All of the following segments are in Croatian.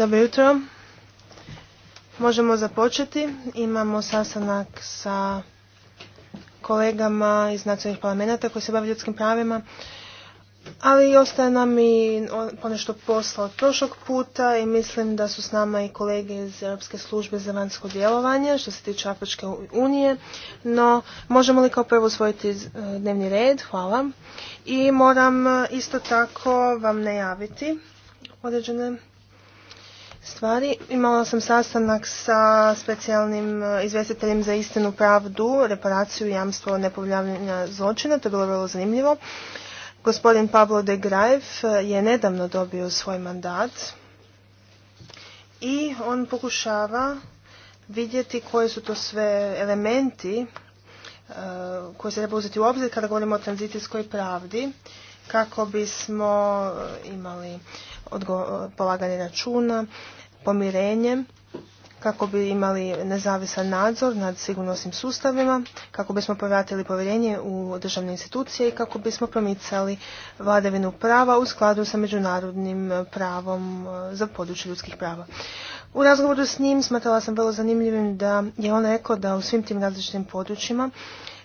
Dobro jutro. Možemo započeti. Imamo sastanak sa kolegama iz nacionalnih parlamenta koji se bave ljudskim pravima. Ali ostaje nam i ponešto posla od prošlog puta i mislim da su s nama i kolege iz Europske službe za vanjsko djelovanje što se tiče Afričke unije. No, možemo li kao prvo usvojiti e, dnevni red? Hvala. I moram e, isto tako vam najaviti određene stvari. Imala sam sastanak sa specijalnim e, izvjestiteljem za istinu pravdu, reparaciju i jamstvo nepovljavljanja zločina. To je bilo vrlo zanimljivo. Gospodin Pablo de Graev eh, je nedavno dobio svoj mandat i on pokušava vidjeti koji su to sve elementi eh, koji se treba uzeti u obzir kada govorimo o tranzicijskoj pravdi kako bismo eh, imali polaganje računa, pomirenje kako bi imali nezavisan nadzor nad sigurnosnim sustavima, kako bismo povratili povjerenje u državne institucije i kako bismo promicali vladavinu prava u skladu sa međunarodnim eh, pravom eh, za područje ljudskih prava. U razgovoru s njim smatrala sam vrlo zanimljivim da je on rekao da u svim tim različitim područjima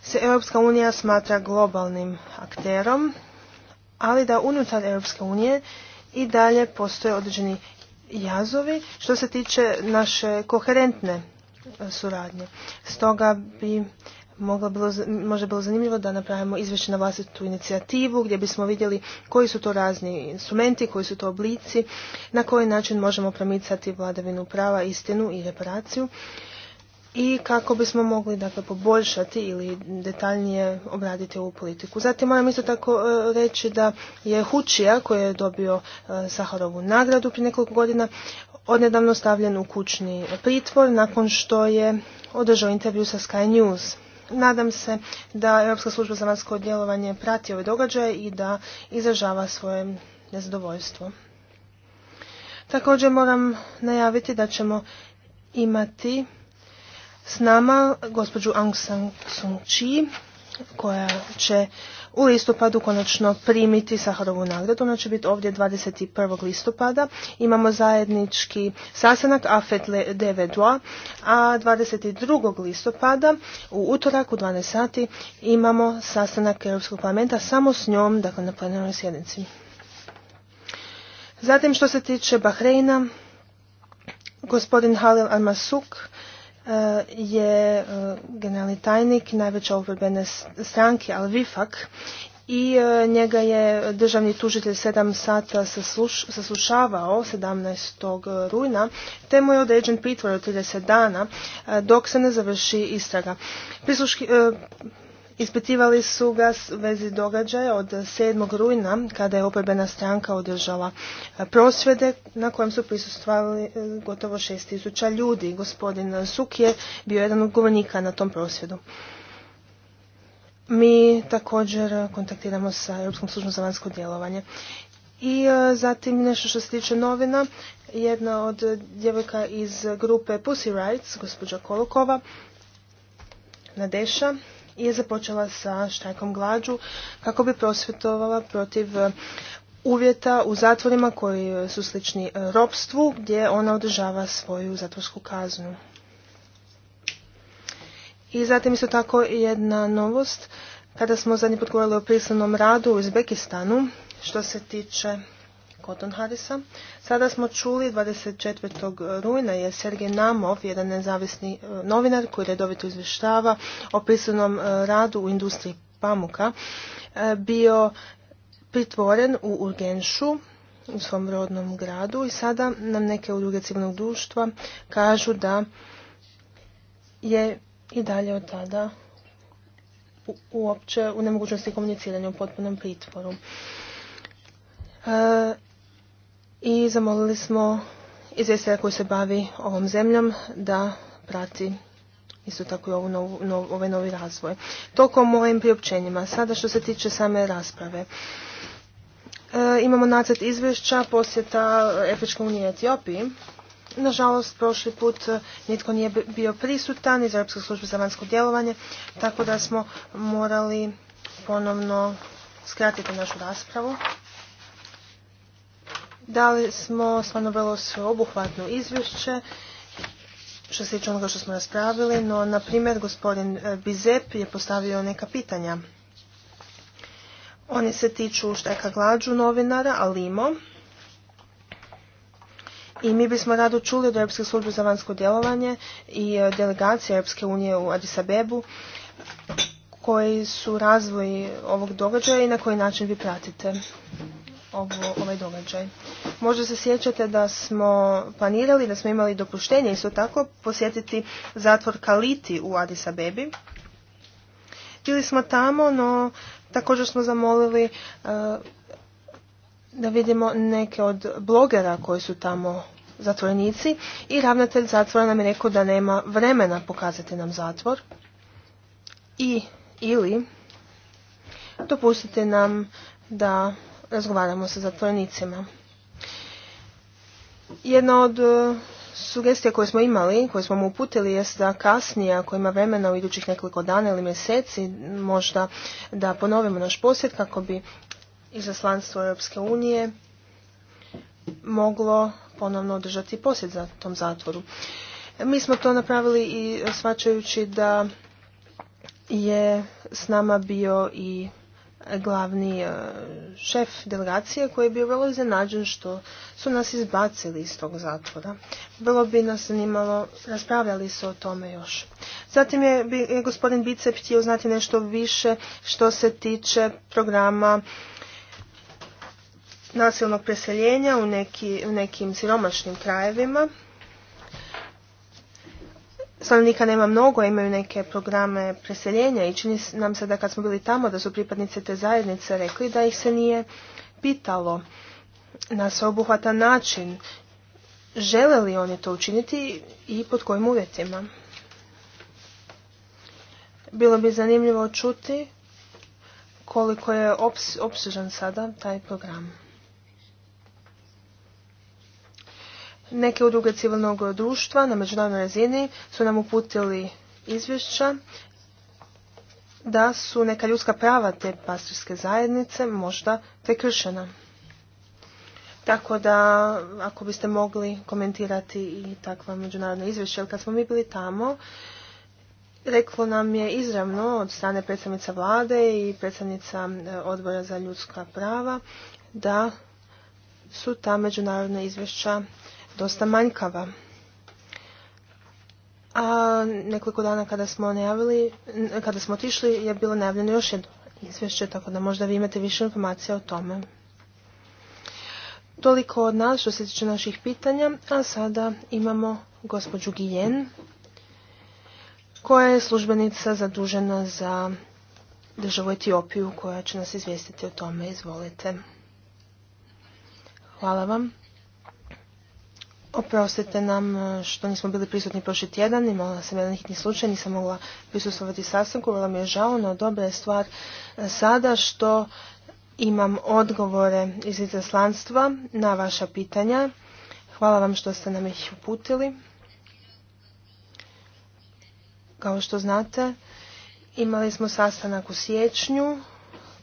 se Europska unija smatra globalnim akterom, ali da unutar Europske unije i dalje postoje određeni jazovi što se tiče naše koherentne e, suradnje. Stoga bi mogla bilo, možda bilo zanimljivo da napravimo izvješće na vlastitu inicijativu gdje bismo vidjeli koji su to razni instrumenti, koji su to oblici, na koji način možemo promicati vladavinu prava, istinu i reparaciju i kako bismo mogli dakle, poboljšati ili detaljnije obraditi ovu politiku. Zatim moram isto tako e, reći da je Hučija koji je dobio e, Saharovu nagradu prije nekoliko godina odnedavno stavljen u kućni pritvor nakon što je održao intervju sa Sky News. Nadam se da Europska služba za vanjsko djelovanje prati ove događaje i da izražava svoje nezadovoljstvo. Također moram najaviti da ćemo imati s nama gospođu Aung San Suu Kyi koja će u listopadu konačno primiti Saharovu nagradu. Ona će biti ovdje 21. listopada. Imamo zajednički sasanak AFET DV2, a 22. listopada u utorak u 12 sati imamo sastanak Europskog parlamenta samo s njom, dakle na plenarnoj sjednici. Zatim što se tiče Bahreina, gospodin Halil Armasuk... Eh, je eh, generalni tajnik najveće oporbene stranke Alvifak i eh, njega je državni tužitelj 7 sata saslušavao 17. rujna, te mu je određen pritvor od 30 dana dok se ne završi istraga. Prisluški, Ispitivali su ga u vezi događaja od 7. rujna kada je oporbena stranka održala e, prosvjede na kojem su prisustvali e, gotovo 6000 ljudi. Gospodin Suk je bio jedan od govornika na tom prosvjedu. Mi također kontaktiramo sa Europskom službom za vanjsko djelovanje. I e, zatim nešto što se tiče novina, jedna od djevojka iz grupe Pussy Rights, gospođa Kolokova, Nadeša, je započela sa štajkom glađu kako bi prosvjetovala protiv e, uvjeta u zatvorima koji su slični e, ropstvu gdje ona održava svoju zatvorsku kaznu. I zatim isto tako jedna novost kada smo zadnji put govorili o prisilnom radu u Uzbekistanu što se tiče Koton Harisa. Sada smo čuli 24. rujna je Sergej Namov, jedan nezavisni e, novinar koji redovito izvještava o pisanom e, radu u industriji pamuka, e, bio pritvoren u Urgenšu u svom rodnom gradu i sada nam neke udruge civilnog društva kažu da je i dalje od tada uopće u nemogućnosti komuniciranja u potpunom pritvoru i zamolili smo izvjestitelja koji se bavi ovom zemljom da prati isto tako i ovu novu, ovaj novi razvoj. Toliko o mojim priopćenjima. Sada što se tiče same rasprave. E, imamo nacrt izvješća posjeta Afričke unije Etiopiji. Nažalost, prošli put nitko nije bio prisutan iz Europske službe za vanjsko djelovanje, tako da smo morali ponovno skratiti našu raspravu. Dali smo stvarno vrlo sveobuhvatno izvješće što se tiče onoga što smo raspravili, no na primjer gospodin e, Bizep je postavio neka pitanja. Oni se tiču šteka glađu novinara, Alimo. I mi bismo rado čuli od Europske službe za vanjsko djelovanje i e, delegacije Europske unije u Addis Abebu koji su razvoj ovog događaja i na koji način vi pratite ovo, ovaj događaj. Možda se sjećate da smo planirali, da smo imali dopuštenje isto tako posjetiti zatvor Kaliti u Addis Abebi. Bili smo tamo, no također smo zamolili e, da vidimo neke od blogera koji su tamo zatvorenici i ravnatelj zatvora nam je rekao da nema vremena pokazati nam zatvor i ili dopustite nam da razgovaramo sa zatvornicima. Jedna od e, sugestija koje smo imali, koje smo mu uputili, jest da kasnije, ako ima vremena u idućih nekoliko dana ili mjeseci, možda da ponovimo naš posjet kako bi izaslanstvo Europske unije moglo ponovno održati posjet za tom zatvoru. Mi smo to napravili i svačajući da je s nama bio i glavni e, šef delegacije koji je bio vrlo iznenađen što su nas izbacili iz tog zatvora. Bilo bi nas zanimalo, raspravljali su o tome još. Zatim je, gospodin Bicep htio znati nešto više što se tiče programa nasilnog preseljenja u, u nekim siromašnim krajevima stanovnika nema mnogo, imaju neke programe preseljenja i čini nam se da kad smo bili tamo da su pripadnice te zajednice rekli da ih se nije pitalo na sveobuhvatan način žele li oni to učiniti i pod kojim uvjetima. Bilo bi zanimljivo čuti koliko je opsežan sada taj program. Neke udruge civilnog društva na međunarodnoj razini su nam uputili izvješća da su neka ljudska prava te pastorske zajednice možda prekršena. Tako da, ako biste mogli komentirati i takva međunarodna izvješća, jer kad smo mi bili tamo, reklo nam je izravno od strane predstavnica vlade i predstavnica e, odbora za ljudska prava da su ta međunarodna izvješća dosta manjkava. A nekoliko dana kada smo najavili, kada smo otišli je bilo najavljeno još jedno izvješće, tako da možda vi imate više informacija o tome. Toliko od nas što se tiče naših pitanja, a sada imamo gospođu Gijen, koja je službenica zadužena za državu Etiopiju, koja će nas izvijestiti o tome. Izvolite. Hvala vam. Oprostite nam e, što nismo bili prisutni prošli tjedan, imala sam jedan hitni slučaj, nisam mogla prisustovati sastanku, vrlo mi je žao, no dobra je stvar e, sada što imam odgovore iz izaslanstva na vaša pitanja. Hvala vam što ste nam ih uputili. Kao što znate, imali smo sastanak u siječnju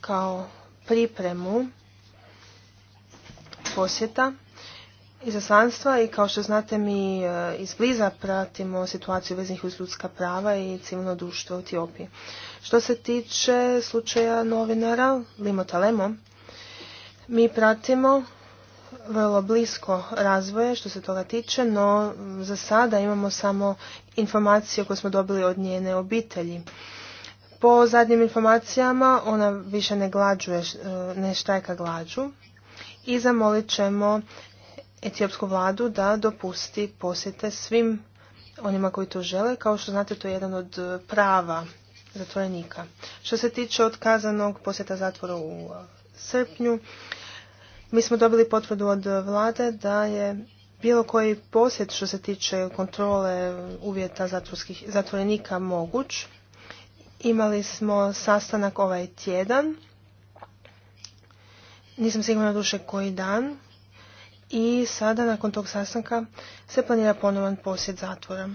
kao pripremu posjeta izaslanstva i kao što znate mi e, izbliza pratimo situaciju veznih uz ljudska prava i civilno društvo u Etiopiji. Što se tiče slučaja novinara Limo Talemo, mi pratimo vrlo blisko razvoje što se toga tiče, no za sada imamo samo informacije koje smo dobili od njene obitelji. Po zadnjim informacijama ona više ne glađuje, e, ne štajka glađu i zamolit ćemo etiopsku vladu da dopusti posjete svim onima koji to žele. Kao što znate, to je jedan od e, prava zatvorenika. Što se tiče otkazanog posjeta zatvora u e, srpnju, mi smo dobili potvrdu od vlade da je bilo koji posjet što se tiče kontrole uvjeta zatvorskih, zatvorenika moguć. Imali smo sastanak ovaj tjedan. Nisam sigurna duše koji dan, i sada nakon tog sastanka se planira ponovan posjet zatvora.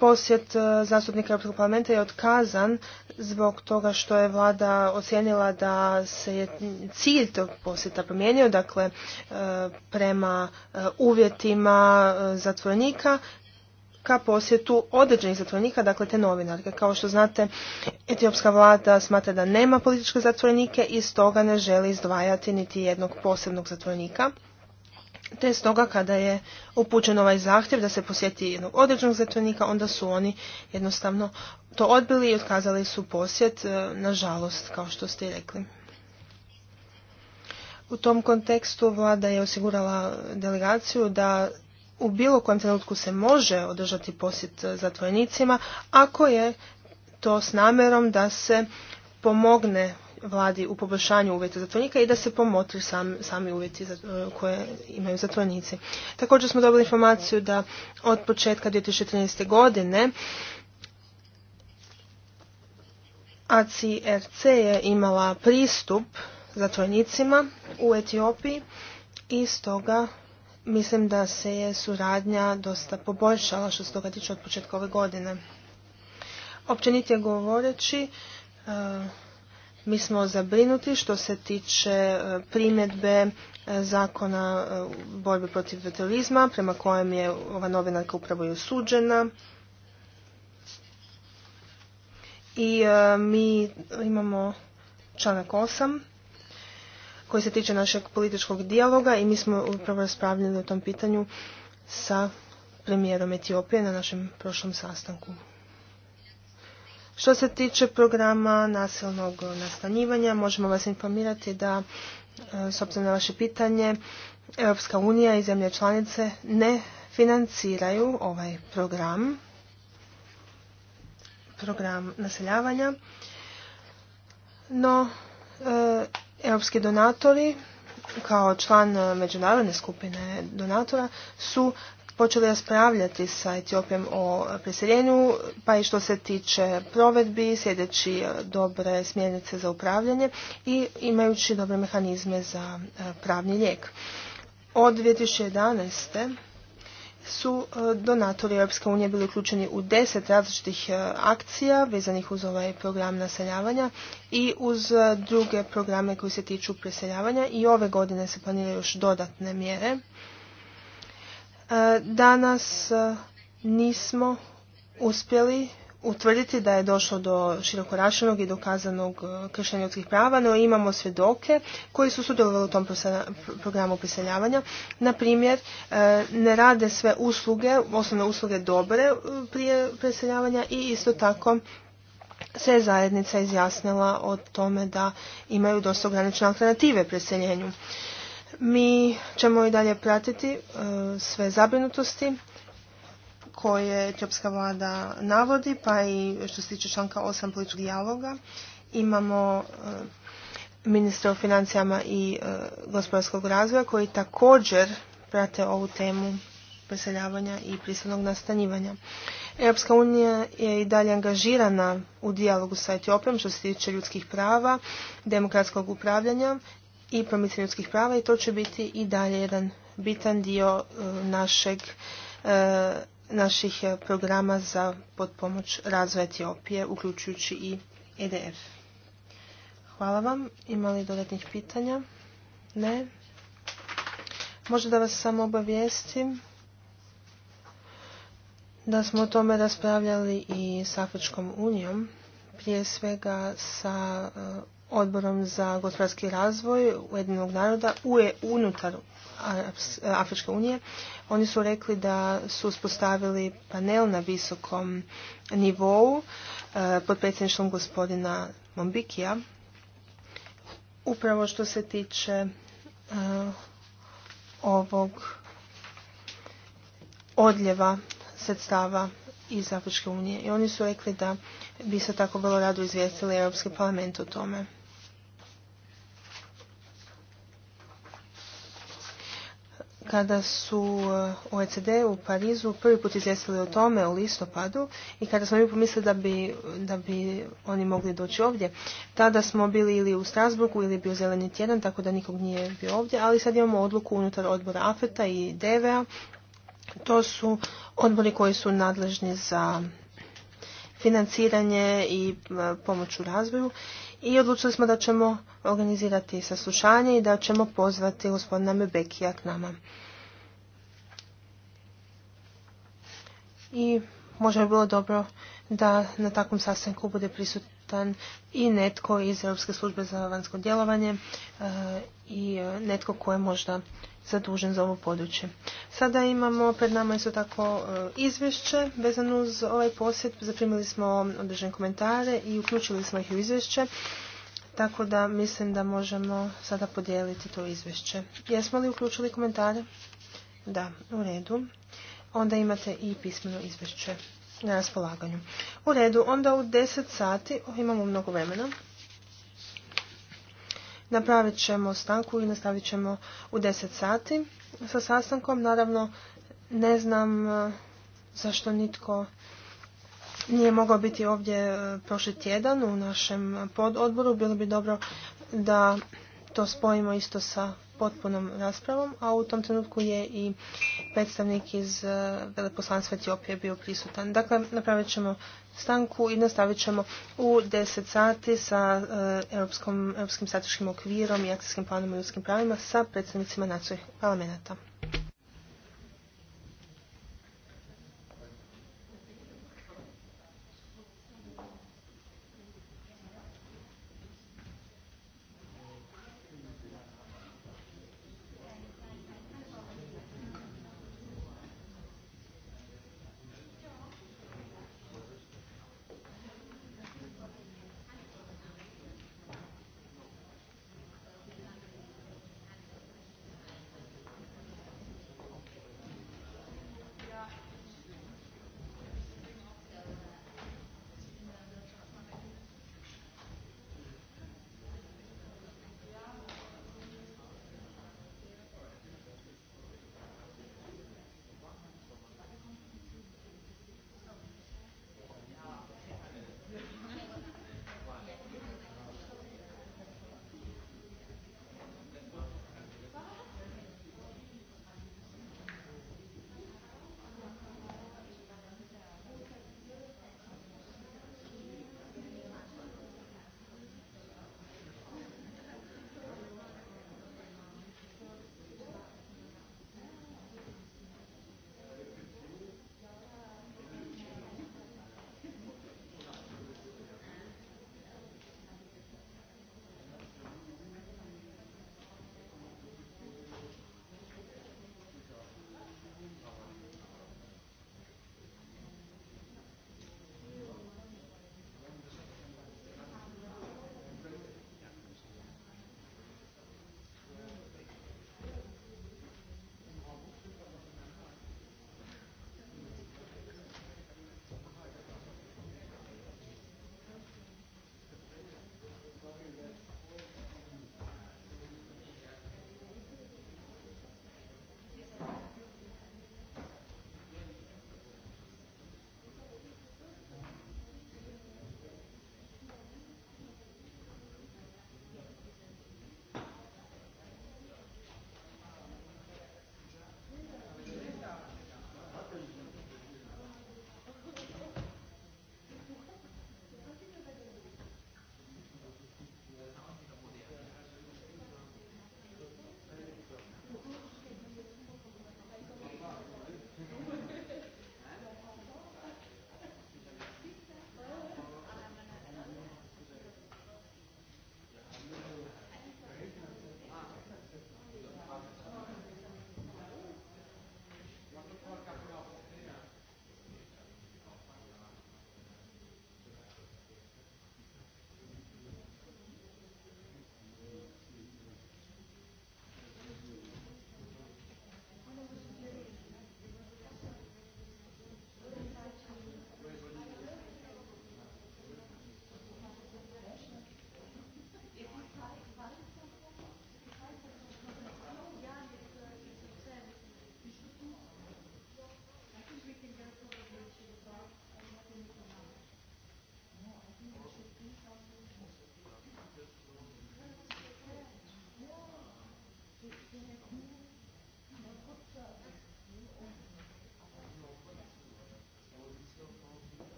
Posjet e, zastupnika Europskog parlamenta je otkazan zbog toga što je vlada ocijenila da se je cilj tog posjeta promijenio, dakle e, prema e, uvjetima zatvornika ka posjetu određenih zatvorenika, dakle te novinarke. Kao što znate, etiopska vlada smatra da nema političke zatvorenike i stoga ne želi izdvajati niti jednog posebnog zatvorenika. Te stoga kada je upućen ovaj zahtjev da se posjeti jednog određenog zatvorenika, onda su oni jednostavno to odbili i otkazali su posjet, e, nažalost, kao što ste i rekli. U tom kontekstu vlada je osigurala delegaciju da u bilo kojem trenutku se može održati posjet zatvorenicima ako je to s namjerom da se pomogne vladi u poboljšanju uvjeta zatvornika i da se pomotri sami uvjeti za, e, koje imaju zatvornici. Također smo dobili informaciju da od početka 2013. godine ACRC je imala pristup zatvornicima u Etiopiji i stoga Mislim da se je suradnja dosta poboljšala što se toga tiče od početka ove godine. Općenitije govoreći, e, mi smo zabrinuti što se tiče e, primjedbe e, zakona borbe protiv terorizma, prema kojem je ova novinarka upravo i osuđena. I mi imamo članak osam koji se tiče našeg političkog dijaloga i mi smo upravo raspravljali o tom pitanju sa premijerom Etiopije na našem prošlom sastanku. Što se tiče programa nasilnog nastanjivanja, možemo vas informirati da, e, s obzirom na vaše pitanje, Europska unija i zemlje članice ne financiraju ovaj program, program naseljavanja, no e, Europski donatori kao član e, međunarodne skupine donatora su počeli raspravljati sa Etiopijom o preseljenju, pa i što se tiče provedbi, sljedeći e, dobre smjernice za upravljanje i imajući dobre mehanizme za e, pravni lijek. Od 2011 su e, donatori Europske unije bili uključeni u deset različitih e, akcija vezanih uz ovaj program naseljavanja i uz e, druge programe koji se tiču preseljavanja i ove godine se planiraju još dodatne mjere. Danas nismo uspjeli utvrditi da je došlo do širokorašenog i dokazanog e, kršenja ljudskih prava, no imamo svjedoke koji su sudjelovali u tom programu priseljavanja. Na primjer, e, ne rade sve usluge, osnovne usluge dobre e, prije preseljavanja i isto tako se je zajednica izjasnila o tome da imaju dosta ograničene alternative preseljenju. Mi ćemo i dalje pratiti sve zabrinutosti koje etiopska vlada navodi, pa i što se tiče članka 8 političkog dijaloga. Imamo e, ministra o financijama i e, gospodarskog razvoja koji također prate ovu temu preseljavanja i prisilnog nastanjivanja. Europska unija je i dalje angažirana u dijalogu sa Etiopijom što se tiče ljudskih prava, demokratskog upravljanja i promicanja ljudskih prava i to će biti i dalje jedan bitan dio e, našeg naših e, programa za potpomoć razvoja Etiopije, uključujući i EDF. Hvala vam. Ima li dodatnih pitanja? Ne. Možda da vas samo obavijestim da smo o tome raspravljali i s Afričkom unijom, prije svega sa e, odborom za gospodarski razvoj Ujedinog naroda e- unutar Afričke unije. Oni su rekli da su uspostavili panel na visokom nivou e, pod predsjedništvom gospodina Mombikija. Upravo što se tiče e, ovog odljeva sredstava iz Afričke unije. I oni su rekli da bi se tako bilo rado izvijestili Europski parlament o tome. kada su e, OECD u Parizu prvi put izvjestili o tome u listopadu i kada smo mi pomislili da bi, da bi oni mogli doći ovdje, tada smo bili ili u Strasburgu ili bio zeleni tjedan, tako da nikog nije bio ovdje, ali sad imamo odluku unutar odbora AFETA i dva To su odbori koji su nadležni za financiranje i e, pomoć u razvoju i odlučili smo da ćemo organizirati saslušanje i da ćemo pozvati gospodina Mebekija k nama. I možda bi bilo dobro da na takvom sastanku bude prisutan i netko iz Europske službe za vanjsko djelovanje e, i e, netko koje je možda zadužen za ovo područje. Sada imamo pred nama isto tako e, izvješće vezano uz ovaj posjet. Zaprimili smo određene komentare i uključili smo ih u izvješće. Tako da mislim da možemo sada podijeliti to izvješće. Jesmo li uključili komentare? Da, u redu. Onda imate i pismeno izvješće na raspolaganju. U redu, onda u 10 sati, imamo mnogo vremena, Napravit ćemo stanku i nastavit ćemo u 10 sati sa sastankom. Naravno, ne znam e, zašto nitko nije mogao biti ovdje e, prošli tjedan u našem pododboru. Bilo bi dobro da to spojimo isto sa potpunom raspravom, a u tom trenutku je i predstavnik iz eh, veleposlanstva Etiopije bio prisutan. Dakle, napravit ćemo stanku i nastavit ćemo u 10 sati sa eh, Europskom, Europskim strateškim okvirom i akcijskim planom i ljudskim pravima sa predstavnicima nacionalnih parlamenta.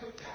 kupilo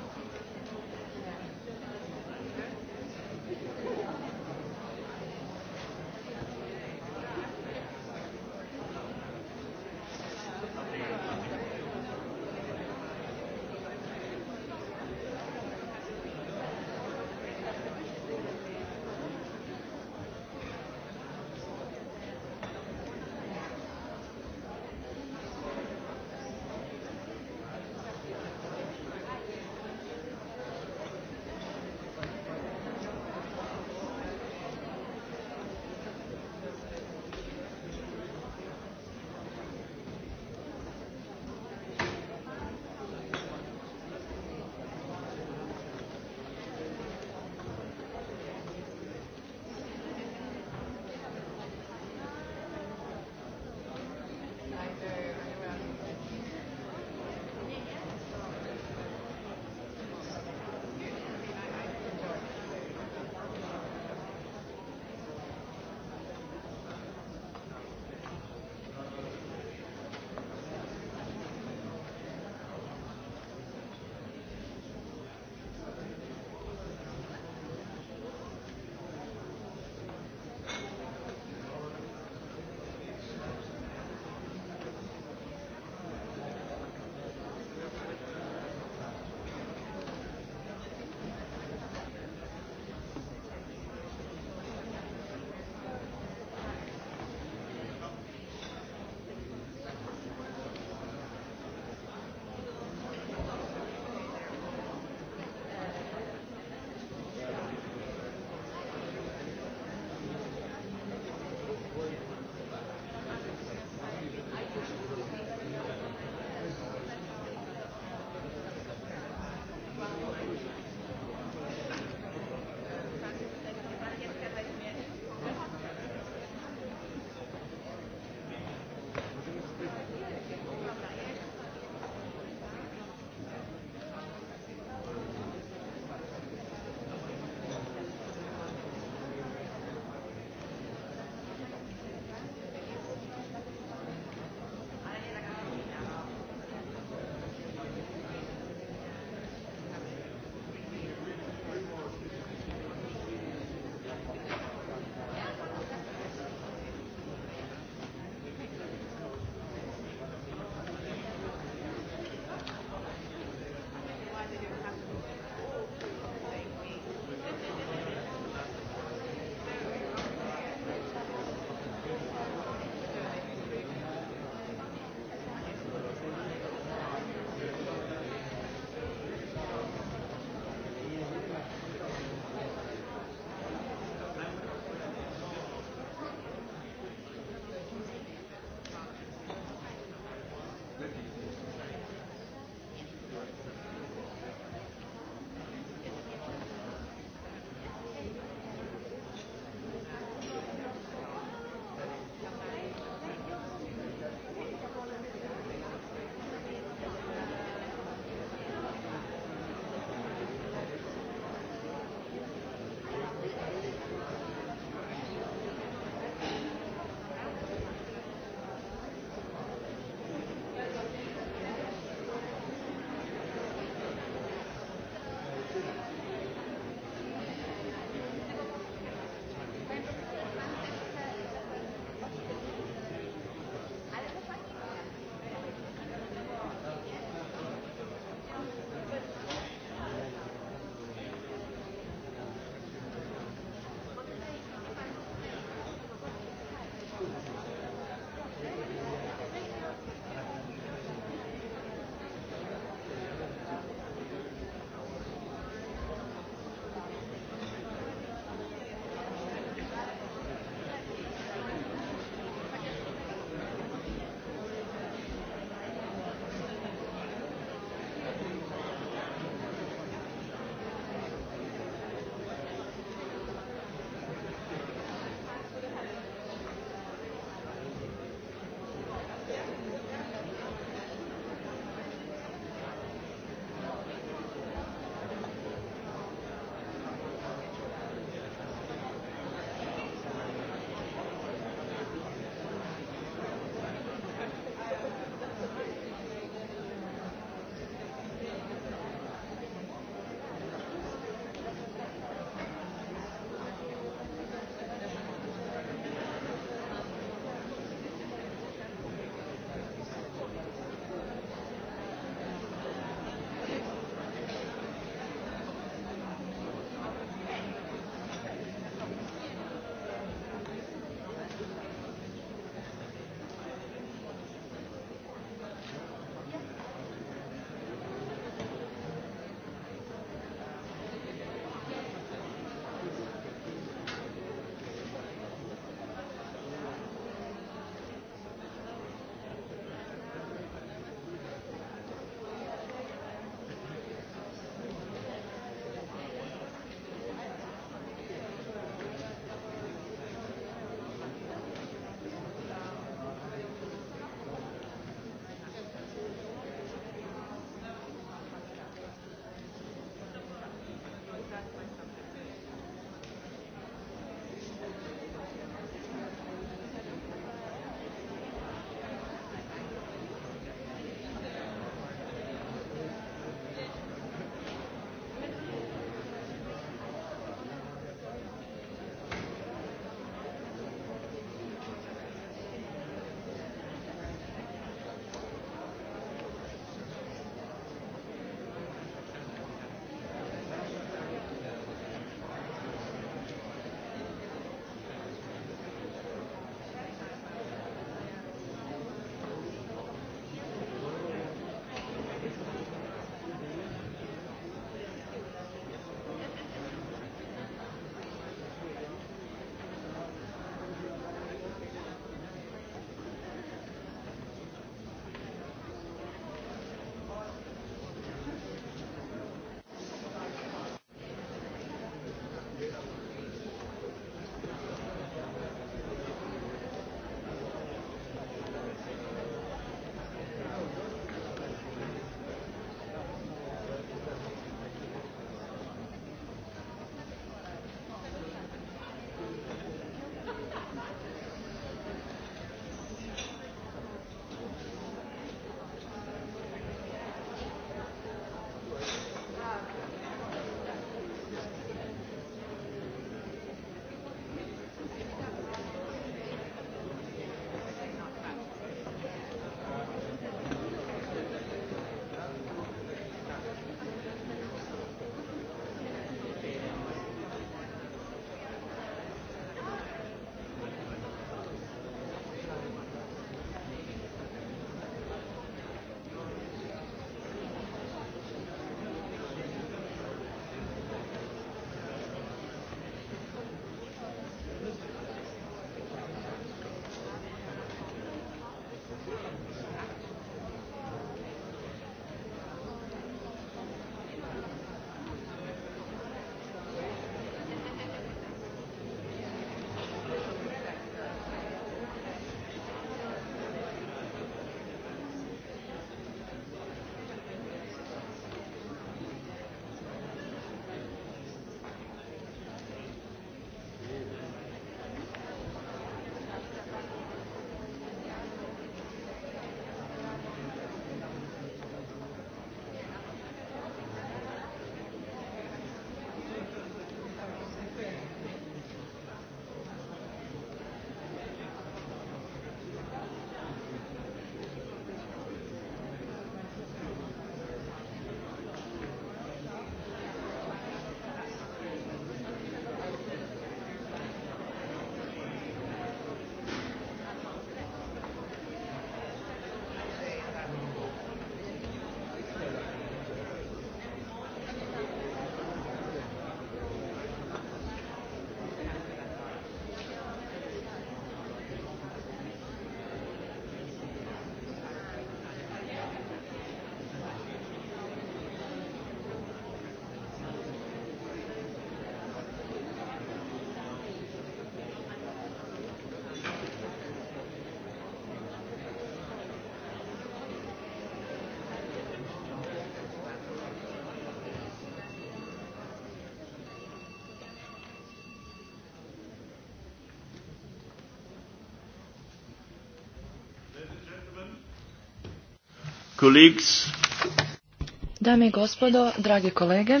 Dame i gospodo, dragi kolege,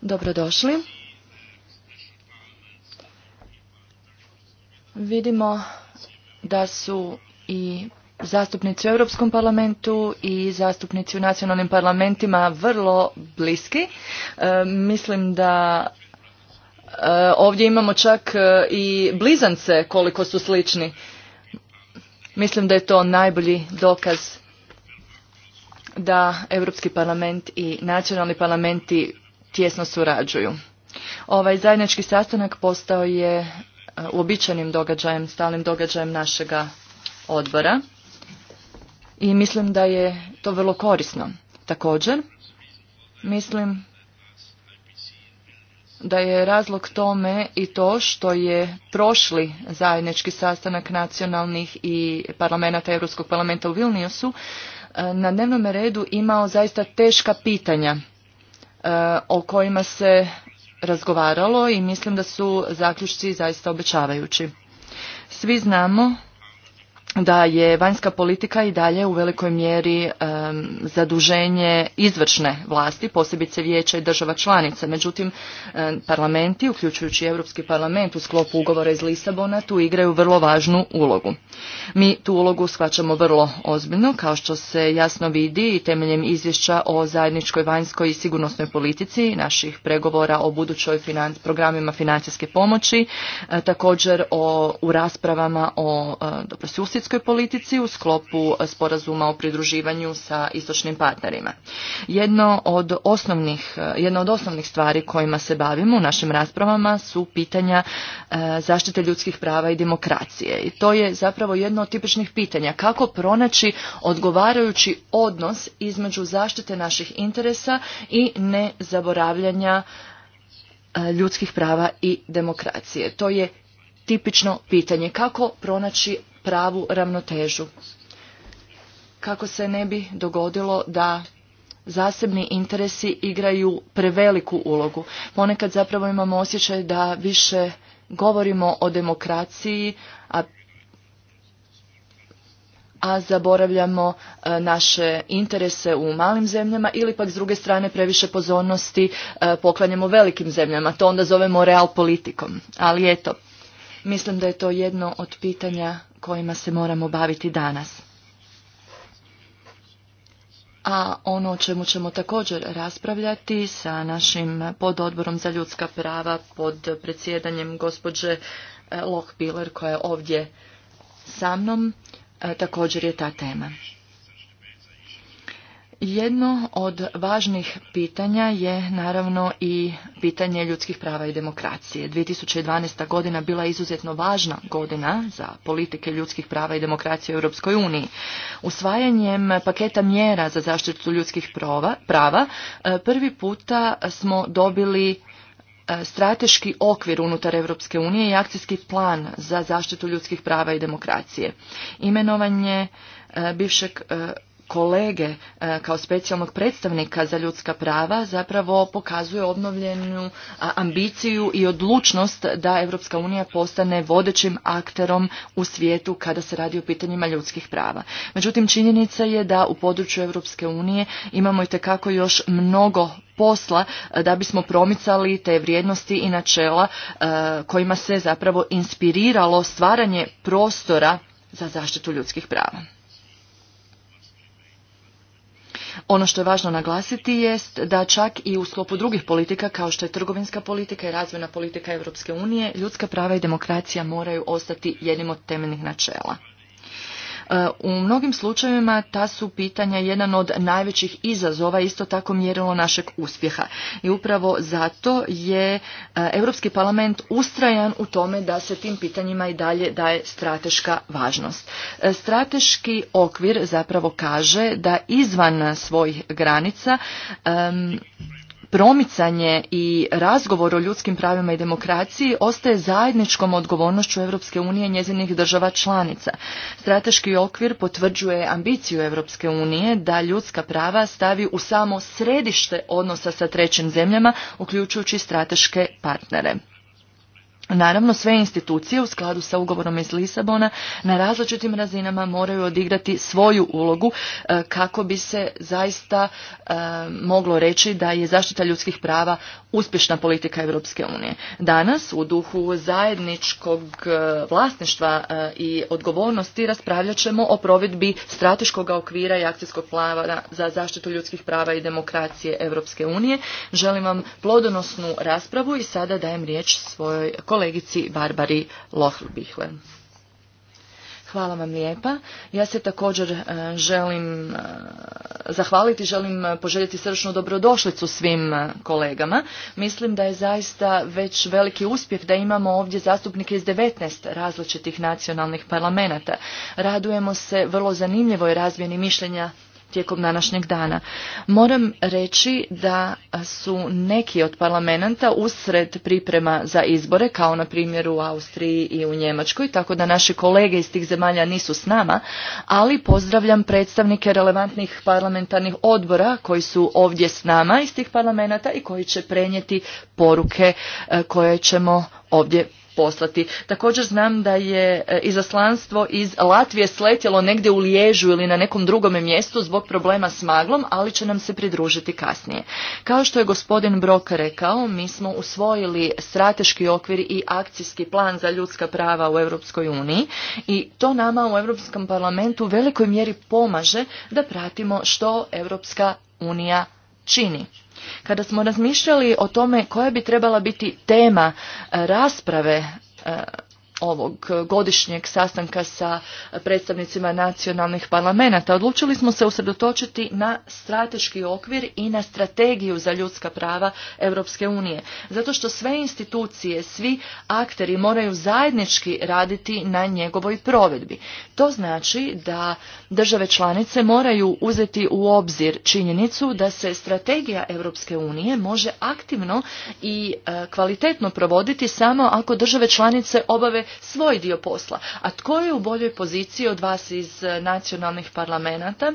dobrodošli. Vidimo da su i zastupnici u Europskom parlamentu i zastupnici u nacionalnim parlamentima vrlo bliski. E, mislim da e, ovdje imamo čak e, i blizance koliko su slični. Mislim da je to najbolji dokaz da Europski parlament i nacionalni parlamenti tjesno surađuju. Ovaj zajednički sastanak postao je e, uobičajenim događajem, stalnim događajem našega odbora i mislim da je to vrlo korisno. Također, mislim da je razlog tome i to što je prošli zajednički sastanak nacionalnih i parlamenta Europskog parlamenta u Vilniusu e, na dnevnom redu imao zaista teška pitanja e, o kojima se razgovaralo i mislim da su zaključci zaista obećavajući. Svi znamo da je vanjska politika i dalje u velikoj mjeri zaduženje izvršne vlasti, posebice vijeća i država članica. Međutim, parlamenti, uključujući Europski parlament u sklopu ugovora iz Lisabona, tu igraju vrlo važnu ulogu. Mi tu ulogu shvaćamo vrlo ozbiljno, kao što se jasno vidi i temeljem izvješća o zajedničkoj vanjskoj i sigurnosnoj politici, naših pregovora o budućoj programima financijske pomoći, e, također o, u raspravama o e, susjedskoj politici u sklopu sporazuma o pridruživanju sa istočnim partnerima. Jedno od osnovnih, e, jedno od osnovnih stvari kojima se bavimo u našim raspravama su pitanja e, zaštite ljudskih prava i demokracije. I to je zapravo jedno od tipičnih pitanja kako pronaći odgovarajući odnos između zaštite naših interesa i nezaboravljanja e, ljudskih prava i demokracije. To je tipično pitanje kako pronaći pravu ravnotežu kako se ne bi dogodilo da zasebni interesi igraju preveliku ulogu. Ponekad zapravo imamo osjećaj da više govorimo o demokraciji, a, a zaboravljamo e, naše interese u malim zemljama ili pak s druge strane previše pozornosti e, poklanjamo velikim zemljama. To onda zovemo realpolitikom. Ali eto, mislim da je to jedno od pitanja kojima se moramo baviti danas. A ono o čemu ćemo također raspravljati sa našim pododborom za ljudska prava pod predsjedanjem gospođe eh, Lochbiller koja je ovdje sa mnom, eh, također je ta tema. Jedno od važnih pitanja je naravno i pitanje ljudskih prava i demokracije. 2012. godina bila je izuzetno važna godina za politike ljudskih prava i demokracije u Europskoj uniji. Usvajanjem paketa mjera za zaštitu ljudskih prava e, prvi puta smo dobili e, strateški okvir unutar Europske unije i akcijski plan za zaštitu ljudskih prava i demokracije. Imenovanje e, bivšeg kolege e, kao specijalnog predstavnika za ljudska prava zapravo pokazuje obnovljenu ambiciju i odlučnost da Europska unija postane vodećim akterom u svijetu kada se radi o pitanjima ljudskih prava. Međutim, činjenica je da u području Europske unije imamo i tekako još mnogo posla e, da bismo promicali te vrijednosti i načela e, kojima se zapravo inspiriralo stvaranje prostora za zaštitu ljudskih prava. Ono što je važno naglasiti jest da čak i u sklopu drugih politika kao što je trgovinska politika i razvojna politika Europske unije, ljudska prava i demokracija moraju ostati jednim od temeljnih načela. E, u mnogim slučajevima ta su pitanja jedan od najvećih izazova, isto tako mjerilo našeg uspjeha. I upravo zato je e, Europski parlament ustrajan u tome da se tim pitanjima i dalje daje strateška važnost. E, strateški okvir zapravo kaže da izvan svojih granica promicanje i razgovor o ljudskim pravima i demokraciji ostaje zajedničkom odgovornošću Europske unije i njezinih država članica. Strateški okvir potvrđuje ambiciju Europske unije da ljudska prava stavi u samo središte odnosa sa trećim zemljama, uključujući strateške partnere. Naravno, sve institucije u skladu sa ugovorom iz Lisabona na različitim razinama moraju odigrati svoju ulogu e, kako bi se zaista e, moglo reći da je zaštita ljudskih prava uspješna politika Europske unije. Danas u duhu zajedničkog e, vlasništva i odgovornosti raspravljat ćemo o provedbi strateškog okvira i akcijskog plana za zaštitu ljudskih prava i demokracije Europske unije. Želim vam plodonosnu raspravu i sada dajem riječ svojoj kolegi kolegici Barbari Hvala vam lijepa. Ja se također e, želim e, zahvaliti, želim e, poželjeti srčnu dobrodošlicu svim kolegama. Mislim da je zaista već veliki uspjeh da imamo ovdje zastupnike iz 19 različitih nacionalnih parlamenta. Radujemo se vrlo zanimljivoj razmjeni mišljenja tijekom današnjeg dana. Moram reći da su neki od parlamenta usred priprema za izbore, kao na primjer u Austriji i u Njemačkoj, tako da naši kolege iz tih zemalja nisu s nama, ali pozdravljam predstavnike relevantnih parlamentarnih odbora koji su ovdje s nama iz tih parlamenta i koji će prenijeti poruke e, koje ćemo ovdje poslati. Također znam da je e, izaslanstvo iz Latvije sletjelo negdje u Liježu ili na nekom drugome mjestu zbog problema s maglom, ali će nam se pridružiti kasnije. Kao što je gospodin Brok rekao, mi smo usvojili strateški okvir i akcijski plan za ljudska prava u Europskoj uniji i to nama u Europskom parlamentu u velikoj mjeri pomaže da pratimo što Europska unija čini. Kada smo razmišljali o tome koja bi trebala biti tema e, rasprave e, ovog godišnjeg sastanka sa predstavnicima nacionalnih parlamenta. Odlučili smo se usredotočiti na strateški okvir i na strategiju za ljudska prava Europske unije. Zato što sve institucije, svi akteri moraju zajednički raditi na njegovoj provedbi. To znači da države članice moraju uzeti u obzir činjenicu da se strategija Europske unije može aktivno i e, kvalitetno provoditi samo ako države članice obave svoj dio posla. A tko je u boljoj poziciji od vas iz eh, nacionalnih parlamenta?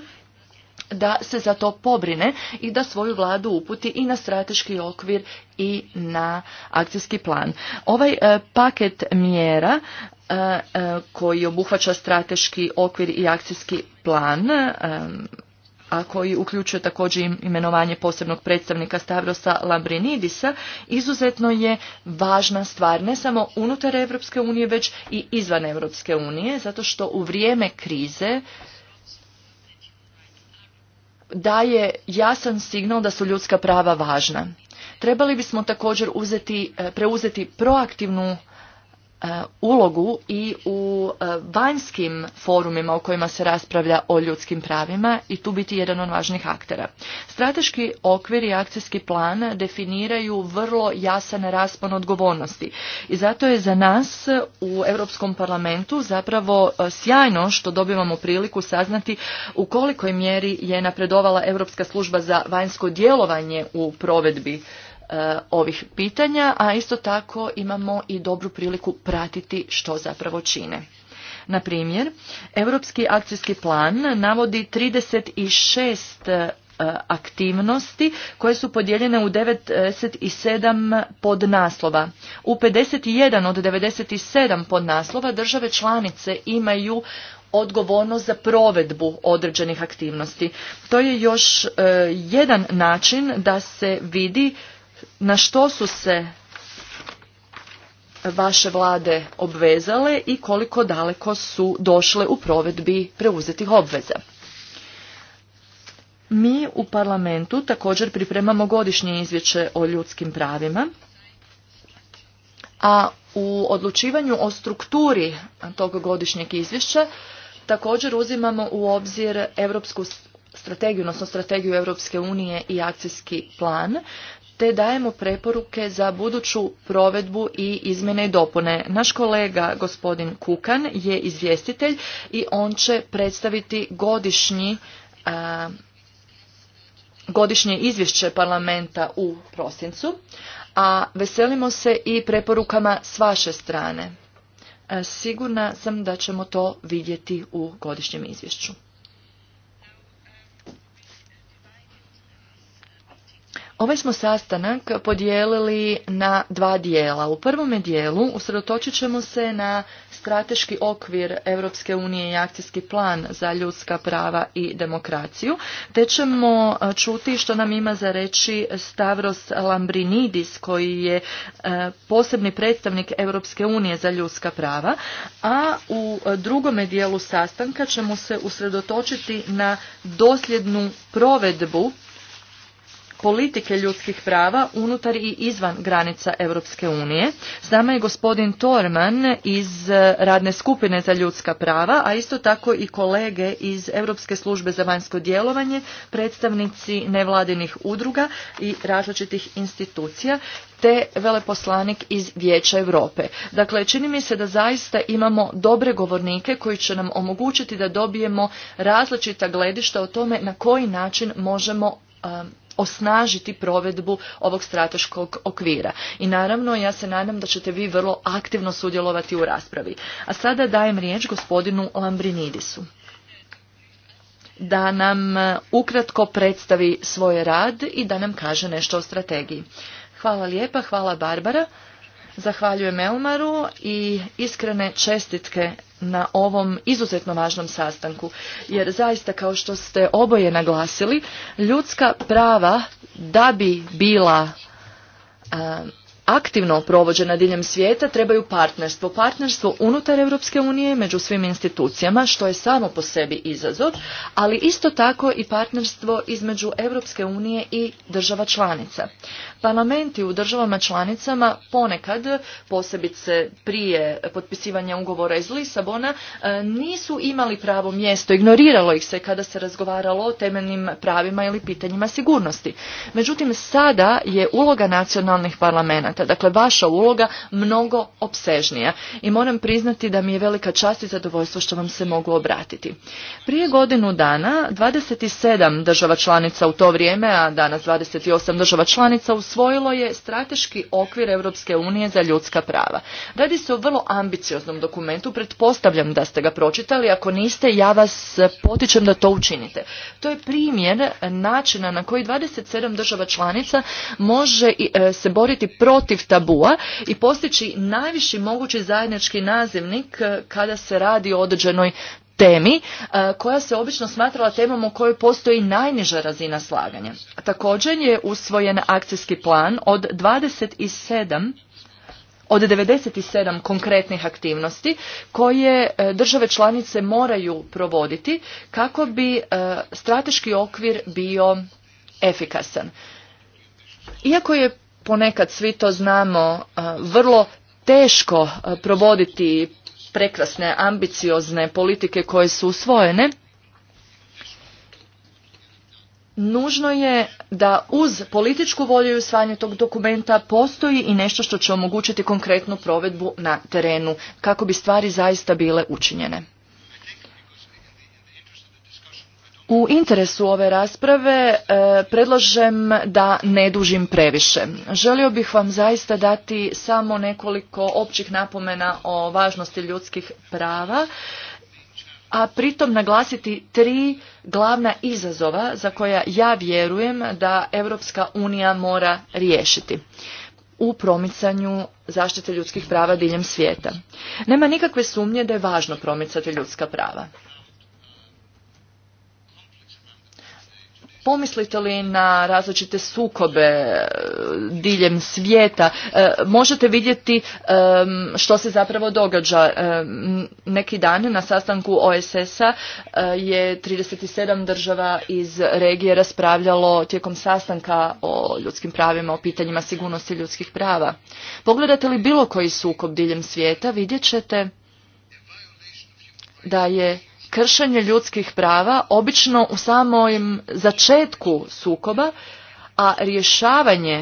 da se za to pobrine i da svoju vladu uputi i na strateški okvir i na akcijski plan. Ovaj eh, paket mjera eh, koji obuhvaća strateški okvir i akcijski plan a koji uključuje također imenovanje posebnog predstavnika Stavrosa Lambrinidisa, izuzetno je važna stvar ne samo unutar Europske unije, već i izvan Europske unije, zato što u vrijeme krize daje jasan signal da su ljudska prava važna. Trebali bismo također uzeti, e, preuzeti proaktivnu E, ulogu i u e, vanjskim forumima u kojima se raspravlja o ljudskim pravima i tu biti jedan od važnih aktera. Strateški okvir i akcijski plan definiraju vrlo jasan raspon odgovornosti i zato je za nas u Europskom parlamentu zapravo e, sjajno što dobivamo priliku saznati u kolikoj mjeri je napredovala Europska služba za vanjsko djelovanje u provedbi E, ovih pitanja, a isto tako imamo i dobru priliku pratiti što zapravo čine. Na primjer, Europski akcijski plan navodi 36 e, aktivnosti koje su podijeljene u 97 podnaslova. U 51 od 97 podnaslova države članice imaju odgovornost za provedbu određenih aktivnosti. To je još e, jedan način da se vidi na što su se vaše vlade obvezale i koliko daleko su došle u provedbi preuzetih obveza. Mi u parlamentu također pripremamo godišnje izvješće o ljudskim pravima, a u odlučivanju o strukturi tog godišnjeg izvješća također uzimamo u obzir Europsku strategiju, odnosno strategiju Europske unije i akcijski plan, te dajemo preporuke za buduću provedbu i izmjene i dopune. Naš kolega gospodin Kukan je izvjestitelj i on će predstaviti godišnji godišnje izvješće parlamenta u prosincu, a veselimo se i preporukama s vaše strane. Sigurna sam da ćemo to vidjeti u godišnjem izvješću. Ovaj smo sastanak podijelili na dva dijela. U prvome dijelu usredotočit ćemo se na strateški okvir Europske unije i akcijski plan za ljudska prava i demokraciju, te ćemo e, čuti što nam ima za reći Stavros Lambrinidis koji je e, posebni predstavnik Europske unije za ljudska prava, a u e, drugome dijelu sastanka ćemo se usredotočiti na dosljednu provedbu politike ljudskih prava unutar i izvan granica Europske unije. S nama je gospodin Torman iz e, radne skupine za ljudska prava, a isto tako i kolege iz Europske službe za vanjsko djelovanje, predstavnici nevladinih udruga i različitih institucija te veleposlanik iz Vijeća Europe. Dakle, čini mi se da zaista imamo dobre govornike koji će nam omogućiti da dobijemo različita gledišta o tome na koji način možemo e, osnažiti provedbu ovog strateškog okvira. I naravno, ja se nadam da ćete vi vrlo aktivno sudjelovati u raspravi. A sada dajem riječ gospodinu Lambrinidisu da nam e, ukratko predstavi svoj rad i da nam kaže nešto o strategiji. Hvala lijepa, hvala Barbara. Zahvaljujem Elmaru i iskrene čestitke na ovom izuzetno važnom sastanku, jer zaista kao što ste oboje naglasili, ljudska prava da bi bila aktivno provođena diljem svijeta trebaju partnerstvo. Partnerstvo unutar Europske unije među svim institucijama, što je samo po sebi izazov, ali isto tako i partnerstvo između Europske unije i država članica. Parlamenti u državama članicama ponekad, posebice prije potpisivanja ugovora iz Lisabona, e, nisu imali pravo mjesto, ignoriralo ih se kada se razgovaralo o temeljnim pravima ili pitanjima sigurnosti. Međutim, sada je uloga nacionalnih parlamenta Dakle, vaša uloga mnogo opsežnija i moram priznati da mi je velika čast i zadovoljstvo što vam se mogu obratiti. Prije godinu dana 27 država članica u to vrijeme, a danas 28 država članica usvojilo je strateški okvir Europske unije za ljudska prava. Radi se o vrlo ambicioznom dokumentu, pretpostavljam da ste ga pročitali, ako niste ja vas potičem da to učinite. To je primjer načina na koji 27 država članica može e, se boriti protiv protiv tabua i postići najviši mogući zajednički nazivnik e, kada se radi o određenoj temi e, koja se obično smatrala temom u kojoj postoji najniža razina slaganja. Također je usvojen akcijski plan od 27 od 97 konkretnih aktivnosti koje e, države članice moraju provoditi kako bi strateški okvir bio efikasan. Iako je ponekad svi to znamo e, vrlo teško e, provoditi prekrasne ambiciozne politike koje su usvojene nužno je da uz političku volju i usvajanje tog dokumenta postoji i nešto što će omogućiti konkretnu provedbu na terenu kako bi stvari zaista bile učinjene U interesu ove rasprave e, predlažem da ne dužim previše. Želio bih vam zaista dati samo nekoliko općih napomena o važnosti ljudskih prava, a pritom naglasiti tri glavna izazova za koja ja vjerujem da Europska unija mora riješiti u promicanju zaštite ljudskih prava diljem svijeta. Nema nikakve sumnje da je važno promicati ljudska prava. Pomislite li na različite sukobe e, diljem svijeta? E, možete vidjeti e, što se zapravo događa. Neki dan na sastanku OSS-a je 37 država iz regije raspravljalo tijekom sastanka o ljudskim pravima, o pitanjima sigurnosti ljudskih prava. Pogledate li bilo koji sukob diljem svijeta, vidjet ćete da je kršenje ljudskih prava obično u samom začetku sukoba, a rješavanje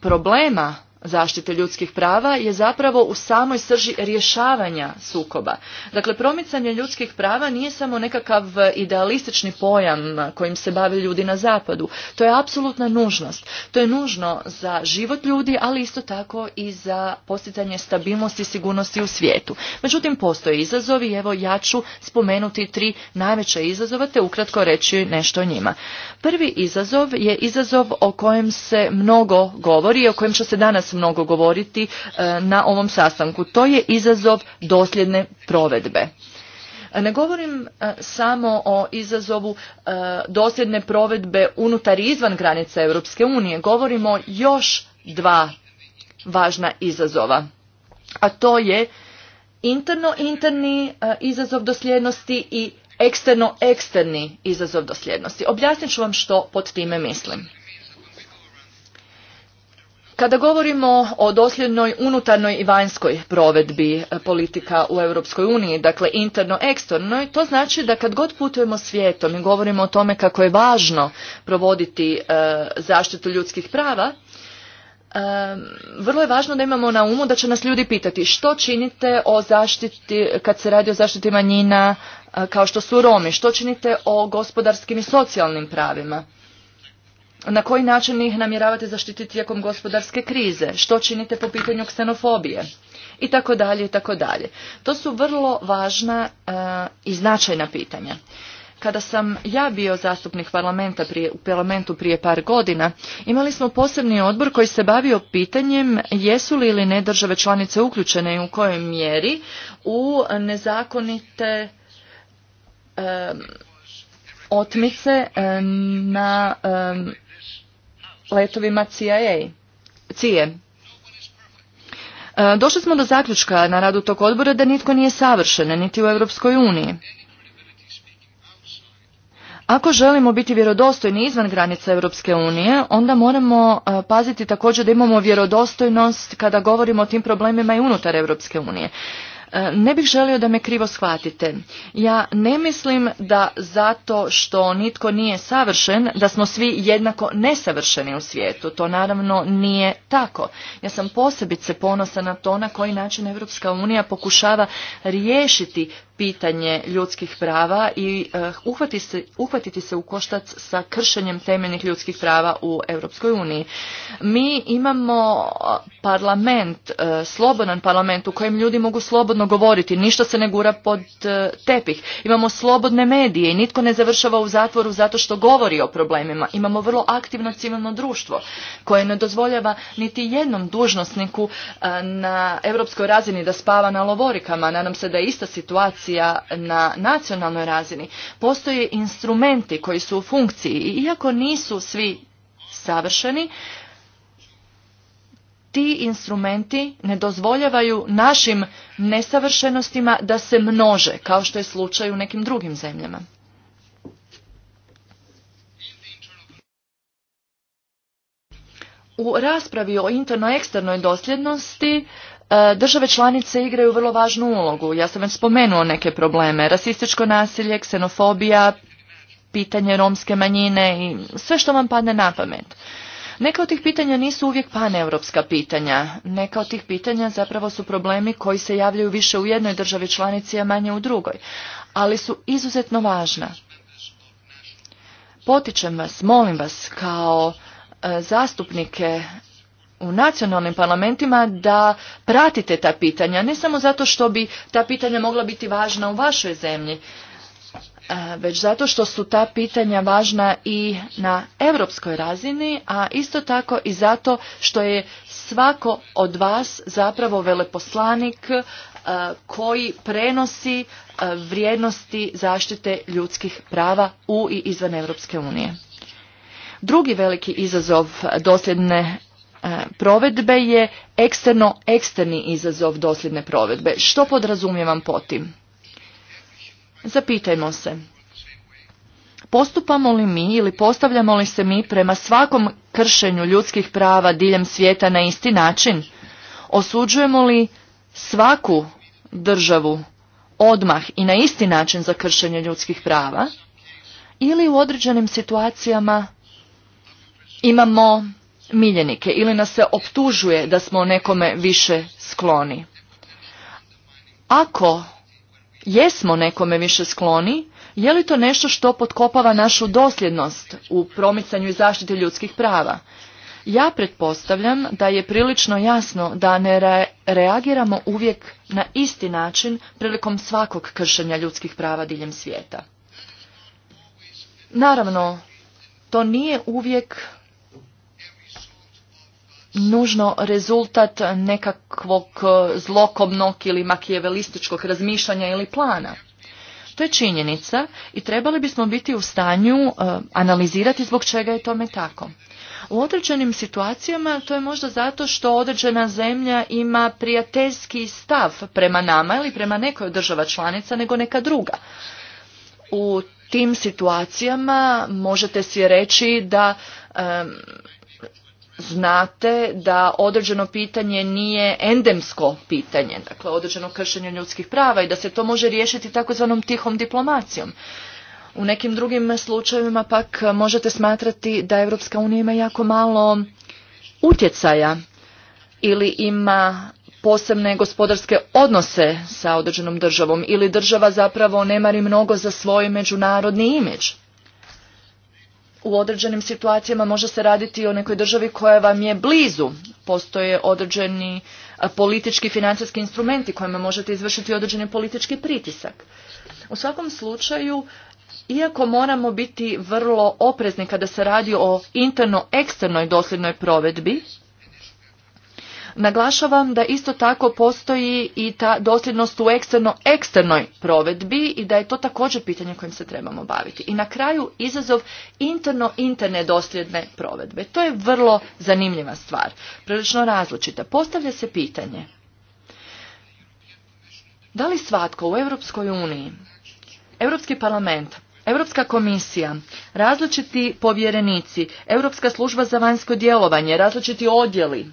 problema zaštite ljudskih prava je zapravo u samoj srži rješavanja sukoba. Dakle, promicanje ljudskih prava nije samo nekakav idealistični pojam kojim se bave ljudi na zapadu. To je apsolutna nužnost. To je nužno za život ljudi, ali isto tako i za posticanje stabilnosti i sigurnosti u svijetu. Međutim, postoje izazovi i evo ja ću spomenuti tri najveće izazova te ukratko reći nešto o njima. Prvi izazov je izazov o kojem se mnogo govori i o kojem će se danas mnogo govoriti e, na ovom sastanku. To je izazov dosljedne provedbe. E, ne govorim e, samo o izazovu dosljedne provedbe unutar i izvan granica Europske unije. Govorimo još dva važna izazova. A to je interno interni izazov dosljednosti i eksterno eksterni izazov dosljednosti. Objasnit ću vam što pod time mislim. Kada govorimo o dosljednoj unutarnjoj i vanjskoj provedbi e, politika u Europskoj uniji, dakle interno eksternoj, to znači da kad god putujemo svijetom i govorimo o tome kako je važno provoditi e, zaštitu ljudskih prava, e, vrlo je važno da imamo na umu da će nas ljudi pitati što činite o zaštiti, kad se radi o zaštiti manjina kao što su Romi, što činite o gospodarskim i socijalnim pravima na koji način ih namjeravate zaštiti tijekom gospodarske krize, što činite po pitanju ksenofobije i tako dalje i tako dalje. To su vrlo važna e, i značajna pitanja. Kada sam ja bio zastupnik parlamenta prije, u parlamentu prije par godina, imali smo posebni odbor koji se bavio pitanjem jesu li ili ne države članice uključene i u kojoj mjeri u nezakonite e, otmice e, na letovima CIA. CIA. E, došli smo do zaključka na radu tog odbora da nitko nije savršen, niti u Europskoj uniji. Ako želimo biti vjerodostojni izvan granica Europske unije, onda moramo e, paziti također da imamo vjerodostojnost kada govorimo o tim problemima i unutar Europske unije. E, ne bih želio da me krivo shvatite. Ja ne mislim da zato što nitko nije savršen, da smo svi jednako nesavršeni u svijetu. To naravno nije tako. Ja sam posebice ponosa na to na koji način Europska unija pokušava riješiti pitanje ljudskih prava i eh, uhvatiti se u koštac sa kršenjem temeljnih ljudskih prava u Europskoj uniji. Mi imamo eh, parlament, eh, slobodan parlament u kojem ljudi mogu slobodno govoriti, ništa se ne gura pod tepih. Imamo slobodne medije i nitko ne završava u zatvoru zato što govori o problemima. Imamo vrlo aktivno civilno društvo koje ne dozvoljava niti jednom dužnosniku na europskoj razini da spava na lovorikama. Nadam se da je ista situacija ja na nacionalnoj razini. Postoje instrumenti koji su u funkciji i iako nisu svi savršeni, ti instrumenti ne dozvoljavaju našim nesavršenostima da se množe, kao što je slučaj u nekim drugim zemljama. U raspravi o interno-eksternoj dosljednosti E, države članice igraju vrlo važnu ulogu. Ja sam vam spomenuo neke probleme. Rasističko nasilje, ksenofobija, pitanje romske manjine i sve što vam padne na pamet. Neka od tih pitanja nisu uvijek paneuropska pitanja. Neka od tih pitanja zapravo su problemi koji se javljaju više u jednoj državi članici, a manje u drugoj. Ali su izuzetno važna. Potičem vas, molim vas, kao e, zastupnike u nacionalnim parlamentima da pratite ta pitanja, ne samo zato što bi ta pitanja mogla biti važna u vašoj zemlji, e, već zato što su ta pitanja važna i na europskoj razini, a isto tako i zato što je svako od vas zapravo veleposlanik e, koji prenosi e, vrijednosti zaštite ljudskih prava u i izvan Evropske unije. Drugi veliki izazov dosljedne E, provedbe je eksterno eksterni izazov dosljedne provedbe. Što podrazumijevam po tim? Zapitajmo se. Postupamo li mi ili postavljamo li se mi prema svakom kršenju ljudskih prava diljem svijeta na isti način? Osuđujemo li svaku državu odmah i na isti način za kršenje ljudskih prava? Ili u određenim situacijama imamo miljenike ili nas se optužuje da smo nekome više skloni. Ako jesmo nekome više skloni, je li to nešto što potkopava našu dosljednost u promicanju i zaštiti ljudskih prava? Ja pretpostavljam da je prilično jasno da ne reagiramo uvijek na isti način prilikom svakog kršenja ljudskih prava diljem svijeta. Naravno, to nije uvijek nužno rezultat nekakvog e, zlokobnog ili makijevelističkog razmišljanja ili plana. To je činjenica i trebali bismo biti u stanju e, analizirati zbog čega je tome tako. U određenim situacijama to je možda zato što određena zemlja ima prijateljski stav prema nama ili prema nekoj od država članica nego neka druga. U tim situacijama možete si reći da znate da određeno pitanje nije endemsko pitanje, dakle određeno kršenje ljudskih prava i da se to može riješiti takozvanom tihom diplomacijom. U nekim drugim slučajevima pak možete smatrati da Europska unija ima jako malo utjecaja ili ima posebne gospodarske odnose sa određenom državom ili država zapravo ne mari mnogo za svoj međunarodni imidž u određenim situacijama može se raditi o nekoj državi koja vam je blizu. Postoje određeni e, politički, financijski instrumenti kojima možete izvršiti određeni politički pritisak. U svakom slučaju, iako moramo biti vrlo oprezni kada se radi o interno-eksternoj dosljednoj provedbi, Naglašavam da isto tako postoji i ta dosljednost u eksterno-eksternoj provedbi i da je to također pitanje kojim se trebamo baviti. I na kraju izazov interno-interne dosljedne provedbe. To je vrlo zanimljiva stvar, prilično različita. Postavlja se pitanje da li svatko u Europskoj uniji, Europski parlament, Europska komisija, različiti povjerenici, Europska služba za vanjsko djelovanje, različiti odjeli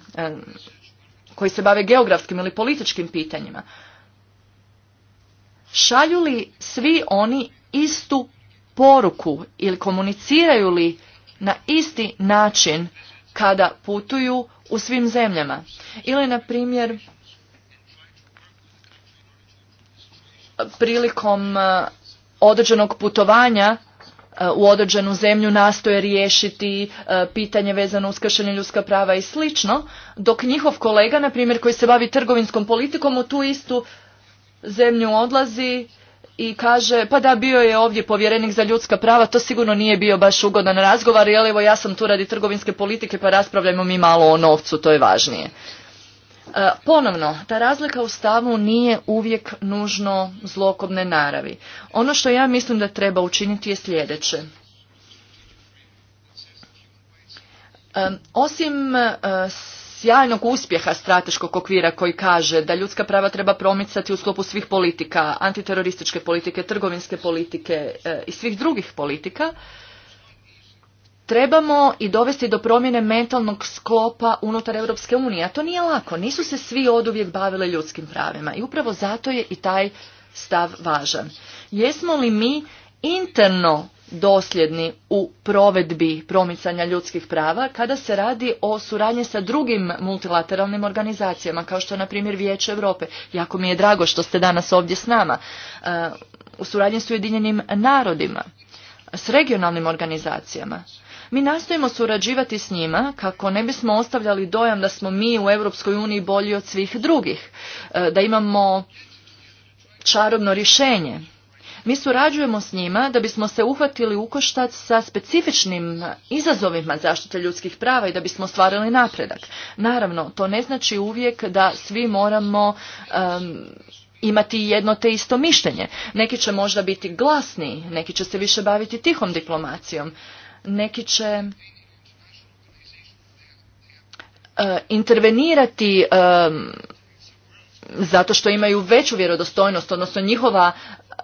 koji se bave geografskim ili političkim pitanjima, šalju li svi oni istu poruku ili komuniciraju li na isti način kada putuju u svim zemljama. Ili, na primjer, prilikom eh, određenog putovanja E, u određenu zemlju nastoje riješiti e, pitanje vezano uz kršenje ljudska prava i slično, dok njihov kolega, na primjer, koji se bavi trgovinskom politikom u tu istu zemlju odlazi i kaže pa da bio je ovdje povjerenik za ljudska prava, to sigurno nije bio baš ugodan razgovar, jer evo ja sam tu radi trgovinske politike pa raspravljamo mi malo o novcu, to je važnije. E, ponovno, ta razlika u stavu nije uvijek nužno zlokobne naravi. Ono što ja mislim da treba učiniti je sljedeće. E, osim e, sjajnog uspjeha strateškog okvira koji kaže da ljudska prava treba promicati u sklopu svih politika, antiterorističke politike, trgovinske politike i svih drugih politika, trebamo i dovesti do promjene mentalnog sklopa unutar Europske unije. A to nije lako. Nisu se svi oduvijek bavili ljudskim pravima. I upravo zato je i taj stav važan. Jesmo li mi interno dosljedni u provedbi promicanja ljudskih prava kada se radi o suradnji sa drugim multilateralnim organizacijama kao što je na primjer Vijeće Europe. Jako mi je drago što ste danas ovdje s nama. E, u suradnji s Ujedinjenim narodima, s regionalnim organizacijama. Mi nastojimo surađivati s njima kako ne bismo ostavljali dojam da smo mi u Europskoj uniji bolji od svih drugih, e, da imamo čarobno rješenje. Mi surađujemo s njima da bismo se uhvatili u koštac sa specifičnim izazovima zaštite ljudskih prava i da bismo stvarili napredak. Naravno, to ne znači uvijek da svi moramo imati jedno te isto mišljenje. Neki će možda biti glasni, neki će se više baviti tihom diplomacijom neki će e, intervenirati e, zato što imaju veću vjerodostojnost, odnosno njihova e,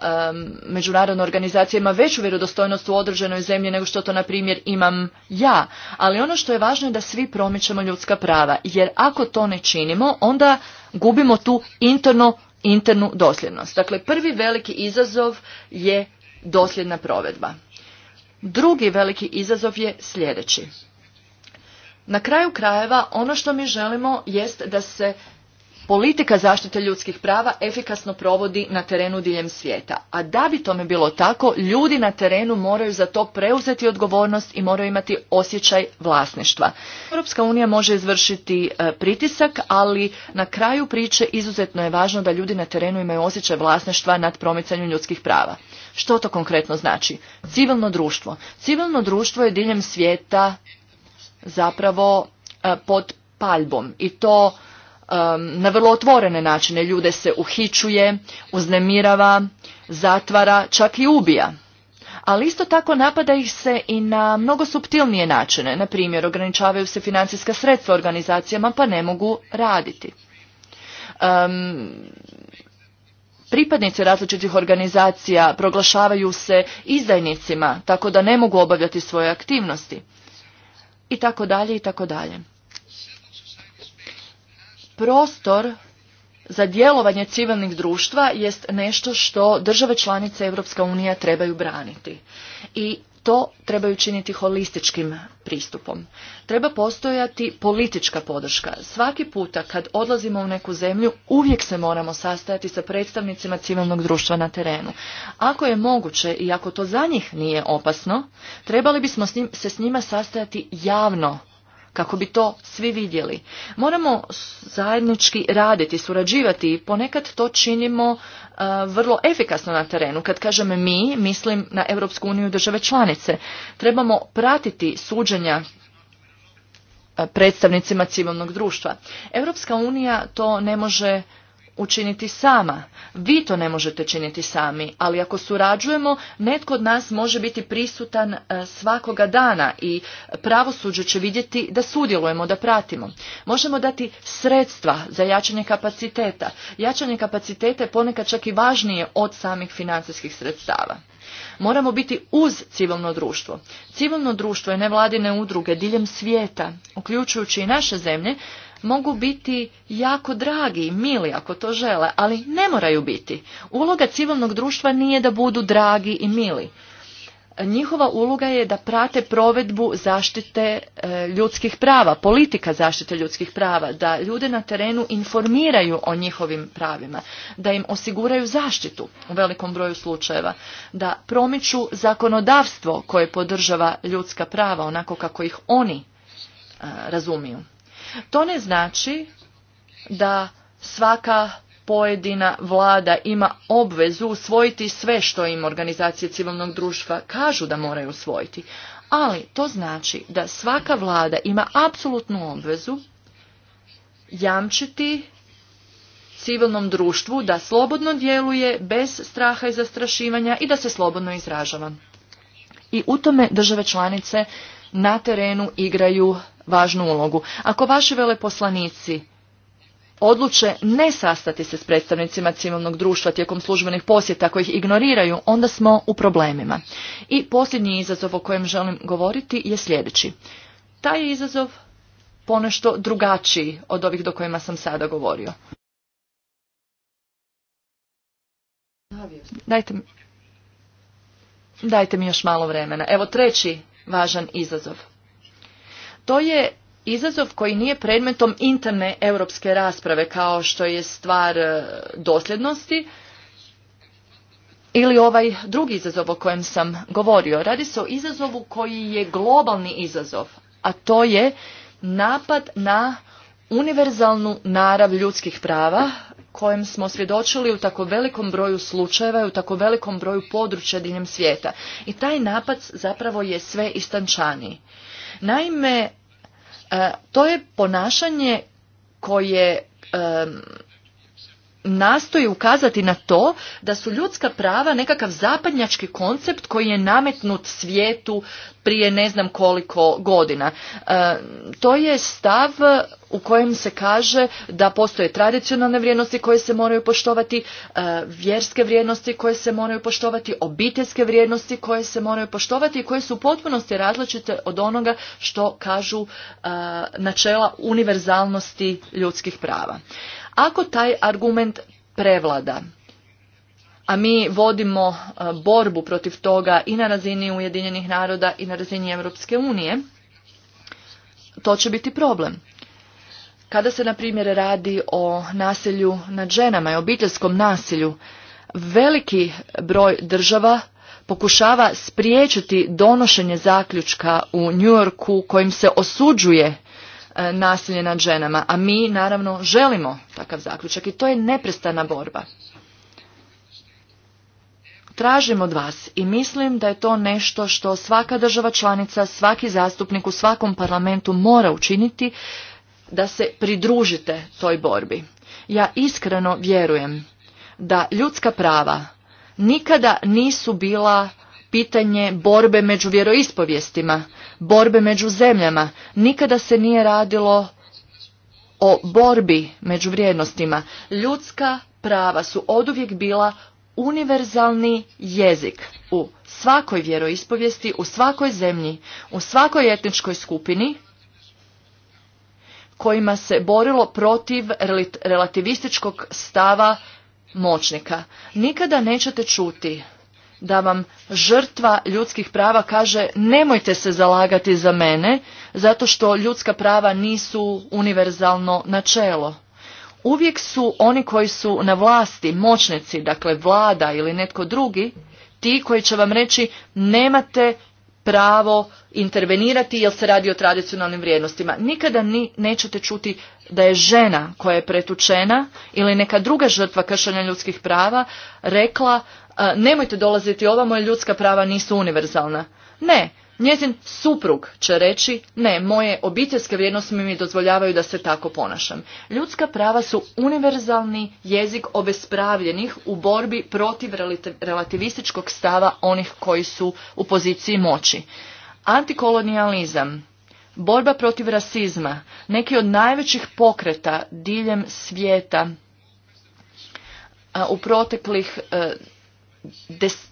međunarodna organizacija ima veću vjerodostojnost u određenoj zemlji nego što to, na primjer, imam ja. Ali ono što je važno je da svi promičemo ljudska prava, jer ako to ne činimo, onda gubimo tu interno, internu dosljednost. Dakle, prvi veliki izazov je dosljedna provedba. Drugi veliki izazov je sljedeći. Na kraju krajeva ono što mi želimo jest da se politika zaštite ljudskih prava efikasno provodi na terenu diljem svijeta. A da bi tome bilo tako, ljudi na terenu moraju za to preuzeti odgovornost i moraju imati osjećaj vlasništva. Europska unija može izvršiti e, pritisak, ali na kraju priče izuzetno je važno da ljudi na terenu imaju osjećaj vlasništva nad promicanjem ljudskih prava. Što to konkretno znači? Civilno društvo. Civilno društvo je diljem svijeta zapravo e, pod paljbom i to Um, na vrlo otvorene načine. Ljude se uhičuje, uznemirava, zatvara, čak i ubija. Ali isto tako napada ih se i na mnogo subtilnije načine. Na primjer, ograničavaju se financijska sredstva organizacijama pa ne mogu raditi. Um, pripadnici različitih organizacija proglašavaju se izdajnicima, tako da ne mogu obavljati svoje aktivnosti. I tako dalje, i tako dalje prostor za djelovanje civilnih društva jest nešto što države članice Europska unija trebaju braniti. I to trebaju činiti holističkim pristupom. Treba postojati politička podrška. Svaki puta kad odlazimo u neku zemlju, uvijek se moramo sastajati sa predstavnicima civilnog društva na terenu. Ako je moguće i ako to za njih nije opasno, trebali bismo se s njima sastajati javno kako bi to svi vidjeli. Moramo zajednički raditi, surađivati i ponekad to činimo e, vrlo efikasno na terenu. Kad kažem mi, mislim na Europsku uniju države članice. Trebamo pratiti suđenja e, predstavnicima civilnog društva. Europska unija to ne može učiniti sama. Vi to ne možete činiti sami, ali ako surađujemo, netko od nas može biti prisutan e, svakoga dana i pravosuđe će vidjeti da sudjelujemo, da pratimo. Možemo dati sredstva za jačanje kapaciteta. Jačanje kapaciteta je ponekad čak i važnije od samih financijskih sredstava. Moramo biti uz civilno društvo. Civilno društvo i nevladine udruge diljem svijeta, uključujući i naše zemlje, mogu biti jako dragi, i mili ako to žele, ali ne moraju biti. Uloga civilnog društva nije da budu dragi i mili. Njihova uloga je da prate provedbu zaštite e, ljudskih prava, politika zaštite ljudskih prava, da ljude na terenu informiraju o njihovim pravima, da im osiguraju zaštitu u velikom broju slučajeva, da promiču zakonodavstvo koje podržava ljudska prava onako kako ih oni e, razumiju. To ne znači da svaka pojedina vlada ima obvezu usvojiti sve što im organizacije civilnog društva kažu da moraju usvojiti. Ali to znači da svaka vlada ima apsolutnu obvezu jamčiti civilnom društvu da slobodno djeluje bez straha i zastrašivanja i da se slobodno izražava. I u tome države članice na terenu igraju važnu ulogu. Ako vaši veleposlanici odluče ne sastati se s predstavnicima civilnog društva tijekom službenih posjeta koji ih ignoriraju, onda smo u problemima. I posljednji izazov o kojem želim govoriti je sljedeći. Taj je izazov ponešto drugačiji od ovih do kojima sam sada govorio. Dajte mi, dajte mi još malo vremena. Evo treći važan izazov. To je izazov koji nije predmetom interne europske rasprave kao što je stvar e, dosljednosti ili ovaj drugi izazov o kojem sam govorio. Radi se o izazovu koji je globalni izazov, a to je napad na univerzalnu narav ljudskih prava kojem smo svjedočili u tako velikom broju slučajeva i u tako velikom broju područja diljem svijeta. I taj napad zapravo je sve istančaniji. Naime, e, to je ponašanje koje e, nastoji ukazati na to da su ljudska prava nekakav zapadnjački koncept koji je nametnut svijetu prije ne znam koliko godina. E, to je stav u kojem se kaže da postoje tradicionalne vrijednosti koje se moraju poštovati, e, vjerske vrijednosti koje se moraju poštovati, obiteljske vrijednosti koje se moraju poštovati i koje su u potpunosti različite od onoga što kažu e, načela univerzalnosti ljudskih prava. Ako taj argument prevlada, a mi vodimo e, borbu protiv toga i na razini Ujedinjenih naroda i na razini Europske unije, to će biti problem. Kada se, na primjer, radi o nasilju nad ženama i obiteljskom nasilju, veliki broj država pokušava spriječiti donošenje zaključka u Yorku kojim se osuđuje E, nasilje nad ženama, a mi naravno želimo takav zaključak i to je neprestana borba. Tražim od vas i mislim da je to nešto što svaka država članica, svaki zastupnik u svakom parlamentu mora učiniti da se pridružite toj borbi. Ja iskreno vjerujem da ljudska prava nikada nisu bila pitanje borbe među vjeroispovijestima borbe među zemljama. Nikada se nije radilo o borbi među vrijednostima. Ljudska prava su oduvijek bila univerzalni jezik u svakoj vjeroispovijesti, u svakoj zemlji, u svakoj etničkoj skupini kojima se borilo protiv relativističkog stava moćnika. Nikada nećete čuti da vam žrtva ljudskih prava kaže nemojte se zalagati za mene zato što ljudska prava nisu univerzalno načelo. Uvijek su oni koji su na vlasti, moćnici, dakle vlada ili netko drugi, ti koji će vam reći nemate pravo intervenirati jer se radi o tradicionalnim vrijednostima. Nikada ni nećete čuti da je žena koja je pretučena ili neka druga žrtva kršenja ljudskih prava rekla E, nemojte dolaziti ovamo jer ljudska prava nisu univerzalna. Ne, njezin suprug će reći ne, moje obiteljske vrijednosti mi dozvoljavaju da se tako ponašam. Ljudska prava su univerzalni jezik obespravljenih u borbi protiv relativističkog stava onih koji su u poziciji moći. Antikolonijalizam, borba protiv rasizma, neki od najvećih pokreta diljem svijeta u proteklih e,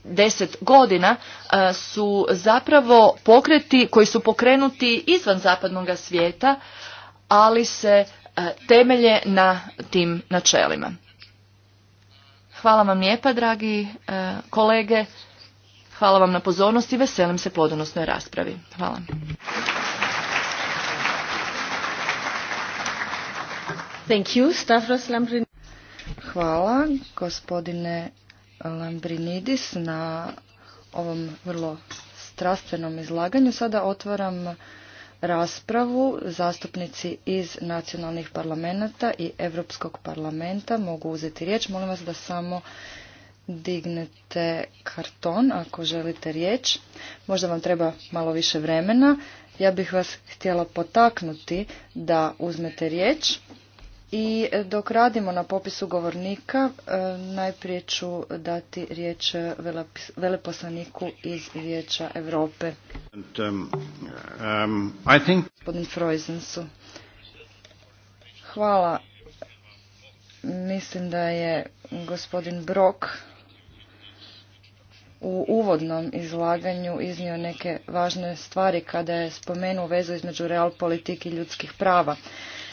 deset godina e, su zapravo pokreti koji su pokrenuti izvan zapadnog svijeta, ali se e, temelje na tim načelima. Hvala vam lijepa, dragi e, kolege. Hvala vam na pozornosti i veselim se plodonosnoj raspravi. Hvala. Thank you, Stavros Hvala, gospodine Lambrinidis na ovom vrlo strastvenom izlaganju. Sada otvaram raspravu. Zastupnici iz nacionalnih parlamenta i Europskog parlamenta mogu uzeti riječ. Molim vas da samo dignete karton ako želite riječ. Možda vam treba malo više vremena. Ja bih vas htjela potaknuti da uzmete riječ i dok radimo na popisu govornika, e, najprije ću dati riječ veleposlaniku iz Vijeća Europe. Um, um, gospodin Frojzensu. Hvala. Mislim da je gospodin Brok u uvodnom izlaganju iznio neke važne stvari kada je spomenuo vezu između realpolitik i ljudskih prava.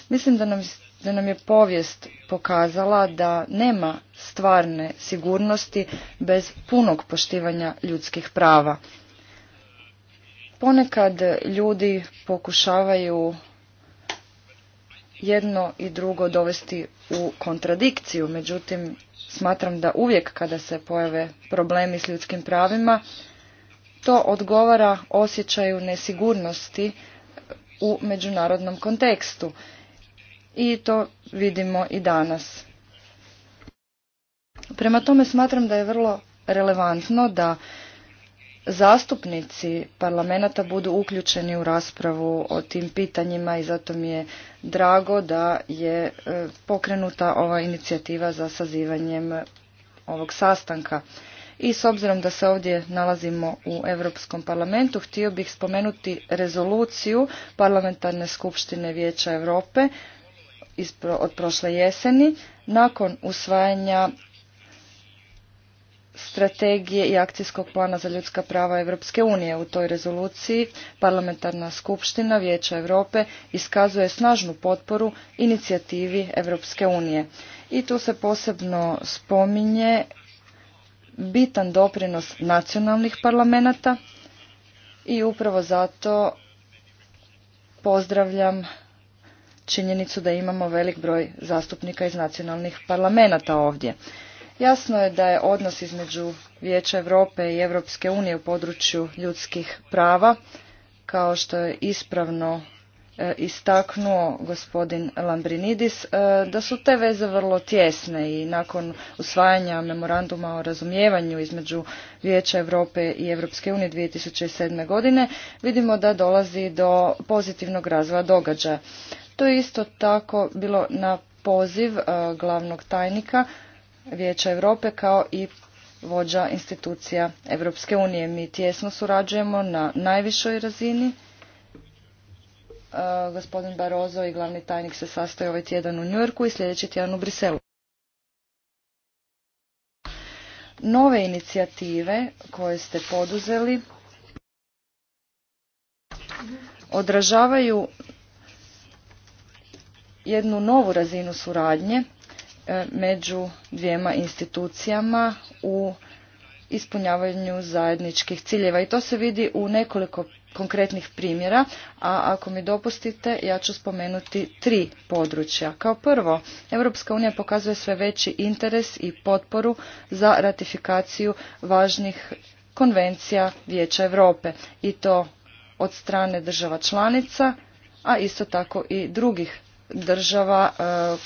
Mislim da nam da nam je povijest pokazala da nema stvarne sigurnosti bez punog poštivanja ljudskih prava. Ponekad ljudi pokušavaju jedno i drugo dovesti u kontradikciju, međutim smatram da uvijek kada se pojave problemi s ljudskim pravima, to odgovara osjećaju nesigurnosti u međunarodnom kontekstu i to vidimo i danas. Prema tome smatram da je vrlo relevantno da zastupnici parlamenta budu uključeni u raspravu o tim pitanjima i zato mi je drago da je e, pokrenuta ova inicijativa za sazivanjem ovog sastanka. I s obzirom da se ovdje nalazimo u Europskom parlamentu, htio bih spomenuti rezoluciju Parlamentarne skupštine Vijeća Europe od prošle jeseni nakon usvajanja strategije i akcijskog plana za ljudska prava Europske unije. U toj rezoluciji parlamentarna skupština Vijeća Europe iskazuje snažnu potporu inicijativi Europske unije. I tu se posebno spominje bitan doprinos nacionalnih parlamenata i upravo zato pozdravljam činjenicu da imamo velik broj zastupnika iz nacionalnih parlamenata ovdje. Jasno je da je odnos između Vijeća Europe i Europske unije u području ljudskih prava, kao što je ispravno e, istaknuo gospodin Lambrinidis, e, da su te veze vrlo tjesne i nakon usvajanja memoranduma o razumijevanju između Vijeća Europe i Europske unije 2007. godine vidimo da dolazi do pozitivnog razvoja događaja. To je isto tako bilo na poziv e, glavnog tajnika Vijeća Europe kao i vođa institucija Europske unije. Mi tjesno surađujemo na najvišoj razini. E, gospodin Barozo i glavni tajnik se sastoje ovaj tjedan u Njujorku i sljedeći tjedan u Briselu. Nove inicijative koje ste poduzeli odražavaju jednu novu razinu suradnje e, među dvijema institucijama u ispunjavanju zajedničkih ciljeva i to se vidi u nekoliko konkretnih primjera, a ako mi dopustite ja ću spomenuti tri područja. Kao prvo, Europska unija pokazuje sve veći interes i potporu za ratifikaciju važnih konvencija Vijeća Europe i to od strane država članica, a isto tako i drugih država e,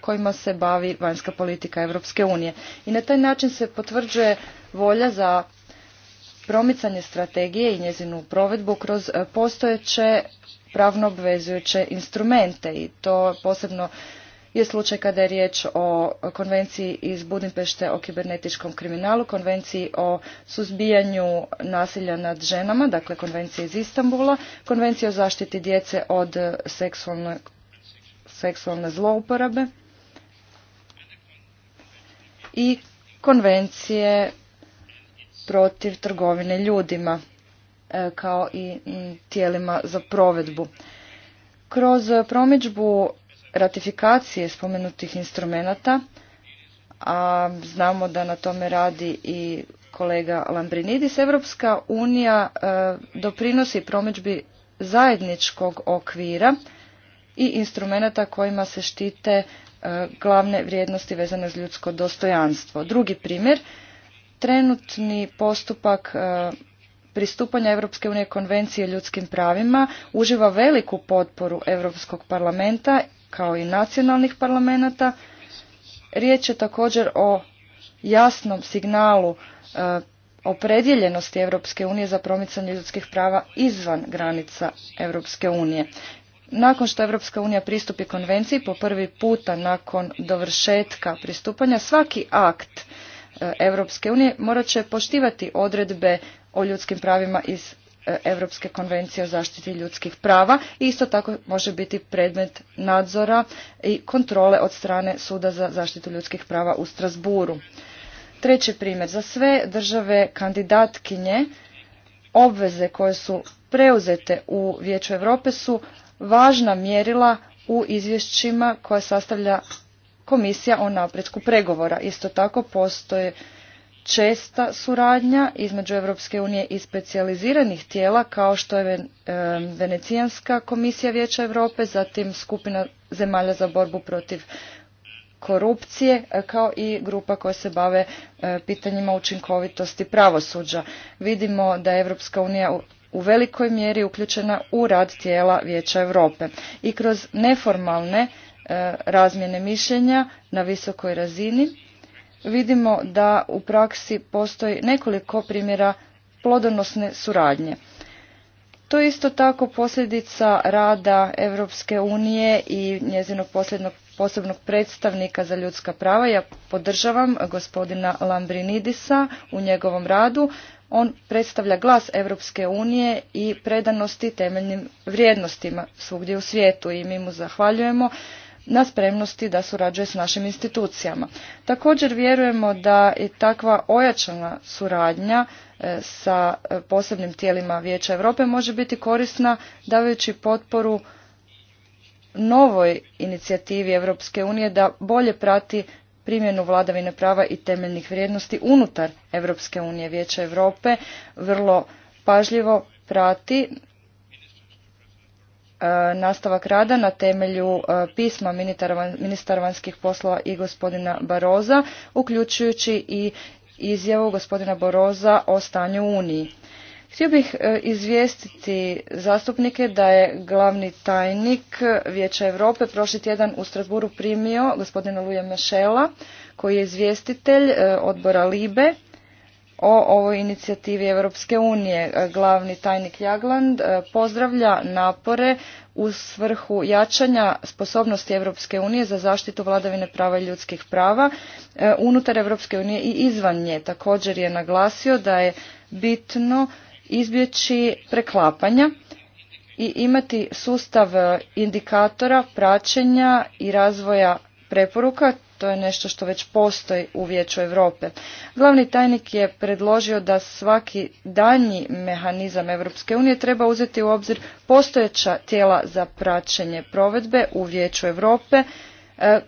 kojima se bavi vanjska politika Europske unije. I na taj način se potvrđuje volja za promicanje strategije i njezinu provedbu kroz e, postojeće pravno obvezujuće instrumente i to posebno je slučaj kada je riječ o konvenciji iz Budimpešte o kibernetičkom kriminalu, konvenciji o suzbijanju nasilja nad ženama, dakle konvencija iz Istambula, konvencija o zaštiti djece od seksualnog seksualne zlouporabe i konvencije protiv trgovine ljudima e, kao i tijelima za provedbu. Kroz promičbu ratifikacije spomenutih instrumenata, a znamo da na tome radi i kolega Lambrinidis, Evropska unija e, doprinosi promičbi zajedničkog okvira i instrumenata kojima se štite e, glavne vrijednosti vezane uz ljudsko dostojanstvo. Drugi primjer, trenutni postupak e, pristupanja Europske unije konvencije ljudskim pravima uživa veliku potporu Europskog parlamenta kao i nacionalnih parlamenta. Riječ je također o jasnom signalu e, opredjeljenosti Europske unije za promicanje ljudskih prava izvan granica Europske unije. Nakon što Europska unija pristupi konvenciji po prvi puta nakon dovršetka pristupanja, svaki akt Europske unije morat će poštivati odredbe o ljudskim pravima iz Europske konvencije o zaštiti ljudskih prava i isto tako može biti predmet nadzora i kontrole od strane Suda za zaštitu ljudskih prava u Strasburu. Treći primjer, za sve države kandidatkinje obveze koje su preuzete u Vijeću Europe su važna mjerila u izvješćima koja sastavlja Komisija o napretku pregovora. Isto tako postoje česta suradnja između Europske unije i specijaliziranih tijela kao što je Venecijanska komisija Vijeća Europe, zatim skupina zemalja za borbu protiv korupcije e, kao i grupa koja se bave e, pitanjima učinkovitosti pravosuđa. Vidimo da je Europska unija u velikoj mjeri uključena u rad tijela Vijeća Europe i kroz neformalne e, razmjene mišljenja na visokoj razini vidimo da u praksi postoji nekoliko primjera plodonosne suradnje. To je isto tako posljedica rada Europske unije i njezinog posljednog posebnog predstavnika za ljudska prava. Ja podržavam gospodina Lambrinidisa u njegovom radu. On predstavlja glas Europske unije i predanosti temeljnim vrijednostima svugdje u svijetu i mi mu zahvaljujemo na spremnosti da surađuje s našim institucijama. Također vjerujemo da i takva ojačana suradnja e, sa e, posebnim tijelima Vijeća Europe može biti korisna davajući potporu novoj inicijativi Europske unije da bolje prati primjenu vladavine prava i temeljnih vrijednosti unutar Europske unije. Vijeće Europe vrlo pažljivo prati e, nastavak rada na temelju e, pisma ministara vanjskih poslova i gospodina Baroza, uključujući i izjavu gospodina Baroza o stanju u Uniji. Htio bih e, izvijestiti zastupnike da je glavni tajnik Vijeća Europe prošli tjedan u Strasburu primio gospodina Luja Mešela, koji je izvjestitelj e, odbora Libe o ovoj inicijativi Europske unije. E, glavni tajnik Jagland pozdravlja napore u svrhu jačanja sposobnosti Europske unije za zaštitu vladavine prava i ljudskih prava unutar Europske unije i izvan nje. Također je naglasio da je bitno izbjeći preklapanja i imati sustav e, indikatora, praćenja i razvoja preporuka, to je nešto što već postoji u Vijeću Europe. Glavni tajnik je predložio da svaki danji mehanizam Europske unije treba uzeti u obzir postojeća tijela za praćenje provedbe u Vijeću Europe, e,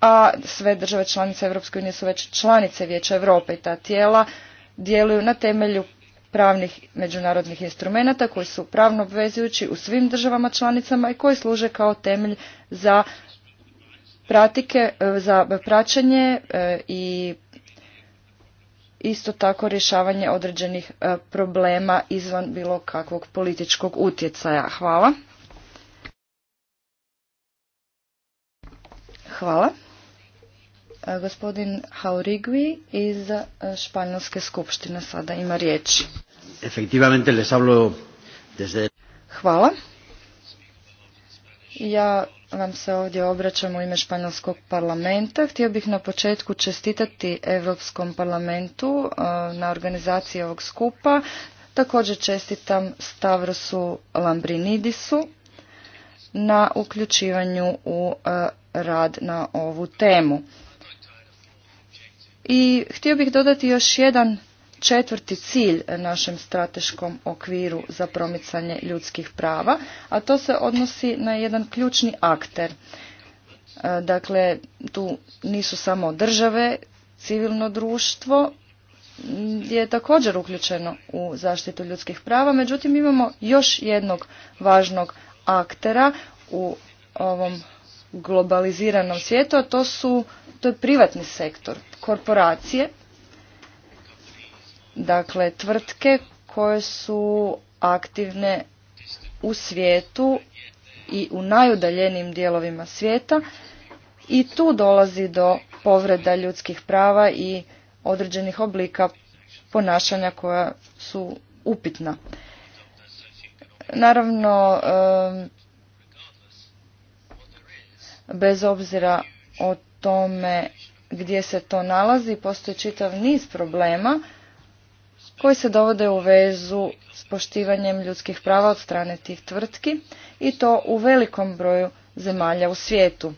a sve države članice Europske unije su već članice Vijeća Europe i ta tijela djeluju na temelju pravnih međunarodnih instrumenata koji su pravno obvezujući u svim državama članicama i koji služe kao temelj za pratike, e, za praćenje e, i isto tako rješavanje određenih e, problema izvan bilo kakvog političkog utjecaja. Hvala. Hvala. E, gospodin Haurigui iz e, Španjolske skupštine sada ima riječ. Hvala. Ja vam se ovdje obraćam u ime Španjolskog parlamenta. Htio bih na početku čestitati Europskom parlamentu e, na organizaciji ovog skupa. Također čestitam Stavrosu Lambrinidisu na uključivanju u rad na ovu temu. I htio bih dodati još jedan četvrti cilj našem strateškom okviru za promicanje ljudskih prava, a to se odnosi na jedan ključni akter. E, dakle, tu nisu samo države, civilno društvo je također uključeno u zaštitu ljudskih prava, međutim imamo još jednog važnog aktera u ovom globaliziranom svijetu, a to su, to je privatni sektor, korporacije, dakle tvrtke koje su aktivne u svijetu i u najudaljenijim dijelovima svijeta i tu dolazi do povreda ljudskih prava i određenih oblika ponašanja koja su upitna. Naravno, bez obzira o tome gdje se to nalazi, postoji čitav niz problema koji se dovode u vezu s poštivanjem ljudskih prava od strane tih tvrtki i to u velikom broju zemalja u svijetu.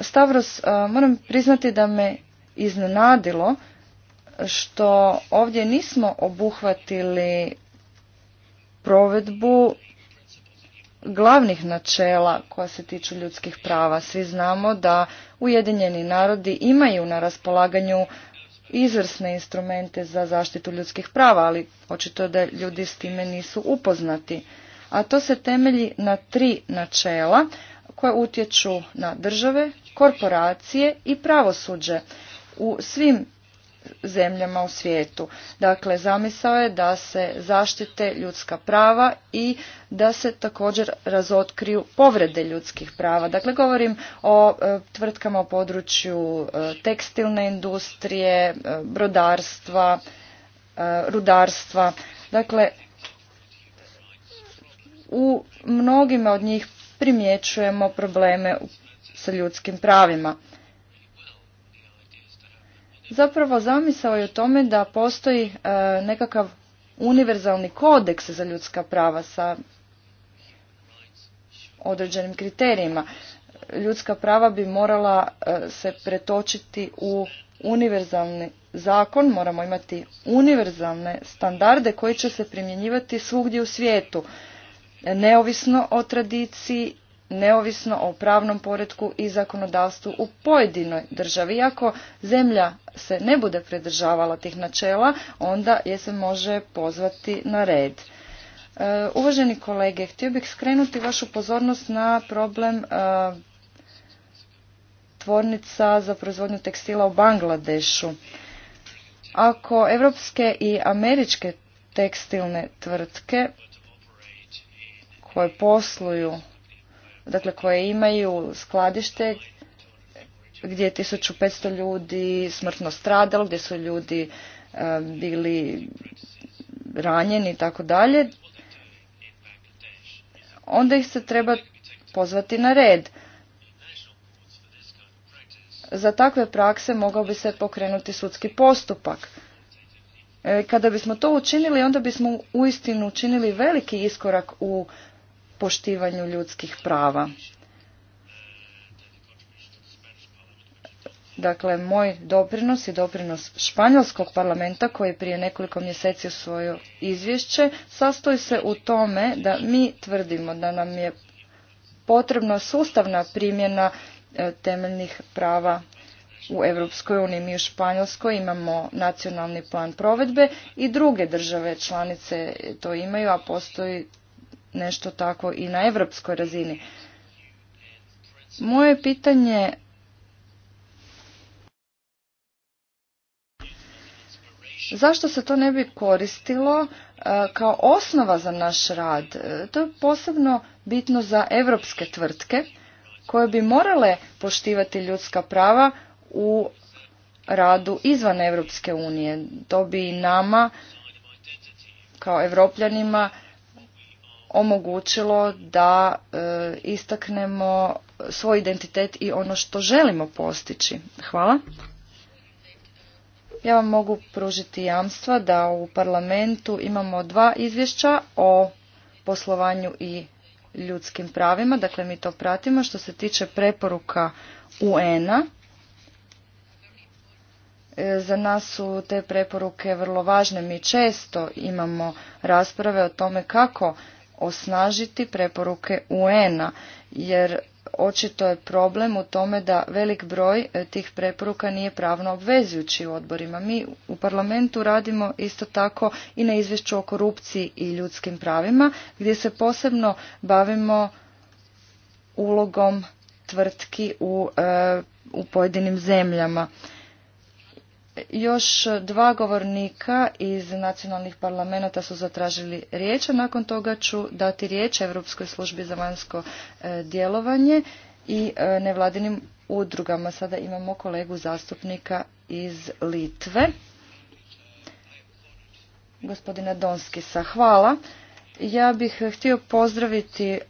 Stavros, moram priznati da me iznenadilo što ovdje nismo obuhvatili provedbu glavnih načela koja se tiču ljudskih prava. Svi znamo da Ujedinjeni narodi imaju na raspolaganju izvrsne instrumente za zaštitu ljudskih prava, ali očito da ljudi s time nisu upoznati. A to se temelji na tri načela koje utječu na države, korporacije i pravosuđe. U svim zemljama u svijetu. Dakle, zamisao je da se zaštite ljudska prava i da se također razotkriju povrede ljudskih prava. Dakle, govorim o e, tvrtkama u području e, tekstilne industrije, e, brodarstva, rudarstva. Dakle, u mnogima od njih primjećujemo probleme sa ljudskim pravima zapravo zamisao je o tome da postoji e, nekakav univerzalni kodeks za ljudska prava sa određenim kriterijima. Ljudska prava bi morala e, se pretočiti u univerzalni zakon, moramo imati univerzalne standarde koji će se primjenjivati svugdje u svijetu, neovisno o tradiciji neovisno o pravnom poretku i zakonodavstvu u pojedinoj državi. Iako zemlja se ne bude pridržavala tih načela, onda je se može pozvati na red. E, uvaženi kolege, htio bih skrenuti vašu pozornost na problem e, tvornica za proizvodnju tekstila u Bangladešu. Ako evropske i američke tekstilne tvrtke koje posluju dakle koje imaju skladište gdje je 1500 ljudi smrtno stradalo, gdje su ljudi e, bili ranjeni i tako dalje, onda ih se treba pozvati na red. Za takve prakse mogao bi se pokrenuti sudski postupak. E, kada bismo to učinili, onda bismo uistinu učinili veliki iskorak u poštivanju ljudskih prava. Dakle, moj doprinos i doprinos Španjolskog parlamenta koji je prije nekoliko mjeseci svoju izvješće sastoji se u tome da mi tvrdimo da nam je potrebna sustavna primjena e, temeljnih prava u Europskoj uniji. Mi u Španjolskoj imamo nacionalni plan provedbe i druge države članice to imaju, a postoji nešto tako i na europskoj razini. Moje pitanje Zašto se to ne bi koristilo e, kao osnova za naš rad? E, to je posebno bitno za europske tvrtke koje bi morale poštivati ljudska prava u radu izvan Europske unije. To bi i nama kao evropljanima omogućilo da e, istaknemo svoj identitet i ono što želimo postići. Hvala. Ja vam mogu pružiti jamstva da u parlamentu imamo dva izvješća o poslovanju i ljudskim pravima, dakle mi to pratimo. Što se tiče preporuka UN-a, e, za nas su te preporuke vrlo važne. Mi često imamo rasprave o tome kako osnažiti preporuke UN-a jer očito je problem u tome da velik broj e, tih preporuka nije pravno obvezujući u odborima. Mi u parlamentu radimo isto tako i na izvješću o korupciji i ljudskim pravima gdje se posebno bavimo ulogom tvrtki u, e, u pojedinim zemljama još dva govornika iz nacionalnih parlamenta su zatražili riječ, a nakon toga ću dati riječ Europskoj službi za vanjsko e, djelovanje i e, nevladinim udrugama. Sada imamo kolegu zastupnika iz Litve, gospodina Donskisa. Hvala. Ja bih htio pozdraviti e,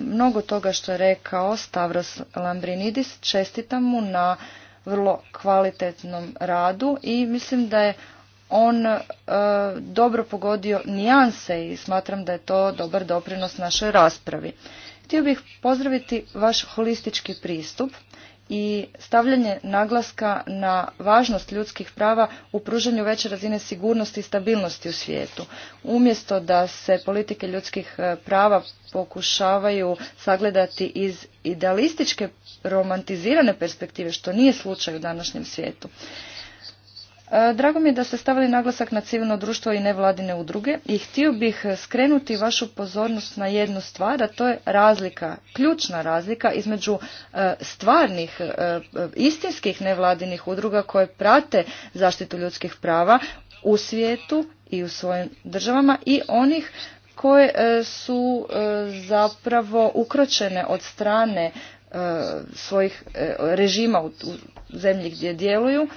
mnogo toga što je rekao Stavros Lambrinidis. Čestitam mu na vrlo kvalitetnom radu i mislim da je on e, dobro pogodio nijanse i smatram da je to dobar doprinos našoj raspravi. Htio bih pozdraviti vaš holistički pristup i stavljanje naglaska na važnost ljudskih prava u pružanju veće razine sigurnosti i stabilnosti u svijetu. Umjesto da se politike ljudskih e, prava pokušavaju sagledati iz idealističke romantizirane perspektive, što nije slučaj u današnjem svijetu. E, drago mi je da ste stavili naglasak na civilno društvo i nevladine udruge i htio bih skrenuti vašu pozornost na jednu stvar, a to je razlika, ključna razlika između e, stvarnih, e, istinskih nevladinih udruga koje prate zaštitu ljudskih prava u svijetu i u svojim državama i onih koje su zapravo ukročene od strane svojih režima u zemlji gdje djeluju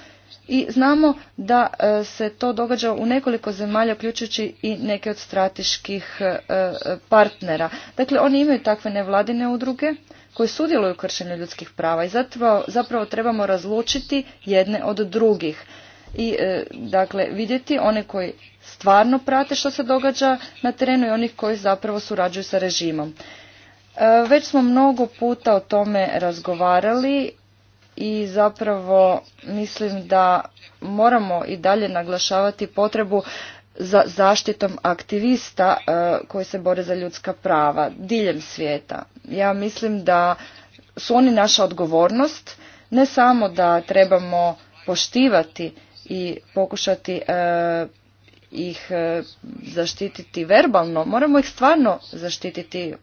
i znamo da e, se to događa u nekoliko zemalja, uključujući i neke od strateških e, e, partnera. Dakle, oni imaju takve nevladine udruge koje sudjeluju u kršenju ljudskih prava i zapravo, zapravo trebamo razlučiti jedne od drugih i dakle vidjeti one koji stvarno prate što se događa na terenu i onih koji zapravo surađuju sa režimom. Već smo mnogo puta o tome razgovarali i zapravo mislim da moramo i dalje naglašavati potrebu za zaštitom aktivista e, koji se bore za ljudska prava diljem svijeta. Ja mislim da su oni naša odgovornost, ne samo da trebamo poštivati i pokušati e, ih e, zaštititi verbalno, moramo ih stvarno zaštititi.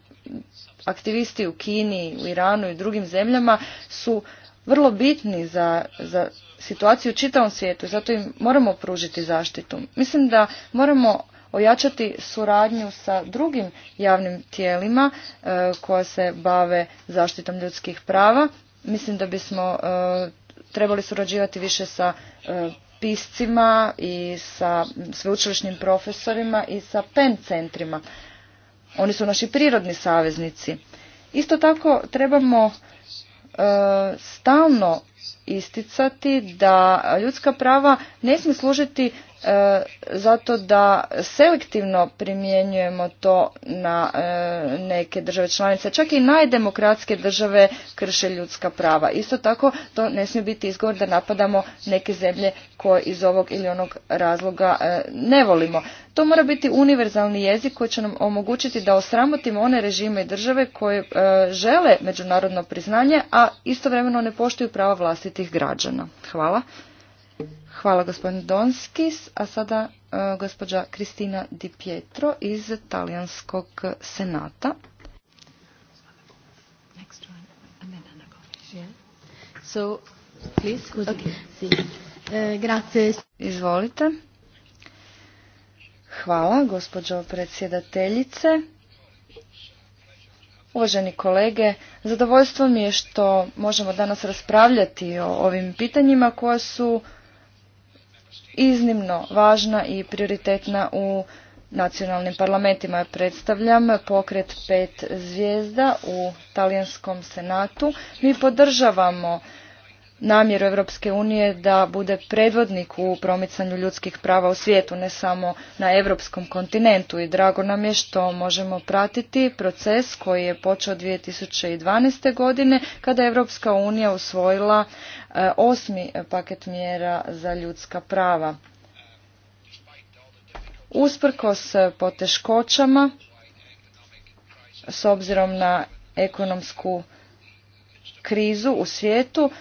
Aktivisti u Kini, u Iranu i drugim zemljama su vrlo bitni za, za situaciju u čitavom svijetu i zato im moramo pružiti zaštitu. Mislim da moramo ojačati suradnju sa drugim javnim tijelima e, koja se bave zaštitom ljudskih prava. Mislim da bismo e, trebali surađivati više sa e, piscima i sa sveučilišnim profesorima i sa PEN centrima. Oni su naši prirodni saveznici. Isto tako trebamo E, stalno isticati da ljudska prava ne smije služiti e, zato da selektivno primjenjujemo to na e, neke države članice. Čak i najdemokratske države krše ljudska prava. Isto tako to ne smije biti izgovor da napadamo neke zemlje koje iz ovog ili onog razloga e, ne volimo. To mora biti univerzalni jezik koji će nam omogućiti da osramotimo one režime i države koje žele međunarodno priznanje, a istovremeno ne poštuju prava vlada vlastitih građana. Hvala. Hvala gospodin Donskis, a sada e, gospođa Kristina Di Pietro iz Talijanskog senata. Uh, Izvolite. Hvala, gospođo predsjedateljice. Uvaženi kolege, zadovoljstvo mi je što možemo danas raspravljati o ovim pitanjima koja su iznimno važna i prioritetna u nacionalnim parlamentima. predstavljam pokret pet zvijezda u talijanskom senatu. Mi podržavamo namjeru Europske unije da bude predvodnik u promicanju ljudskih prava u svijetu, ne samo na europskom kontinentu i drago nam je što možemo pratiti proces koji je počeo 2012. godine kada je Europska unija usvojila e, osmi paket mjera za ljudska prava. Usprkos poteškoćama s obzirom na ekonomsku krizu u svijetu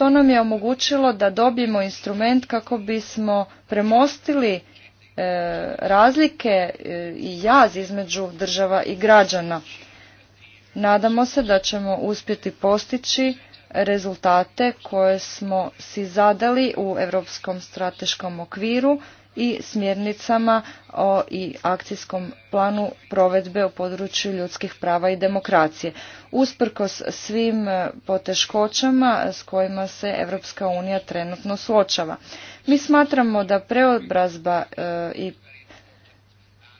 to nam je omogućilo da dobijemo instrument kako bismo premostili e, razlike e, i jaz između država i građana. Nadamo se da ćemo uspjeti postići rezultate koje smo si zadali u Europskom strateškom okviru i smjernicama o i akcijskom planu provedbe u području ljudskih prava i demokracije. Usprkos svim e, poteškoćama s kojima se Europska unija trenutno suočava. Mi smatramo da preobrazba e, i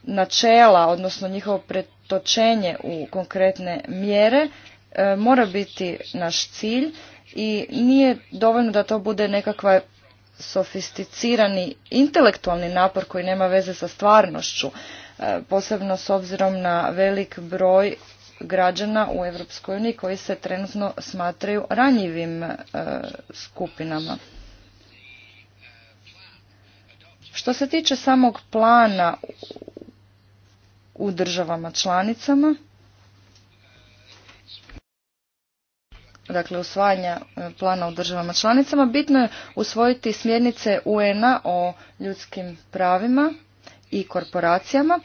načela, odnosno njihovo pretočenje u konkretne mjere e, mora biti naš cilj i nije dovoljno da to bude nekakva sofisticirani intelektualni napor koji nema veze sa stvarnošću, e, posebno s obzirom na velik broj građana u Europskoj uniji koji se trenutno smatraju ranjivim e, skupinama. Što se tiče samog plana u državama članicama, dakle usvajanja e, plana u državama članicama, bitno je usvojiti smjernice UN-a o ljudskim pravima i korporacijama.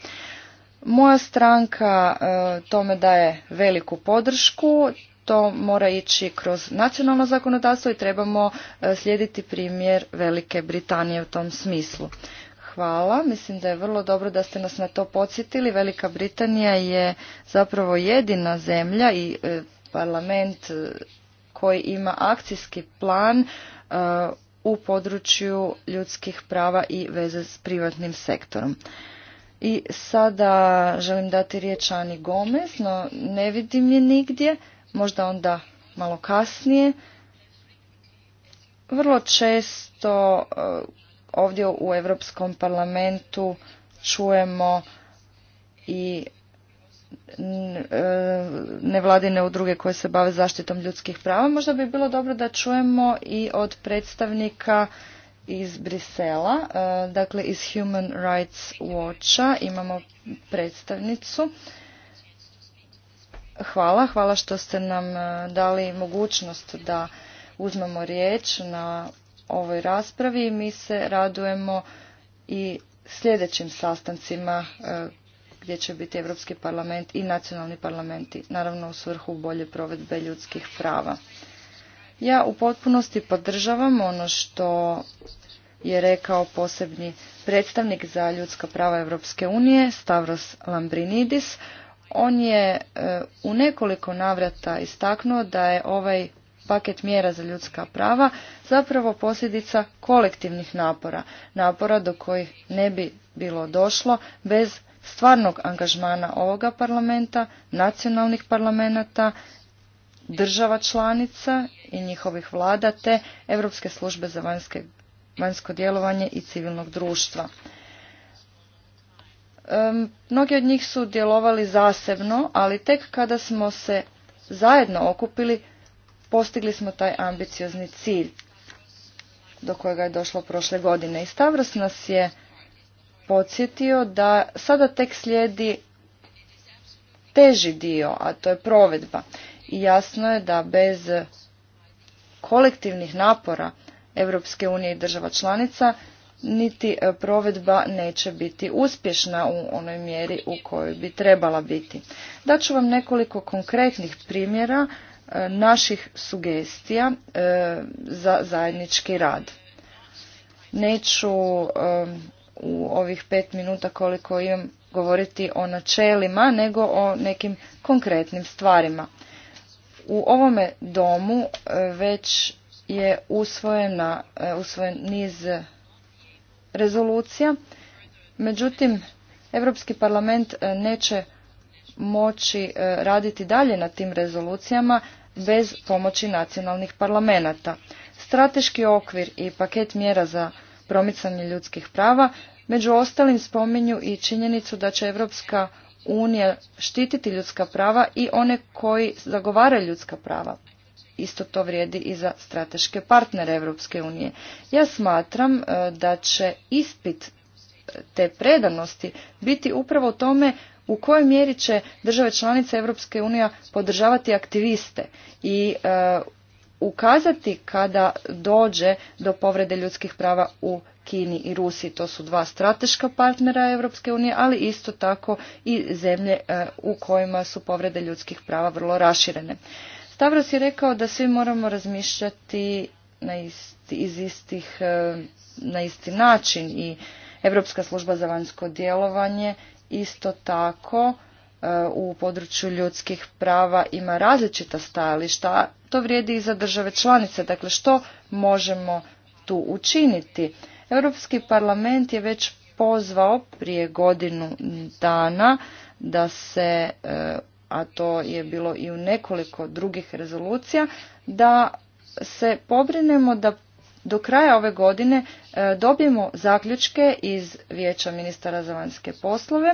Moja stranka e, tome daje veliku podršku, to mora ići kroz nacionalno zakonodavstvo i trebamo e, slijediti primjer Velike Britanije u tom smislu. Hvala, mislim da je vrlo dobro da ste nas na to podsjetili. Velika Britanija je zapravo jedina zemlja i parlament e, koji ima akcijski plan e, u području ljudskih prava i veze s privatnim sektorom. I sada želim dati riječ Ani Gomez, no ne vidim je nigdje, možda onda malo kasnije. Vrlo često e, ovdje u Europskom parlamentu čujemo i E, nevladine udruge koje se bave zaštitom ljudskih prava. Možda bi bilo dobro da čujemo i od predstavnika iz Brisela, e, dakle iz Human Rights Watcha imamo predstavnicu. Hvala, hvala što ste nam e, dali mogućnost da uzmemo riječ na ovoj raspravi. Mi se radujemo i sljedećim sastancima gdje će biti Europski parlament i nacionalni parlamenti, naravno u svrhu bolje provedbe ljudskih prava. Ja u potpunosti podržavam ono što je rekao posebni predstavnik za ljudska prava Europske unije, Stavros Lambrinidis. On je e, u nekoliko navrata istaknuo da je ovaj paket mjera za ljudska prava zapravo posljedica kolektivnih napora, napora do kojih ne bi bilo došlo bez stvarnog angažmana ovoga parlamenta, nacionalnih parlamenta, država članica i njihovih vlada te Europske službe za vanjsko djelovanje i civilnog društva. mnogi od njih su djelovali zasebno, ali tek kada smo se zajedno okupili, postigli smo taj ambiciozni cilj do kojega je došlo prošle godine. I Stavros nas je podsjetio da sada tek slijedi teži dio, a to je provedba. I jasno je da bez kolektivnih napora Europske unije i država članica niti e, provedba neće biti uspješna u onoj mjeri u kojoj bi trebala biti. Daću vam nekoliko konkretnih primjera e, naših sugestija e, za zajednički rad. Neću u ovih pet minuta koliko imam govoriti o načelima, nego o nekim konkretnim stvarima. U ovome domu e, već je usvojena, e, usvojen niz rezolucija, međutim, Europski parlament e, neće moći raditi dalje na tim rezolucijama bez pomoći nacionalnih parlamenata. Strateški okvir i paket mjera za promicanje ljudskih prava. Među ostalim spominju i činjenicu da će Europska unija štititi ljudska prava i one koji zagovaraju ljudska prava. Isto to vrijedi i za strateške partnere Europske unije. Ja smatram e, da će ispit e, te predanosti biti upravo tome u kojoj mjeri će države članice Europske unije podržavati aktiviste i e, ukazati kada dođe do povrede ljudskih prava u Kini i Rusiji. To su dva strateška partnera Europske unije, ali isto tako i zemlje e, u kojima su povrede ljudskih prava vrlo raširene. Stavros je rekao da svi moramo razmišljati na isti, iz istih, e, na isti način i Europska služba za vanjsko djelovanje isto tako E, u području ljudskih prava ima različita stajališta, to vrijedi i za države članice. Dakle, što možemo tu učiniti? Europski parlament je već pozvao prije godinu dana da se, e, a to je bilo i u nekoliko drugih rezolucija, da se pobrinemo da do kraja ove godine e, dobijemo zaključke iz Vijeća ministara za vanjske poslove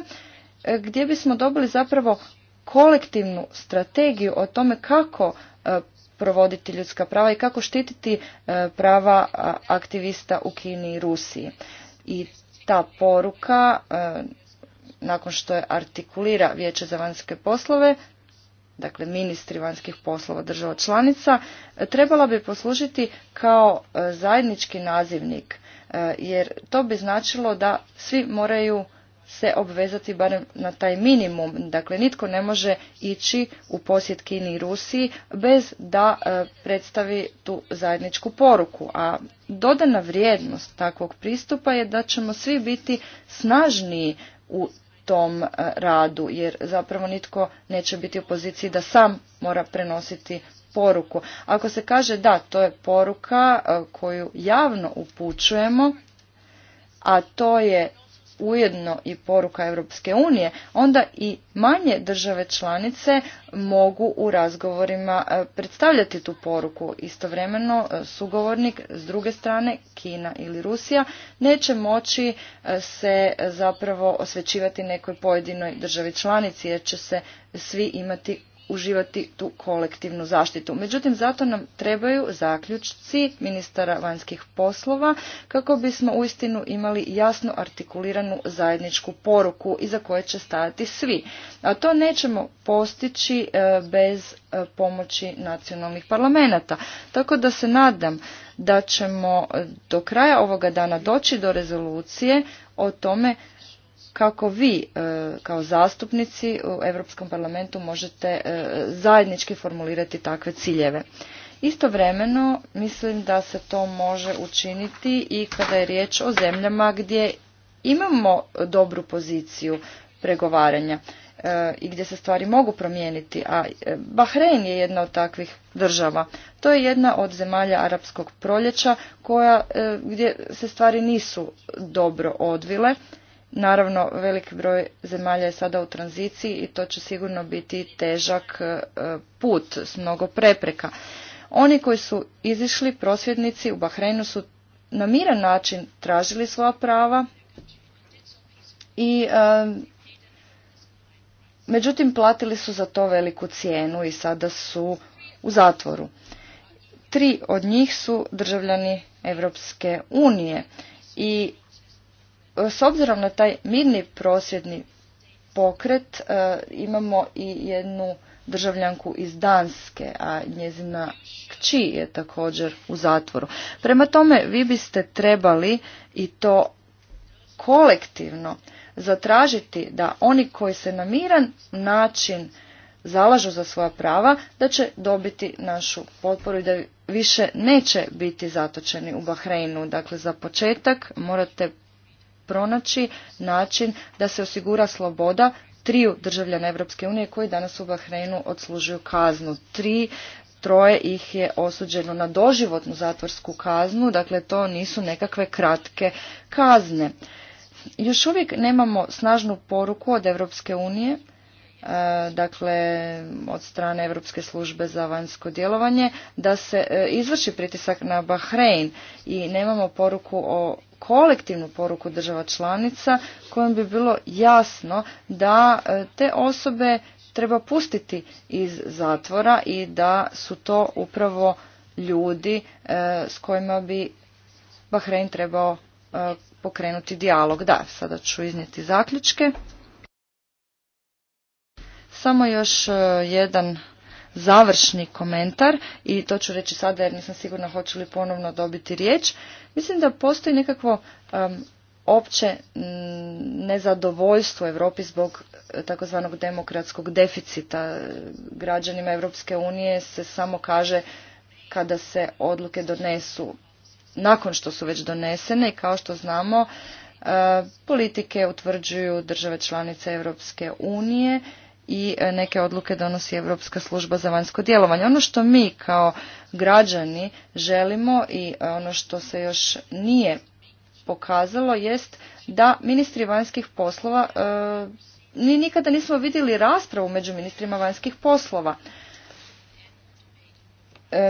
E, gdje bismo dobili zapravo kolektivnu strategiju o tome kako e, provoditi ljudska prava i kako štititi e, prava aktivista u Kini i Rusiji. I ta poruka, nakon što je artikulira Vijeće za vanjske poslove, dakle ministri vanjskih poslova država članica, trebala bi poslužiti kao zajednički nazivnik, jer to bi značilo da svi moraju se obvezati barem na taj minimum. Dakle, nitko ne može ići u posjet Kini i Rusiji bez da e, predstavi tu zajedničku poruku. A dodana vrijednost takvog pristupa je da ćemo svi biti snažniji u tom e, radu, jer zapravo nitko neće biti u poziciji da sam mora prenositi poruku. Ako se kaže da, to je poruka e, koju javno upućujemo, a to je ujedno i poruka Europske unije, onda i manje države članice mogu u razgovorima e, predstavljati tu poruku. Istovremeno e, sugovornik s druge strane Kina ili Rusija neće moći e, se zapravo osvećivati nekoj pojedinoj državi članici jer će se svi imati uživati tu kolektivnu zaštitu. Međutim, zato nam trebaju zaključci ministara vanjskih poslova kako bismo uistinu imali jasno artikuliranu zajedničku poruku iza koje će stajati svi. A to nećemo postići e, bez e, pomoći nacionalnih parlamenta. Tako da se nadam da ćemo e, do kraja ovoga dana doći do rezolucije o tome kako vi e, kao zastupnici u Europskom parlamentu možete e, zajednički formulirati takve ciljeve. Istovremeno mislim da se to može učiniti i kada je riječ o zemljama gdje imamo dobru poziciju pregovaranja e, i gdje se stvari mogu promijeniti, a Bahrein je jedna od takvih država. To je jedna od zemalja arapskog proljeća koja, gdje se stvari nisu dobro odvile, Naravno, veliki broj zemalja je sada u tranziciji i to će sigurno biti težak e, put s mnogo prepreka. Oni koji su izišli, prosvjednici u Bahreinu su na miran način tražili svoja prava i e, međutim platili su za to veliku cijenu i sada su u zatvoru. Tri od njih su državljani Europske unije i s obzirom na taj mirni prosvjedni pokret e, imamo i jednu državljanku iz Danske, a njezina kći je također u zatvoru. Prema tome vi biste trebali i to kolektivno zatražiti da oni koji se na miran način zalažu za svoja prava, da će dobiti našu potporu i da više neće biti zatočeni u Bahreinu. Dakle, za početak morate pronaći način da se osigura sloboda triju državljana Europske unije koji danas u Bahreinu odslužuju kaznu. Tri troje ih je osuđeno na doživotnu zatvorsku kaznu, dakle to nisu nekakve kratke kazne. Još uvijek nemamo snažnu poruku od Europske unije, e, dakle od strane Europske službe za vanjsko djelovanje, da se e, izvrši pritisak na Bahrein i nemamo poruku o kolektivnu poruku država članica kojom bi bilo jasno da e, te osobe treba pustiti iz zatvora i da su to upravo ljudi e, s kojima bi Bahrein trebao e, pokrenuti dijalog. Da, sada ću iznijeti zaključke. Samo još jedan završni komentar i to ću reći sada jer nisam sigurna hoću li ponovno dobiti riječ. Mislim da postoji nekakvo opće mm, nezadovoljstvo Europi zbog e, takozvanog demokratskog deficita. Građanima Europske unije se samo kaže kada se odluke donesu nakon što su već donesene i kao što znamo e, politike utvrđuju države članice Europske unije i e, neke odluke donosi Europska služba za vanjsko djelovanje. Ono što mi kao građani želimo i e, ono što se još nije pokazalo jest da ministri vanjskih poslova e, ni nikada nismo vidjeli raspravu među ministrima vanjskih poslova.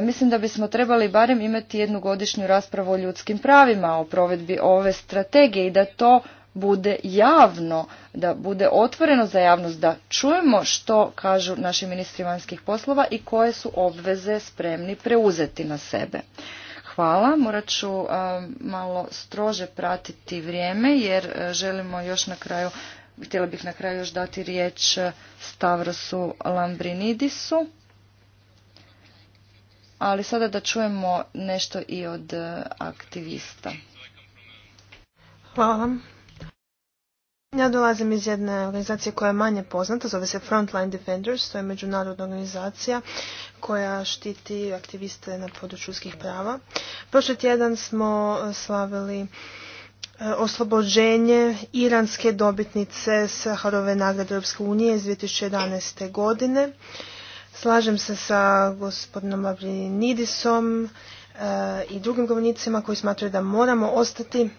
mislim da bismo trebali barem imati jednu godišnju raspravu o ljudskim pravima, o provedbi ove strategije i da to bude javno, da bude otvoreno za javnost, da čujemo što kažu naši ministri vanjskih poslova i koje su obveze spremni preuzeti na sebe. Hvala, morat ću malo strože pratiti vrijeme jer e, želimo još na kraju, htjela bih na kraju još dati riječ e, Stavrosu Lambrinidisu. Ali sada da čujemo nešto i od e, aktivista. Hvala vam. Ja dolazim iz jedne organizacije koja je manje poznata, zove se Frontline Defenders, to je međunarodna organizacija koja štiti aktiviste na području ljudskih prava. Prošli tjedan smo e, slavili e, oslobođenje iranske dobitnice Saharove nagrade Europske unije iz 2011. godine. Slažem se sa gospodinom nidisom e, i drugim govornicima koji smatraju da moramo ostati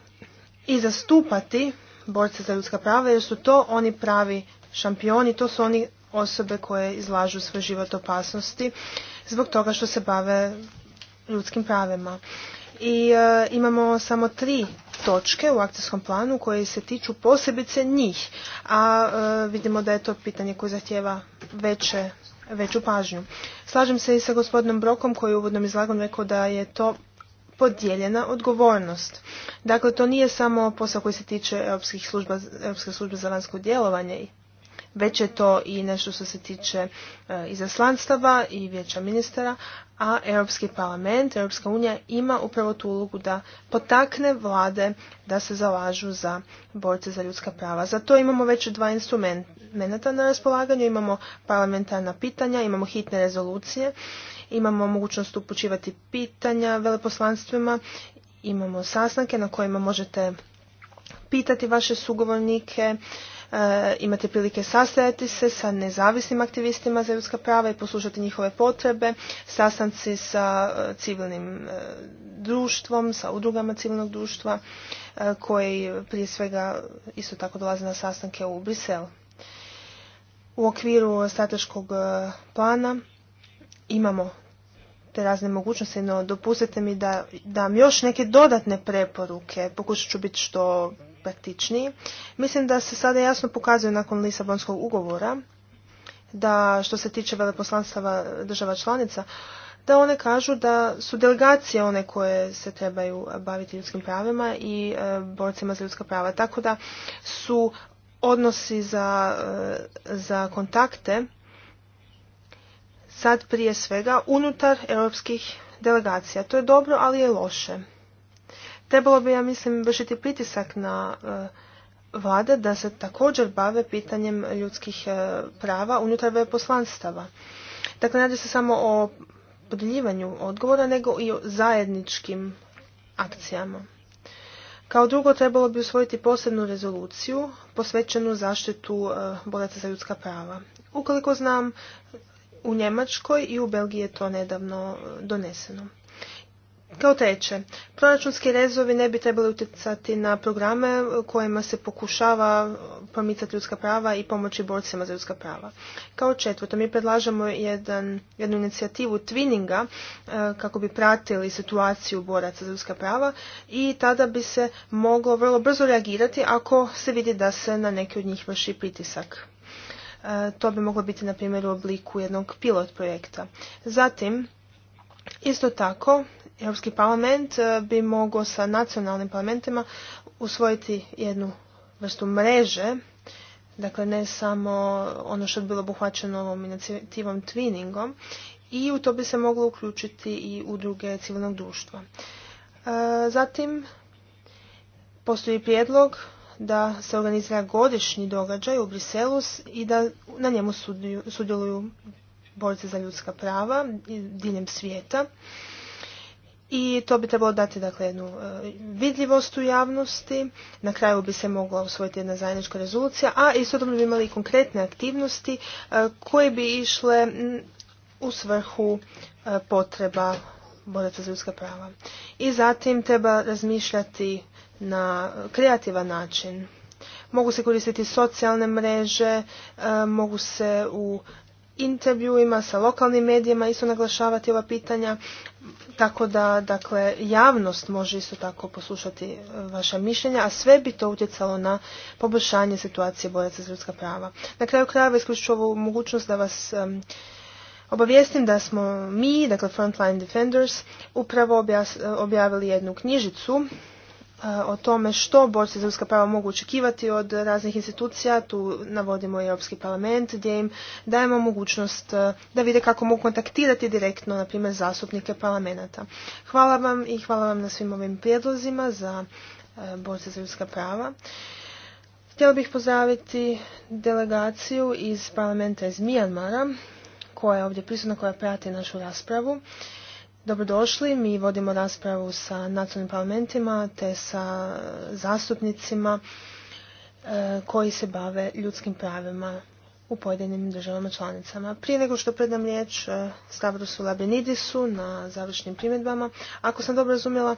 i zastupati borce za ljudska prava jer su to oni pravi šampioni, to su oni osobe koje izlažu svoj život opasnosti zbog toga što se bave ljudskim pravima. I e, imamo samo tri točke u akcijskom planu koje se tiču posebice njih, a e, vidimo da je to pitanje koje zahtjeva veće, veću pažnju. Slažem se i sa gospodinom Brokom koji je u uvodnom izlaganju rekao da je to podijeljena odgovornost. Dakle, to nije samo posao koji se tiče Europske službe za vanjsko djelovanje, već je to i nešto što se tiče eh, izaslanstava i vijeća ministara, a Europski parlament, Europska unija ima upravo tu ulogu da potakne vlade da se zalažu za borce za ljudska prava. Za to imamo već dva instrumenta na raspolaganju, imamo parlamentarna pitanja, imamo hitne rezolucije Imamo mogućnost upućivati pitanja veleposlanstvima, imamo sastanke na kojima možete pitati vaše sugovornike, e, imate prilike sastajati se sa nezavisnim aktivistima za ljudska prava i poslušati njihove potrebe, sastanci sa e, civilnim e, društvom, sa udrugama civilnog društva koji prije svega isto tako dolaze na sastanke u Brisel. U okviru strateškog plana imamo te razne mogućnosti, no dopustite mi da dam još neke dodatne preporuke, pokušat ću biti što praktičniji. Mislim da se sada jasno pokazuje nakon Lisabonskog ugovora da što se tiče veleposlanstava država članica, da one kažu da su delegacije one koje se trebaju baviti ljudskim pravima i e, borcima za ljudska prava. Tako da su odnosi za, e, za kontakte sad prije svega unutar europskih delegacija. To je dobro, ali je loše. Trebalo bi, ja mislim, vršiti pritisak na e, vlade da se također bave pitanjem ljudskih e, prava unutar veleposlanstava. Dakle, radi se samo o podeljivanju odgovora, nego i o zajedničkim akcijama. Kao drugo, trebalo bi usvojiti posebnu rezoluciju posvećenu zaštitu e, boraca za ljudska prava. Ukoliko znam, u Njemačkoj i u Belgiji je to nedavno e, doneseno. Kao treće, proračunski rezovi ne bi trebali utjecati na programe kojima se pokušava e, promicati ljudska prava i pomoći borcima za ljudska prava. Kao četvrto, mi predlažemo jedan, jednu inicijativu twininga e, kako bi pratili situaciju boraca za ljudska prava i tada bi se moglo vrlo brzo reagirati ako se vidi da se na neki od njih vrši pritisak. E, to bi moglo biti na primjer u obliku jednog pilot projekta. Zatim, isto tako, Europski parlament e, bi mogao sa nacionalnim parlamentima usvojiti jednu vrstu mreže, dakle ne samo ono što bi bilo obuhvaćeno ovom inicijativom twinningom i u to bi se moglo uključiti i udruge civilnog društva. E, zatim, postoji prijedlog da se organizira godišnji događaj u Briselu i da na njemu sudjeluju borci za ljudska prava diljem svijeta. I to bi trebalo dati dakle, jednu e, vidljivost u javnosti. Na kraju bi se mogla usvojiti jedna zajednička rezolucija, a istodobno bi imali konkretne aktivnosti e, koje bi išle u svrhu e, potreba boraca za ljudska prava. I zatim treba razmišljati na kreativan način. Mogu se koristiti socijalne mreže, e, mogu se u intervjuima sa lokalnim medijima isto naglašavati ova pitanja, tako da dakle, javnost može isto tako poslušati e, vaša mišljenja, a sve bi to utjecalo na poboljšanje situacije boraca za ljudska prava. Na kraju krajeva isključit ovu mogućnost da vas e, obavijestim da smo mi, dakle Frontline Defenders, upravo objavili jednu knjižicu E, o tome što borci za ljudska prava mogu očekivati od raznih institucija, tu navodimo i Europski parlament gdje im dajemo mogućnost e, da vide kako mogu kontaktirati direktno, na primjer, zastupnike parlamenta. Hvala vam i hvala vam na svim ovim prijedlozima za e, borce za ljudska prava. Htjela bih pozdraviti delegaciju iz parlamenta iz Mijanmara koja je ovdje prisutna, koja prati našu raspravu. Dobrodošli, mi vodimo raspravu sa nacionalnim parlamentima te sa zastupnicima e, koji se bave ljudskim pravima u pojedinim državama članicama. Prije nego što predam riječ e, Stavrosu Labenidisu na završnim primjedbama, ako sam dobro razumjela,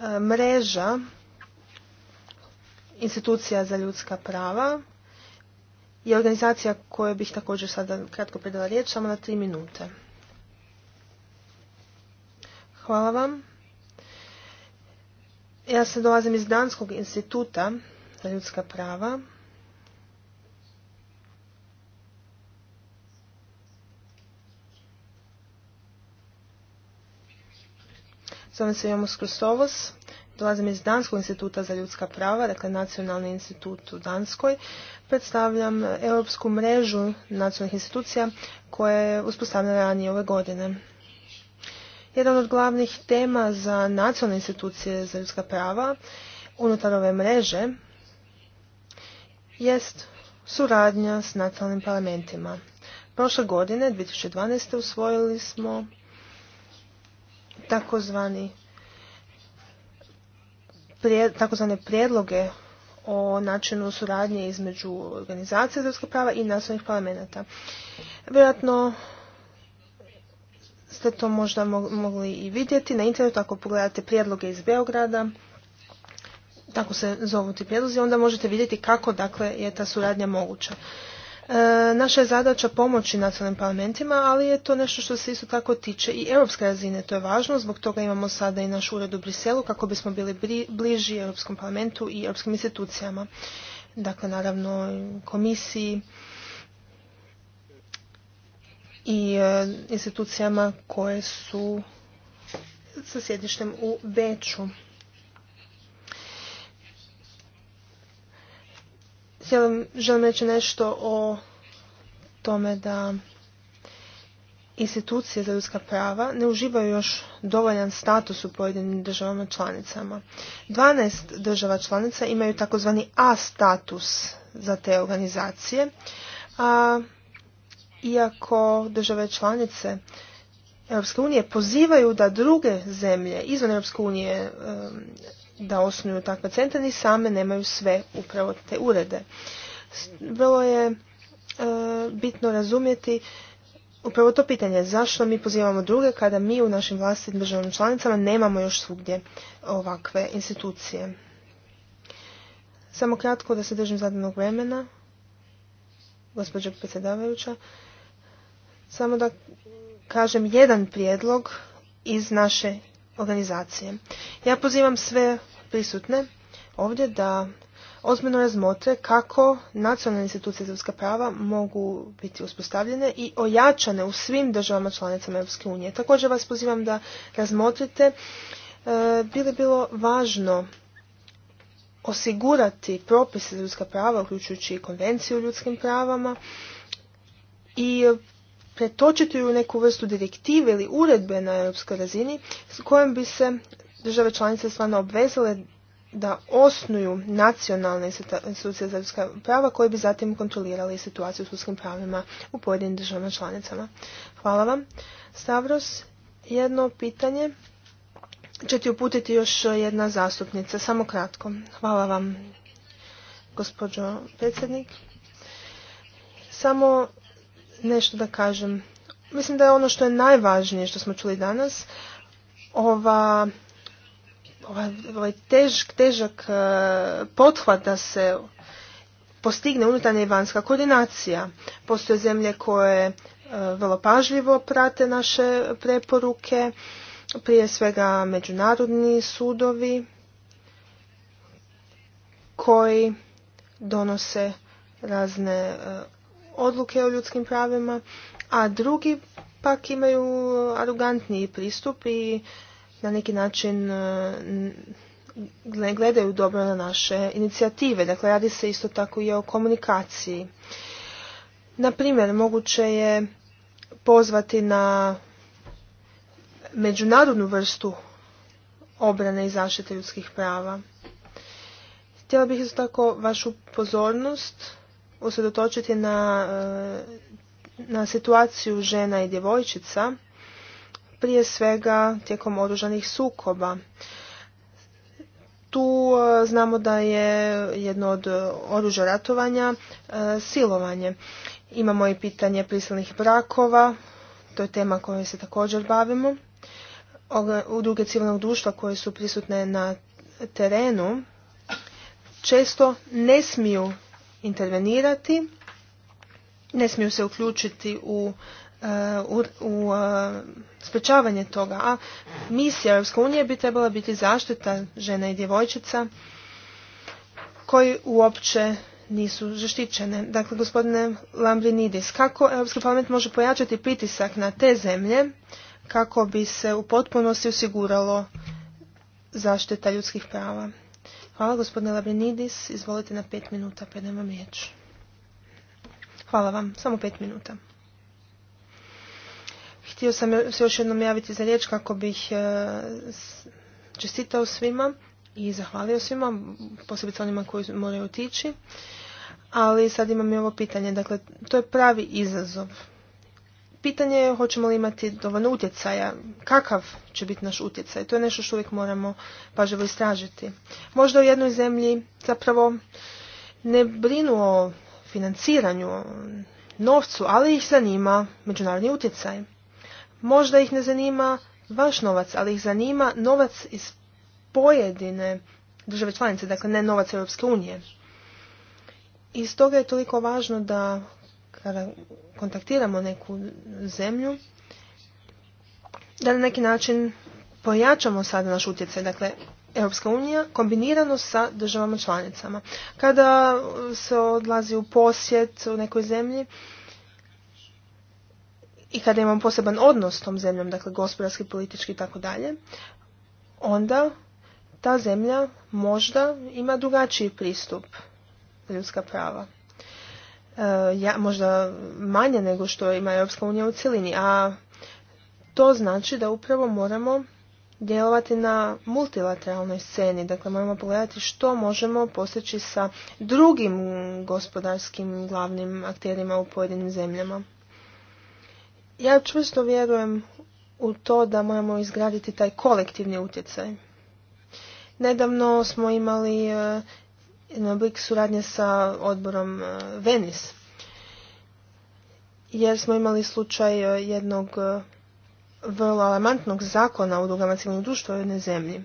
e, mreža institucija za ljudska prava je organizacija kojoj bih također sada kratko predala riječ, samo na tri minute. Hvala vam. Ja se dolazim iz Danskog instituta za ljudska prava. Zovem se Jomus Krusovos, dolazim iz Danskog instituta za ljudska prava, dakle nacionalni institut u Danskoj. Predstavljam europsku mrežu nacionalnih institucija koja je uspostavljena ranije ove godine jedan od glavnih tema za nacionalne institucije za ljudska prava unutar ove mreže jest suradnja s nacionalnim parlamentima. Prošle godine, 2012. usvojili smo takozvani takozvane prijedloge o načinu suradnje između organizacije ljudska prava i nacionalnih parlamenta. Vjerojatno ste to možda mogli i vidjeti na internetu ako pogledate prijedloge iz Beograda tako se zovu ti prijedlozi, onda možete vidjeti kako dakle, je ta suradnja moguća. E, naša je zadaća pomoći nacionalnim parlamentima, ali je to nešto što se isto tako tiče i europske razine. To je važno, zbog toga imamo sada i naš ured u Briselu kako bismo bili bliži Europskom parlamentu i europskim institucijama. Dakle, naravno komisiji i e, institucijama koje su sa sjedištem u Beču. Želim, reći nešto o tome da institucije za ljudska prava ne uživaju još dovoljan status u pojedinim državama članicama. 12 država članica imaju takozvani A status za te organizacije, a iako države članice Europske unije pozivaju da druge zemlje izvan Europske unije da osnuju takve centre, ni same nemaju sve upravo te urede. Vrlo je e, bitno razumjeti upravo to pitanje zašto mi pozivamo druge kada mi u našim vlastitim državnim članicama nemamo još svugdje ovakve institucije. Samo kratko da se držim zadanog vremena, gospođo predsjedavajuća. Samo da kažem jedan prijedlog iz naše organizacije. Ja pozivam sve prisutne ovdje da ozbiljno razmotre kako nacionalne institucije za ljudska prava mogu biti uspostavljene i ojačane u svim državama članicama Europske unije. Također vas pozivam da razmotrite e, bilo li bilo važno osigurati propise ljudska prava, uključujući i konvenciju o ljudskim pravama i pretočiti u neku vrstu direktive ili uredbe na europskoj razini s kojom bi se države članice stvarno obvezale da osnuju nacionalne institucije za ljudska prava koje bi zatim kontrolirali situaciju s ljudskim pravima u pojedinim državama članicama. Hvala vam. Stavros, jedno pitanje će ti uputiti još jedna zastupnica, samo kratko. Hvala vam, gospođo predsjednik. Samo nešto da kažem. Mislim da je ono što je najvažnije što smo čuli danas, ova, ovaj težak, težak pothvat da se postigne unutarnja i vanjska koordinacija. Postoje zemlje koje e, vrlo pažljivo prate naše preporuke, prije svega međunarodni sudovi koji donose razne e, odluke o ljudskim pravima, a drugi pak imaju arogantniji pristup i na neki način ne gledaju dobro na naše inicijative. Dakle, radi se isto tako i o komunikaciji. Na primjer, moguće je pozvati na međunarodnu vrstu obrane i zaštite ljudskih prava. Htjela bih isto tako vašu pozornost usredotočiti na, e, na situaciju žena i djevojčica, prije svega tijekom oružanih sukoba. Tu e, znamo da je jedno od oružja ratovanja e, silovanje. Imamo i pitanje prisilnih brakova, to je tema kojoj se također bavimo. Udruge civilnog društva koje su prisutne na terenu često ne smiju intervenirati, ne smiju se uključiti u uh, u, uh, sprečavanje toga. A misija Europske unije bi trebala biti zaštita žena i djevojčica koji uopće nisu zaštićene. Dakle, gospodine Lambrinidis, kako Europski parlament može pojačati pritisak na te zemlje kako bi se u potpunosti osiguralo zaštita ljudskih prava? Hvala gospodine Labrinidis, izvolite na pet minuta, pa vam riječ. Hvala vam, samo pet minuta. Htio sam se još jednom javiti za riječ kako bih e, čestitao svima i zahvalio svima, posebice onima koji moraju otići. Ali sad imam i ovo pitanje. Dakle, to je pravi izazov Pitanje je hoćemo li imati dovoljno utjecaja, kakav će biti naš utjecaj. To je nešto što uvijek moramo pažljivo istražiti. Možda u jednoj zemlji zapravo ne brinu o financiranju, novcu, ali ih zanima međunarodni utjecaj. Možda ih ne zanima vaš novac, ali ih zanima novac iz pojedine države članice, dakle ne novac Europske unije. I stoga je toliko važno da kada kontaktiramo neku zemlju, da na neki način pojačamo sada naš utjecaj. Dakle, Europska unija kombinirano sa državama članicama. Kada se odlazi u posjet u nekoj zemlji i kada imamo poseban odnos s tom zemljom, dakle gospodarski, politički i tako dalje, onda ta zemlja možda ima drugačiji pristup ljudska prava. E, ja, možda manje nego što ima Europska unija u cilini, a to znači da upravo moramo djelovati na multilateralnoj sceni. Dakle, moramo pogledati što možemo postići sa drugim gospodarskim glavnim akterima u pojedinim zemljama. Ja čvrsto vjerujem u to da moramo izgraditi taj kolektivni utjecaj. Nedavno smo imali e, oblik suradnje sa odborom e, Venis. Jer smo imali slučaj e, jednog e, vrlo alarmantnog zakona o drugama civilnog društva u jednoj zemlji.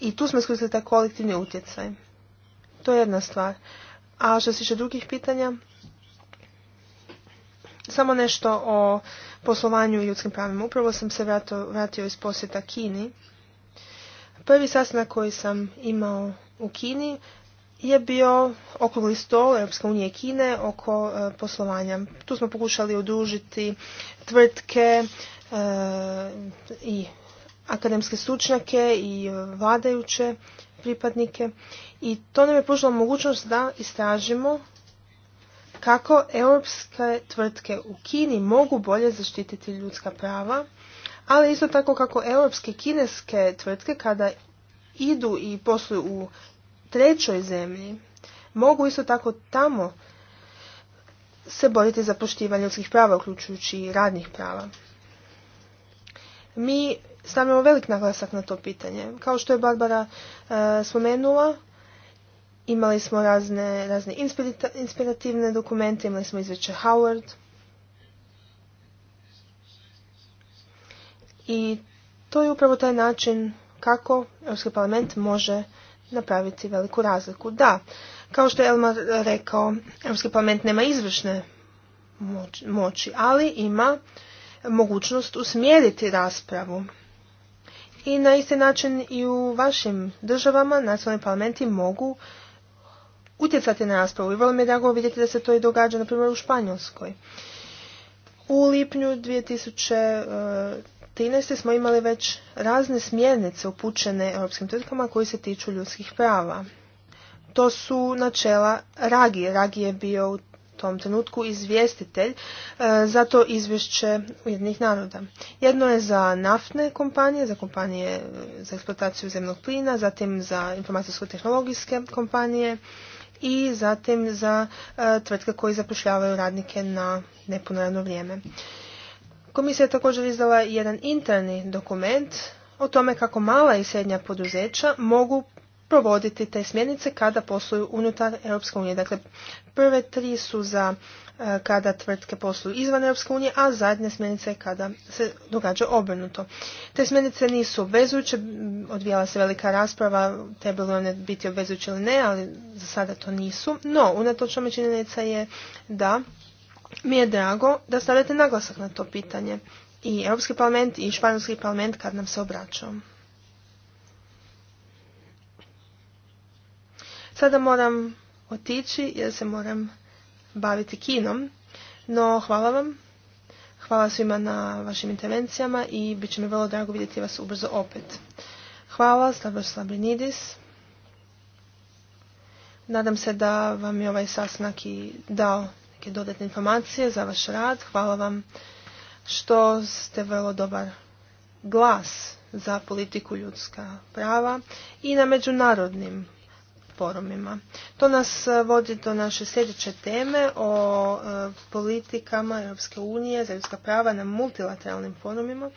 I tu smo skrisili taj kolektivni utjecaj. To je jedna stvar. A što se tiče drugih pitanja, samo nešto o poslovanju i ljudskim pravima. Upravo sam se vratio iz posjeta Kini. Prvi sastanak koji sam imao u Kini je bio okrugli stol Europske unije i Kine oko e, poslovanja. Tu smo pokušali udružiti tvrtke e, i akademske stručnjake i e, vladajuće pripadnike i to nam je pružilo mogućnost da istražimo kako europske tvrtke u Kini mogu bolje zaštititi ljudska prava, ali isto tako kako europske kineske tvrtke kada idu i posluju u trećoj zemlji mogu isto tako tamo se boriti za poštivanje ljudskih prava, uključujući i radnih prava. Mi stavljamo velik naglasak na to pitanje. Kao što je Barbara e, spomenula, imali smo razne, razne inspirativne dokumente, imali smo izveće Howard. I to je upravo taj način kako Europski parlament može napraviti veliku razliku. Da, kao što je Elmar rekao, Europski parlament nema izvršne moći, ali ima mogućnost usmjeriti raspravu. I na isti način i u vašim državama nacionalni parlamenti mogu utjecati na raspravu. I vrlo mi je drago vidjeti da se to i događa, na primjer, u Španjolskoj. U lipnju 2014. 2013. smo imali već razne smjernice upućene europskim tvrtkama koji se tiču ljudskih prava. To su načela Ragi. Ragi je bio u tom trenutku izvjestitelj e, za to izvješće Ujednih naroda. Jedno je za naftne kompanije, za kompanije e, za eksploataciju zemnog plina, zatim za informacijsko-tehnologijske kompanije i zatim za e, tvrtke koji zapošljavaju radnike na nepuno vrijeme. Komisija je također izdala jedan interni dokument o tome kako mala i srednja poduzeća mogu provoditi te smjernice kada posluju unutar Europske unije. Dakle, prve tri su za e, kada tvrtke posluju izvan Europske unije, a zadnje smjernice kada se događa obrnuto. Te smjernice nisu obvezujuće, odvijala se velika rasprava, li one biti obvezujuće ili ne, ali za sada to nisu. No, unatoč činjenica je da mi je drago da stavljate naglasak na to pitanje. I Europski parlament i Španjolski parlament kad nam se obraćao. Sada moram otići jer se moram baviti kinom. No, hvala vam. Hvala svima na vašim intervencijama i bit će mi vrlo drago vidjeti vas ubrzo opet. Hvala, Stavros Slabrinidis. Nadam se da vam je ovaj sasnak i dao neke dodatne informacije za vaš rad. Hvala vam što ste vrlo dobar glas za politiku ljudska prava i na međunarodnim forumima. To nas e, vodi do naše sljedeće teme o e, politikama Europske unije za ljudska prava na multilateralnim forumima.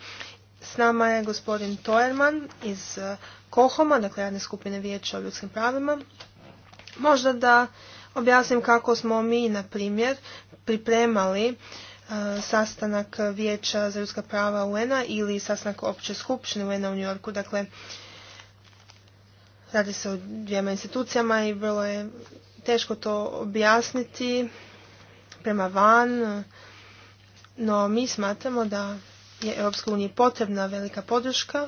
S nama je gospodin Toerman iz e, Kohoma, dakle radne skupine vijeća o ljudskim pravima. Možda da objasnim kako smo mi, na primjer, pripremali e, sastanak Vijeća za ljudska prava UN-a ili sastanak opće skupštine UN-a u New Yorku. Dakle, radi se o dvijema institucijama i vrlo je teško to objasniti prema van, no mi smatramo da je EU uniji potrebna velika podrška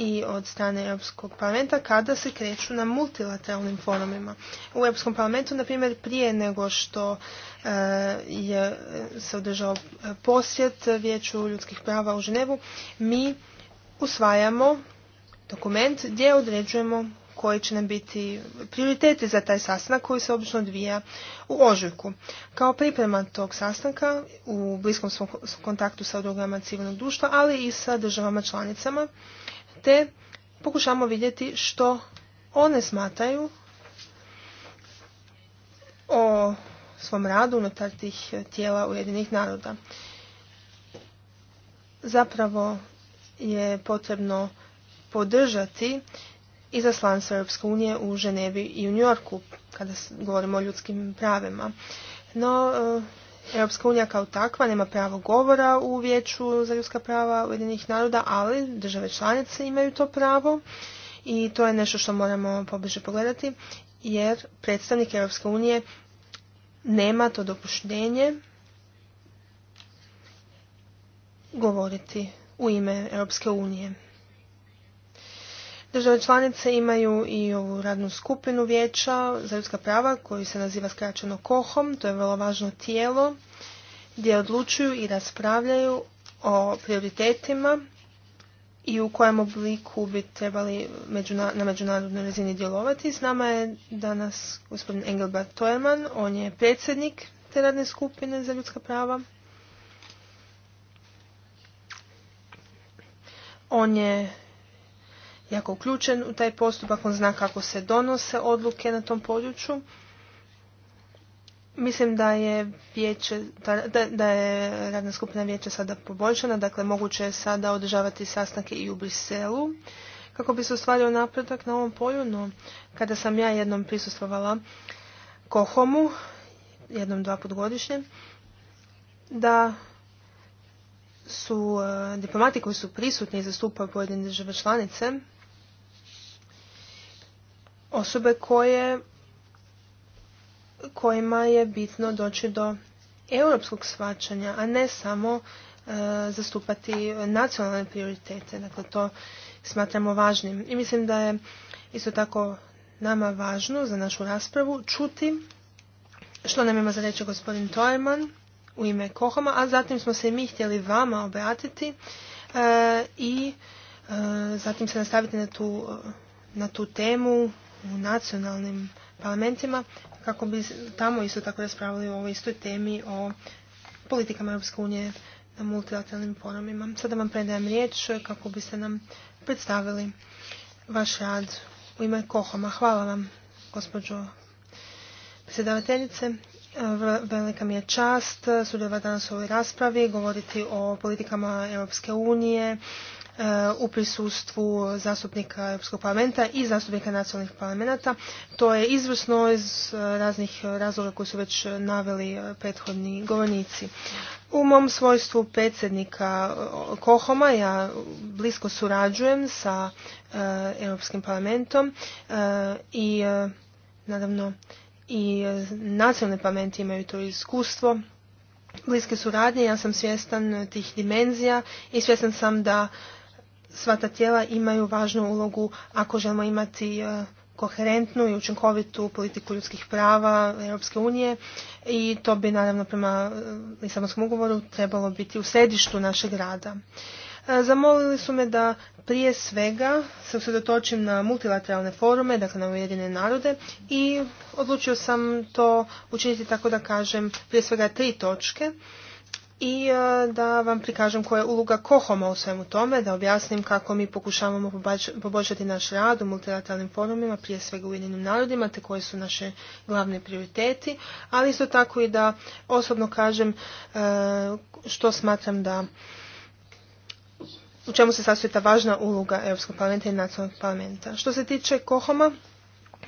i od strane Europskog parlamenta kada se kreću na multilateralnim forumima. U Europskom parlamentu, na primjer, prije nego što e, je e, se održao e, posjet Vijeću ljudskih prava u Ženevu, mi usvajamo dokument gdje određujemo koji će nam biti prioriteti za taj sastanak koji se obično odvija u ožujku. Kao priprema tog sastanka u bliskom kontaktu sa udrugama civilnog društva, ali i sa državama članicama, te pokušamo vidjeti što one smataju o svom radu unutar tih tijela Ujedinih naroda. Zapravo je potrebno podržati izaslanstvo Europske unije u Ženevi i u Njorku kada govorimo o ljudskim pravima. No, eh, Europska unija kao takva nema pravo govora u vijeću za ljudska prava Ujedinih naroda, ali države članice imaju to pravo i to je nešto što moramo pobliže pogledati jer predstavnik Europske unije nema to dopuštenje govoriti u ime Europske unije. Države članice imaju i ovu radnu skupinu vijeća za ljudska prava koji se naziva skraćeno KOHOM. To je vrlo važno tijelo gdje odlučuju i raspravljaju o prioritetima i u kojem obliku bi trebali na međunarodnoj razini djelovati. S nama je danas gospodin Engelbert Toerman, on je predsjednik te radne skupine za ljudska prava. On je jako uključen u taj postupak, on zna kako se donose odluke na tom području. Mislim da je, vijeće, da, da je radna skupina vijeća sada poboljšana, dakle moguće je sada održavati sastanke i u Briselu kako bi se ostvario napredak na ovom polju, no kada sam ja jednom prisustvovala Kohomu, jednom dva put godišnje, da su eh, diplomati koji su prisutni i zastupaju pojedine države članice osobe koje kojima je bitno doći do europskog svačanja, a ne samo e, zastupati nacionalne prioritete. Dakle, to smatramo važnim. I mislim da je isto tako nama važno za našu raspravu čuti što nam ima za reći gospodin Toerman u ime Kohoma, a zatim smo se i mi htjeli vama obratiti e, i e, zatim se nastaviti na tu temu u nacionalnim parlamentima kako bi tamo isto tako raspravili o ovoj istoj temi o politikama Europske unije na multilateralnim forumima. Sada vam predajem riječ kako biste nam predstavili vaš rad u ime Kohoma. Hvala vam, gospođo predsjedavateljice. Velika mi je čast sudjelovati danas u ovoj raspravi, govoriti o politikama Europske unije, E, u prisustvu zastupnika Europskog parlamenta i zastupnika nacionalnih parlamenta. To je izvrsno iz e, raznih razloga koji su već naveli e, prethodni govornici. U mom svojstvu predsjednika Kohoma ja blisko surađujem sa Europskim parlamentom i naravno i nacionalni parlamenti imaju to iskustvo bliske suradnje. Ja sam svjestan tih dimenzija i svjestan sam da sva ta tijela imaju važnu ulogu ako želimo imati e, koherentnu i učinkovitu politiku ljudskih prava Europske unije i to bi naravno prema e, Lisabonskom ugovoru trebalo biti u središtu našeg rada. E, zamolili su me da prije svega se usredotočim na multilateralne forume, dakle na Ujedine narode i odlučio sam to učiniti tako da kažem prije svega tri točke i e, da vam prikažem koja je uloga Kohoma u svemu tome, da objasnim kako mi pokušavamo poboljšati naš rad u multilateralnim forumima, prije svega u jedinim narodima, te koji su naše glavne prioriteti, ali isto tako i da osobno kažem e, što smatram da u čemu se sastoji ta važna uloga Europskog parlamenta i nacionalnog parlamenta. Što se tiče Kohoma,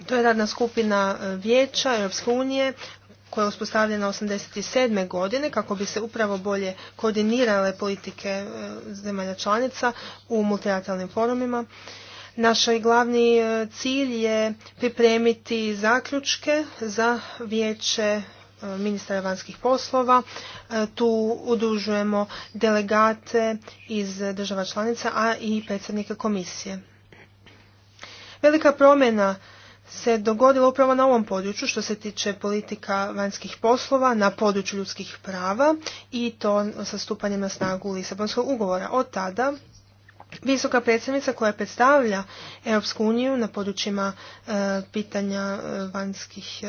to je radna skupina e, vijeća Europske unije koja je uspostavljena 1987. godine kako bi se upravo bolje koordinirale politike e, zemalja članica u multilateralnim forumima. Naš glavni e, cilj je pripremiti zaključke za vijeće e, ministara vanjskih poslova. Tu udružujemo delegate iz država članica, a i predsjednika komisije. Velika promjena se dogodilo upravo na ovom području što se tiče politika vanjskih poslova na području ljudskih prava i to sa stupanjem na snagu Lisabonskog ugovora. Od tada visoka predstavnica koja predstavlja Europsku uniju na područjima e, pitanja e, vanjskih, e,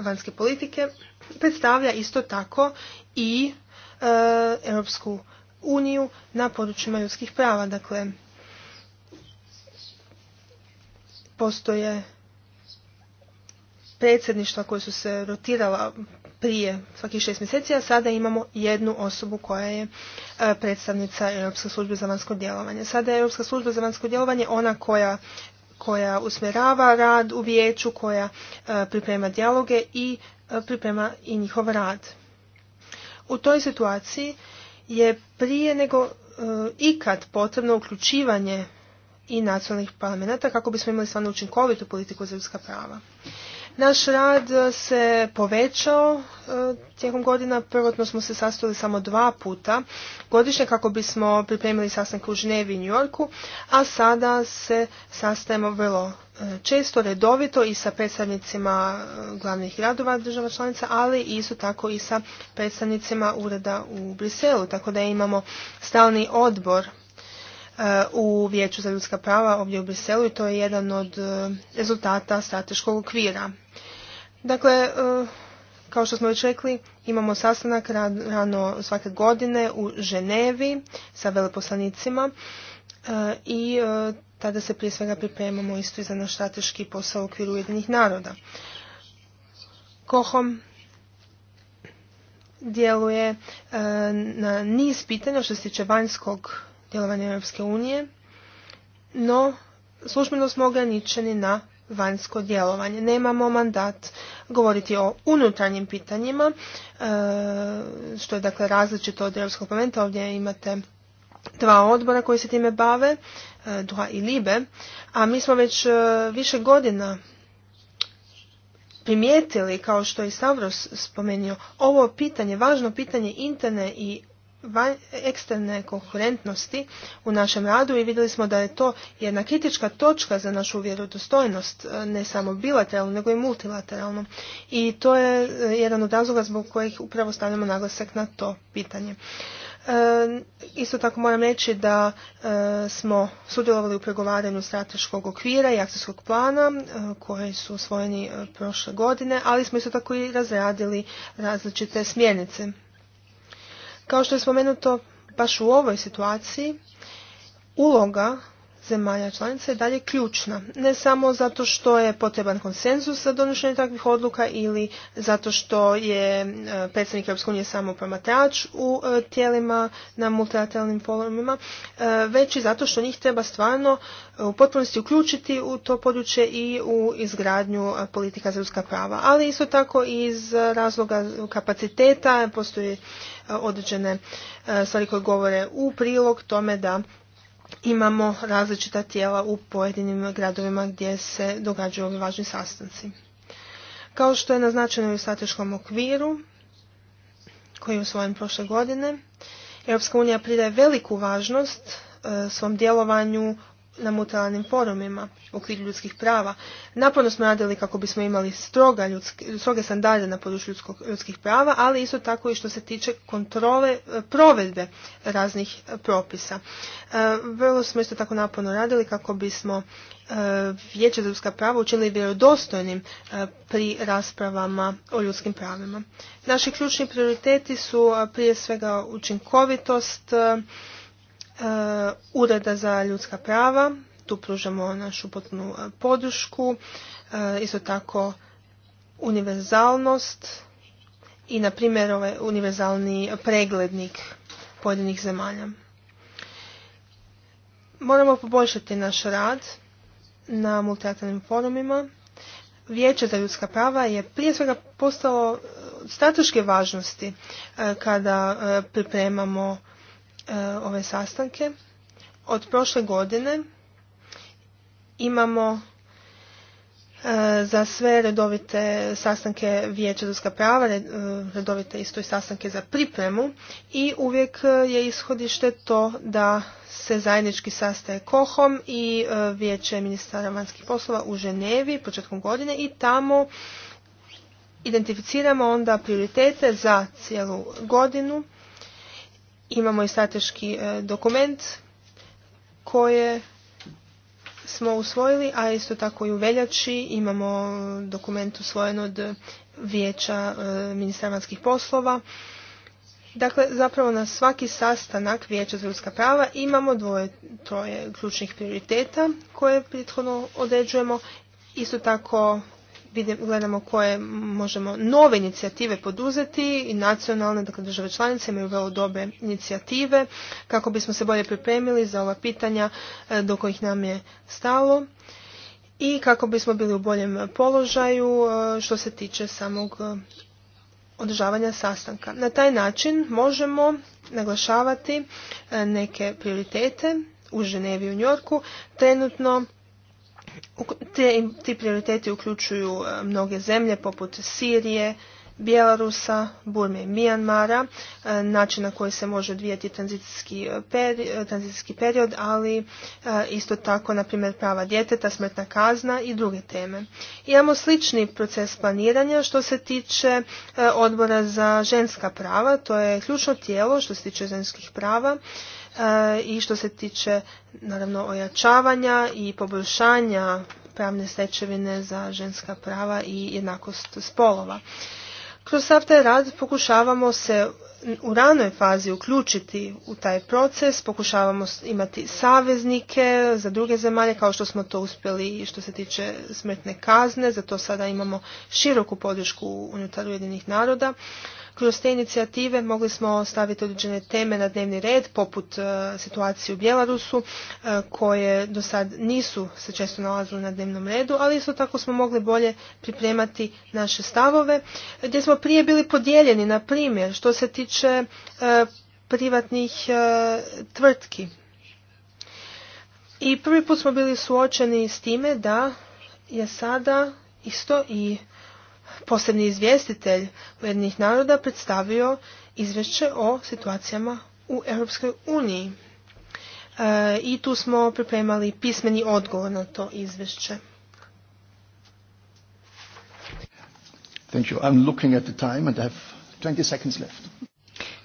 vanjske politike predstavlja isto tako i Europsku uniju na područjima ljudskih prava. Dakle, postoje predsjedništva koje su se rotirala prije svakih šest mjeseci, a sada imamo jednu osobu koja je e, predstavnica Europske službe za vanjsko djelovanje. Sada je Europska služba za vanjsko djelovanje ona koja koja usmjerava rad u vijeću, koja e, priprema dijaloge i e, priprema i njihov rad. U toj situaciji je prije nego ikad potrebno uključivanje i nacionalnih parlamenta kako bismo imali stvarno učinkovitu politiku za ljudska prava. Naš rad se povećao e, tijekom godina. Prvotno smo se sastali samo dva puta godišnje kako bismo pripremili sastanke u Ženevi i Yorku, a sada se sastajemo vrlo e, često, redovito i sa predstavnicima e, glavnih gradova država članica, ali isto tako i sa predstavnicima ureda u Briselu, tako da imamo stalni odbor u Vijeću za ljudska prava ovdje u Briselu i to je jedan od e, rezultata strateškog okvira. Dakle, e, kao što smo već rekli, imamo sastanak rano svake godine u Ženevi sa veleposlanicima e, i tada se prije svega pripremamo isto i za naš strateški posao u okviru Ujedinih naroda. Kohom djeluje na niz pitanja što se tiče vanjskog djelovanje Europske unije, no službeno smo ograničeni na vanjsko djelovanje. Nemamo mandat govoriti o unutarnjim pitanjima, e, što je dakle različito od Europskog parlamenta. Ovdje imate dva odbora koji se time bave, e, dva i Libe, a mi smo već e, više godina primijetili, kao što je i Stavros spomenuo, ovo pitanje, važno pitanje interne i eksterne konkurentnosti u našem radu i vidjeli smo da je to jedna kritička točka za našu vjerodostojnost, e, ne samo bilateralno, nego i multilateralno. I to je e, jedan od razloga zbog kojih upravo stavljamo naglasak na to pitanje. E, isto tako moram reći da e, smo sudjelovali u pregovaranju strateškog okvira i akcijskog plana koji su usvojeni prošle godine, ali smo isto tako i razradili različite smjernice kao što je spomenuto, baš u ovoj situaciji uloga zemalja članica je dalje ključna. Ne samo zato što je potreban konsenzus za donošenje takvih odluka ili zato što je e, predsjednik Europske unije samo promatrač u e, tijelima na multilateralnim forumima, e, već i zato što njih treba stvarno u potpunosti uključiti u to područje i u izgradnju politika za ljudska prava. Ali isto tako iz razloga kapaciteta postoji određene stvari koje govore u prilog tome da imamo različita tijela u pojedinim gradovima gdje se događaju ovi važni sastanci. Kao što je naznačeno u strateškom okviru, koji je usvojen prošle godine, Europska unija pridaje veliku važnost e, svom djelovanju na mutualnim forumima u okviru ljudskih prava. Naporno smo radili kako bismo imali stroga ljudske, stroge standarde na području ljudskih prava, ali isto tako i što se tiče kontrole e, provedbe raznih e, propisa. E, vrlo smo isto tako naporno radili kako bismo Vijeće za ljudska prava učinili vjerodostojnim pri raspravama o ljudskim pravima. Naši ključni prioriteti su prije svega učinkovitost, E, Ureda za ljudska prava. Tu pružamo našu potpunu e, podršku. E, isto tako univerzalnost i na primjer ovaj univerzalni preglednik pojedinih zemalja. Moramo poboljšati naš rad na multilateralnim forumima. Vijeće za ljudska prava je prije svega postalo strateške važnosti kada pripremamo E, ove sastanke. Od prošle godine imamo e, za sve redovite sastanke vijeća ljudska prava, e, redovite isto sastanke za pripremu i uvijek je ishodište to da se zajednički sastaje kohom i vijeće ministara vanjskih poslova u Ženevi početkom godine i tamo identificiramo onda prioritete za cijelu godinu imamo i strateški e, dokument koje smo usvojili, a isto tako i u veljači imamo dokument usvojen od vijeća e, ministra poslova. Dakle, zapravo na svaki sastanak Vijeća za ljudska prava imamo dvoje, troje ključnih prioriteta koje prethodno određujemo. Isto tako gledamo koje možemo nove inicijative poduzeti i nacionalne, dakle države članice imaju velo dobre inicijative kako bismo se bolje pripremili za ova pitanja e, do kojih nam je stalo i kako bismo bili u boljem položaju e, što se tiče samog e, održavanja sastanka. Na taj način možemo naglašavati neke prioritete u Ženevi i u Njorku. Trenutno ti prioriteti uključuju e, mnoge zemlje poput Sirije, Bjelarusa, Burme i Mijanmara, e, način na koji se može odvijati tranzicijski e, period, tranzicijski period ali isto tako, na primjer, prava djeteta, smrtna kazna i druge teme. Imamo slični proces planiranja što se tiče odbora za ženska prava, to je ključno tijelo što se tiče ženskih prava E, i što se tiče naravno ojačavanja i poboljšanja pravne stečevine za ženska prava i jednakost spolova. Kroz sav taj rad pokušavamo se u ranoj fazi uključiti u taj proces, pokušavamo imati saveznike za druge zemalje kao što smo to uspjeli i što se tiče smrtne kazne, zato sada imamo široku podršku unutar Ujedinih naroda. Kroz te inicijative mogli smo staviti određene teme na dnevni red, poput e, situacije u Bjelarusu, e, koje do sad nisu se često nalazile na dnevnom redu, ali isto tako smo mogli bolje pripremati naše stavove, gdje smo prije bili podijeljeni, na primjer, što se tiče e, privatnih tvrtki. I prvi put smo bili suočeni s time da je sada isto i posebni izvjestitelj Ujedinjenih naroda predstavio izvješće o situacijama u Europskoj uniji. E, I tu smo pripremali pismeni odgovor na to izvješće. Thank you. I'm looking at the time and I have 20 seconds left.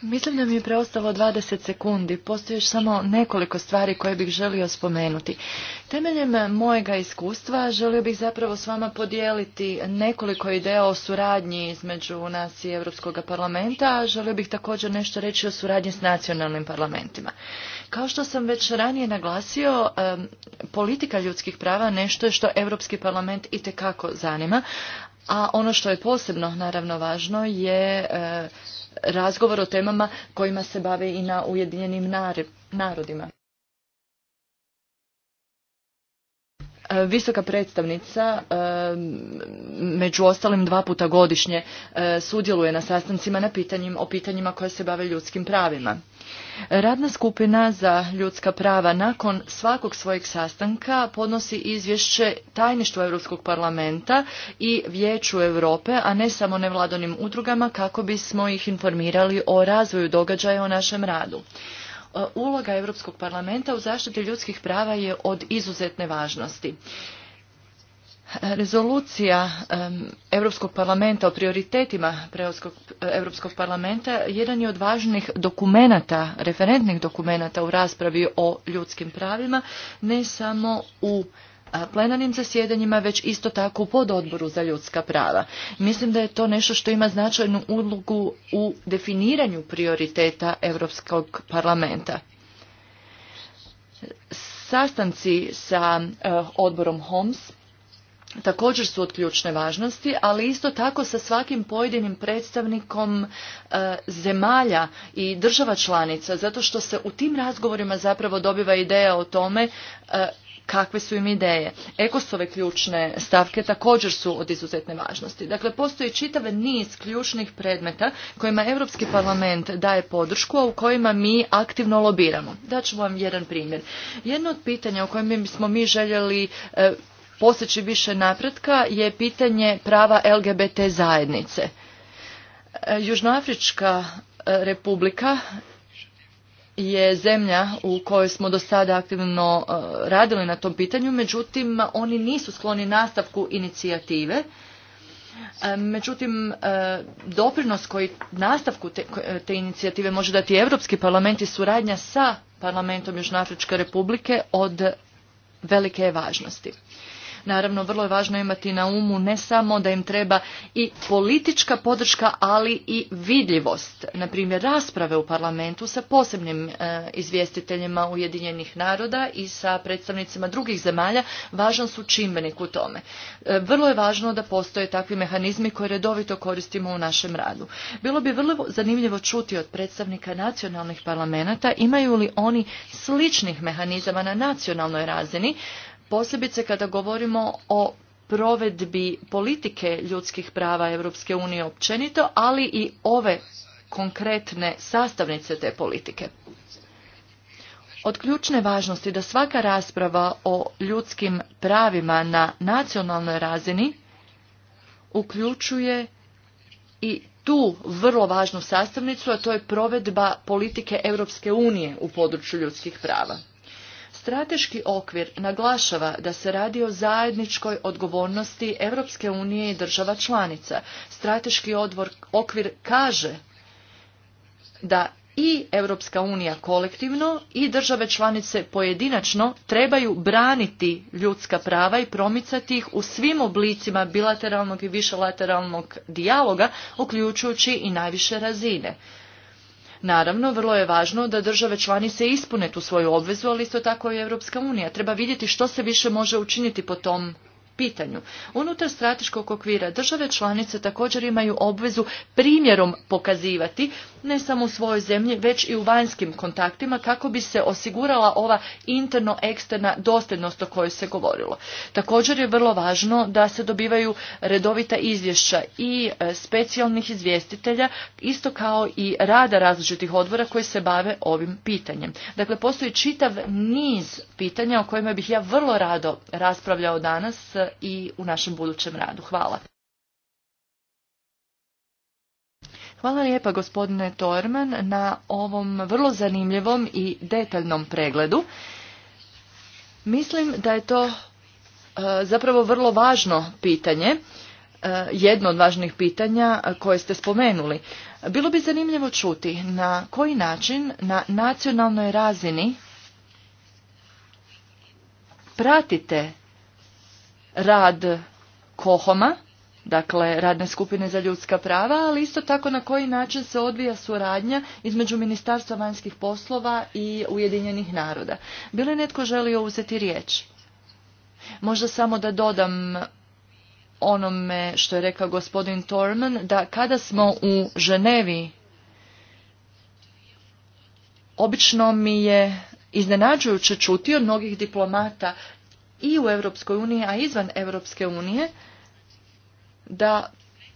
Mislim da mi je preostalo 20 sekundi. Postoji još samo nekoliko stvari koje bih želio spomenuti. Temeljem mojega iskustva želio bih zapravo s vama podijeliti nekoliko ideja o suradnji između nas i Europskog parlamenta, a želio bih također nešto reći o suradnji s nacionalnim parlamentima. Kao što sam već ranije naglasio, politika ljudskih prava nešto je što Europski parlament itekako zanima, a ono što je posebno naravno važno je e, razgovor o temama kojima se bave i na Ujedinjenim narodima. E, visoka predstavnica e, među ostalim dva puta godišnje e, sudjeluje na sastancima na pitanjima, o pitanjima koje se bave ljudskim pravima. Radna skupina za ljudska prava nakon svakog svojeg sastanka podnosi izvješće tajništvu Europskog parlamenta i Vijeću Europe, a ne samo nevladonim udrugama kako bismo ih informirali o razvoju događaja o našem radu. E, uloga Europskog parlamenta u zaštiti ljudskih prava je od izuzetne važnosti. Rezolucija Europskog parlamenta o prioritetima e, Europskog parlamenta jedan je od važnih dokumenata, referentnih dokumenata u raspravi o ljudskim pravima, ne samo u plenarnim zasjedanjima, već isto tako u pododboru za ljudska prava. Mislim da je to nešto što ima značajnu ulogu u definiranju prioriteta Europskog parlamenta. Sastanci sa e, odborom HOMS također su od ključne važnosti, ali isto tako sa svakim pojedinim predstavnikom e, zemalja i država članica, zato što se u tim razgovorima zapravo dobiva ideja o tome e, kakve su im ideje. Ekosove ključne stavke također su od izuzetne važnosti. Dakle, postoji čitav niz ključnih predmeta kojima Europski parlament daje podršku, a u kojima mi aktivno lobiramo. Daću vam jedan primjer. Jedno od pitanja o kojem bismo mi željeli e, postići više napretka je pitanje prava LGBT zajednice. E, Južnoafrička e, republika je zemlja u kojoj smo do sada aktivno uh, radili na tom pitanju, međutim oni nisu skloni nastavku inicijative. Uh, međutim, uh, doprinos koji nastavku te, inicijative može dati Europski parlament i suradnja sa parlamentom Južnoafričke republike od velike važnosti. Naravno, vrlo je važno imati na umu ne samo da im treba i politička podrška, ali i vidljivost. Na primjer, rasprave u parlamentu sa posebnim e, izvjestiteljima Ujedinjenih naroda i sa predstavnicima drugih zemalja važan su čimbenik u tome. E, vrlo je važno da postoje takvi mehanizmi koje redovito koristimo u našem radu. Bilo bi vrlo zanimljivo čuti od predstavnika nacionalnih parlamenta imaju li oni sličnih mehanizama na nacionalnoj razini posebice kada govorimo o provedbi politike ljudskih prava Europske unije općenito, ali i ove konkretne sastavnice te politike. Od ključne važnosti da svaka rasprava o ljudskim pravima na nacionalnoj razini uključuje i tu vrlo važnu sastavnicu, a to je provedba politike Europske unije u području ljudskih prava. Strateški okvir naglašava da se radi o zajedničkoj odgovornosti Europske unije i država članica. Strateški odvor, okvir kaže da i Europska unija kolektivno i države članice pojedinačno trebaju braniti ljudska prava i promicati ih u svim oblicima bilateralnog i višelateralnog dijaloga, uključujući i najviše razine. Naravno, vrlo je važno da države članice ispune tu svoju obvezu, ali isto tako i Europska unija. Treba vidjeti što se više može učiniti po tom pitanju. Unutar strateškog okvira države članice također imaju obvezu primjerom pokazivati, ne samo u svojoj zemlji, već i u vanjskim kontaktima kako bi se osigurala ova interno-eksterna dosljednost o kojoj se govorilo. Također je vrlo važno da se dobivaju redovita izvješća i e, specijalnih izvjestitelja, isto kao i rada različitih odbora koji se bave ovim pitanjem. Dakle, postoji čitav niz pitanja o kojima bih ja vrlo rado raspravljao danas e, i u našem budućem radu. Hvala. Hvala lijepa gospodine Torman na ovom vrlo zanimljivom i detaljnom pregledu. Mislim da je to e, zapravo vrlo važno pitanje, e, jedno od važnih pitanja koje ste spomenuli. Bilo bi zanimljivo čuti na koji način na nacionalnoj razini pratite rad Kohoma, dakle radne skupine za ljudska prava, ali isto tako na koji način se odvija suradnja između Ministarstva vanjskih poslova i Ujedinjenih naroda. Bilo netko želio uzeti riječ? Možda samo da dodam onome što je rekao gospodin Torman, da kada smo u Ženevi, obično mi je iznenađujuće čuti od mnogih diplomata i u Europskoj uniji, a izvan Europske unije, da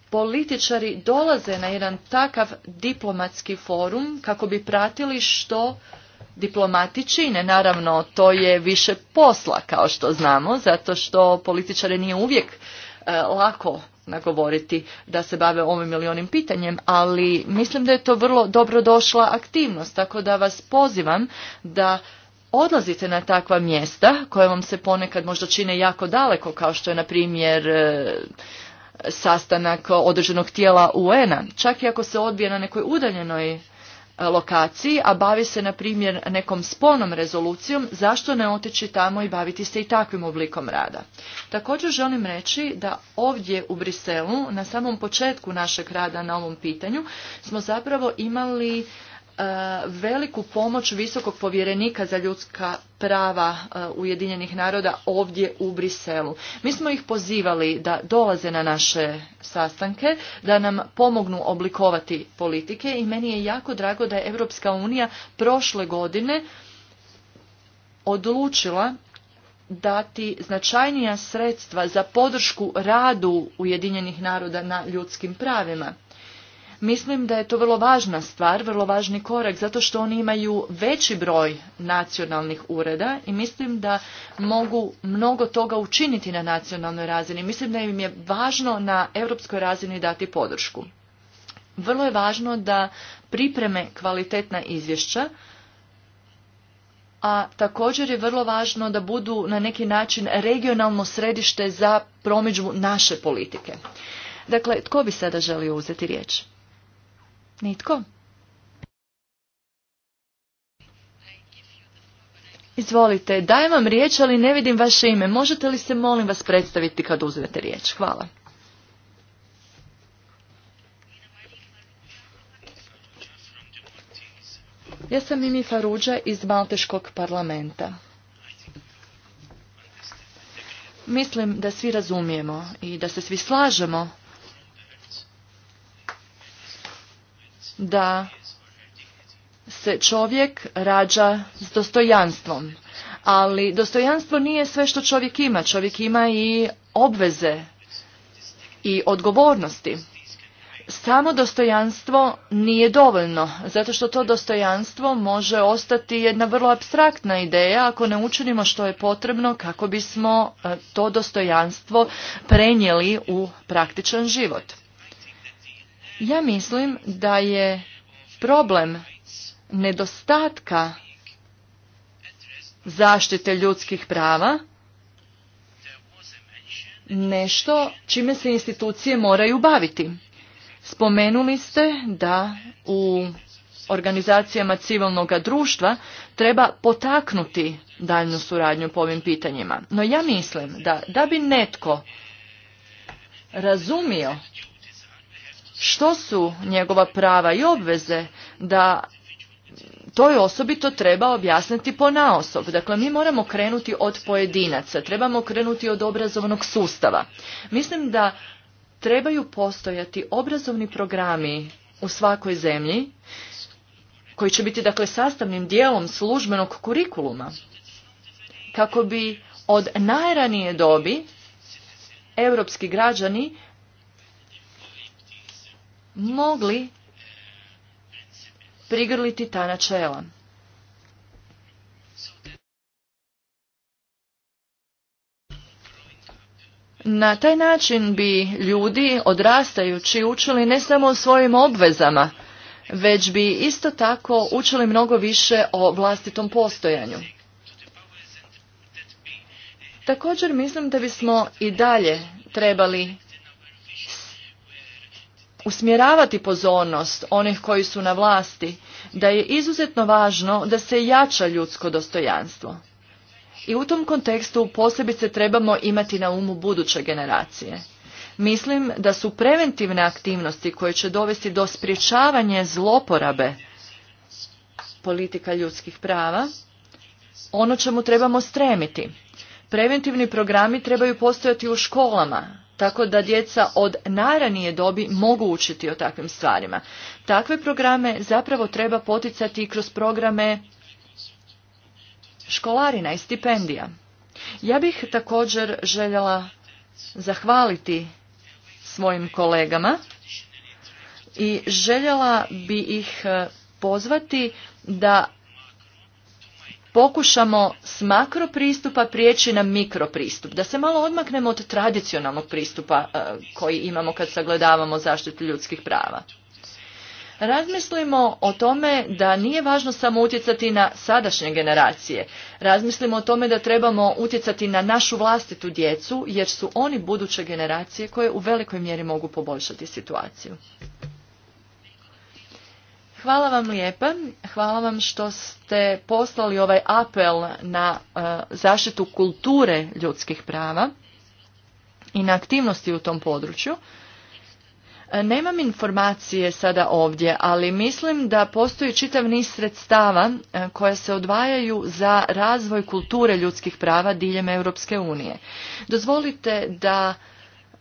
političari dolaze na jedan takav diplomatski forum kako bi pratili što diplomati čine. Naravno, to je više posla, kao što znamo, zato što političare nije uvijek e, lako nagovoriti da se bave ovim ili onim pitanjem, ali mislim da je to vrlo dobro došla aktivnost, tako da vas pozivam da odlazite na takva mjesta koja vam se ponekad možda čine jako daleko kao što je na primjer e, sastanak određenog tijela UN-a, čak i ako se odbije na nekoj udaljenoj e, lokaciji, a bavi se na primjer nekom sponom rezolucijom, zašto ne otići tamo i baviti se i takvim oblikom rada. Također želim reći da ovdje u Briselu, na samom početku našeg rada na ovom pitanju, smo zapravo imali E, veliku pomoć visokog povjerenika za ljudska prava e, Ujedinjenih naroda ovdje u Briselu. Mi smo ih pozivali da dolaze na naše sastanke, da nam pomognu oblikovati politike i meni je jako drago da je Europska unija prošle godine odlučila dati značajnija sredstva za podršku radu Ujedinjenih naroda na ljudskim pravima. Mislim da je to vrlo važna stvar, vrlo važni korak, zato što oni imaju veći broj nacionalnih ureda i mislim da mogu mnogo toga učiniti na nacionalnoj razini. Mislim da im je važno na europskoj razini dati podršku. Vrlo je važno da pripreme kvalitetna izvješća, a također je vrlo važno da budu na neki način regionalno središte za promiđu naše politike. Dakle, tko bi sada želio uzeti riječ? Nitko? Izvolite, dajem vam riječ, ali ne vidim vaše ime. Možete li se, molim vas, predstaviti kad uzmete riječ? Hvala. Ja sam Mimi Faruđa iz Malteškog parlamenta. Mislim da svi razumijemo i da se svi slažemo da se čovjek rađa s dostojanstvom. Ali dostojanstvo nije sve što čovjek ima. Čovjek ima i obveze i odgovornosti. Samo dostojanstvo nije dovoljno, zato što to dostojanstvo može ostati jedna vrlo abstraktna ideja ako ne učinimo što je potrebno kako bismo e, to dostojanstvo prenijeli u praktičan život. Ja mislim da je problem nedostatka zaštite ljudskih prava nešto čime se institucije moraju baviti. Spomenuli ste da u organizacijama civilnog društva treba potaknuti daljnu suradnju po ovim pitanjima. No ja mislim da da bi netko razumio što su njegova prava i obveze da toj osobi to treba objasniti po naosob. Dakle, mi moramo krenuti od pojedinaca, trebamo krenuti od obrazovnog sustava. Mislim da trebaju postojati obrazovni programi u svakoj zemlji koji će biti dakle sastavnim dijelom službenog kurikuluma kako bi od najranije dobi europski građani mogli prigrliti ta načela. Na taj način bi ljudi odrastajući učili ne samo o svojim obvezama, već bi isto tako učili mnogo više o vlastitom postojanju. Također mislim da bismo i dalje trebali usmjeravati pozornost onih koji su na vlasti da je izuzetno važno da se jača ljudsko dostojanstvo. I u tom kontekstu posebice trebamo imati na umu buduće generacije. Mislim da su preventivne aktivnosti koje će dovesti do sprječavanja zloporabe politika ljudskih prava ono čemu trebamo stremiti. Preventivni programi trebaju postojati u školama, tako da djeca od najranije dobi mogu učiti o takvim stvarima. Takve programe zapravo treba poticati kroz programe školarina i stipendija. Ja bih također željela zahvaliti svojim kolegama i željela bi ih eh, pozvati da pokušamo s makro pristupa prijeći na mikro pristup, da se malo odmaknemo od tradicionalnog pristupa e, koji imamo kad sagledavamo zaštitu ljudskih prava. Razmislimo o tome da nije važno samo utjecati na sadašnje generacije. Razmislimo o tome da trebamo utjecati na našu vlastitu djecu, jer su oni buduće generacije koje u velikoj mjeri mogu poboljšati situaciju. Hvala vam lijepa. Hvala vam što ste poslali ovaj apel na e, zaštitu kulture ljudskih prava i na aktivnosti u tom području. E, nemam informacije sada ovdje, ali mislim da postoji čitav niz sredstava e, koja se odvajaju za razvoj kulture ljudskih prava diljem Europske unije. Dozvolite da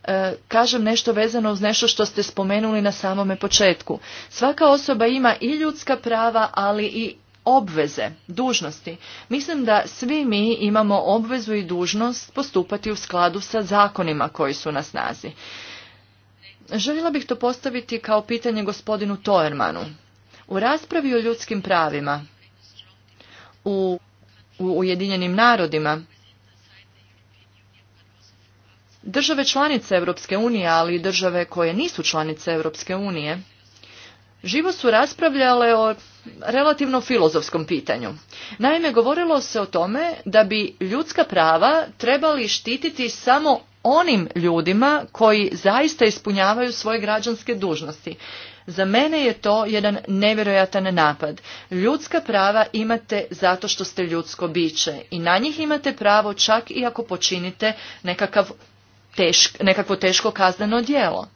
E, kažem nešto vezano uz nešto što ste spomenuli na samome početku. Svaka osoba ima i ljudska prava, ali i obveze, dužnosti. Mislim da svi mi imamo obvezu i dužnost postupati u skladu sa zakonima koji su na snazi. Željela bih to postaviti kao pitanje gospodinu Toermanu. U raspravi o ljudskim pravima u, u Ujedinjenim narodima Države članice Europske unije, ali i države koje nisu članice Europske unije, živo su raspravljale o relativno filozofskom pitanju. Naime, govorilo se o tome da bi ljudska prava trebali štititi samo onim ljudima koji zaista ispunjavaju svoje građanske dužnosti. Za mene je to jedan nevjerojatan napad. Ljudska prava imate zato što ste ljudsko biće i na njih imate pravo čak i ako počinite nekakav nekakvo teško kazneno djelo.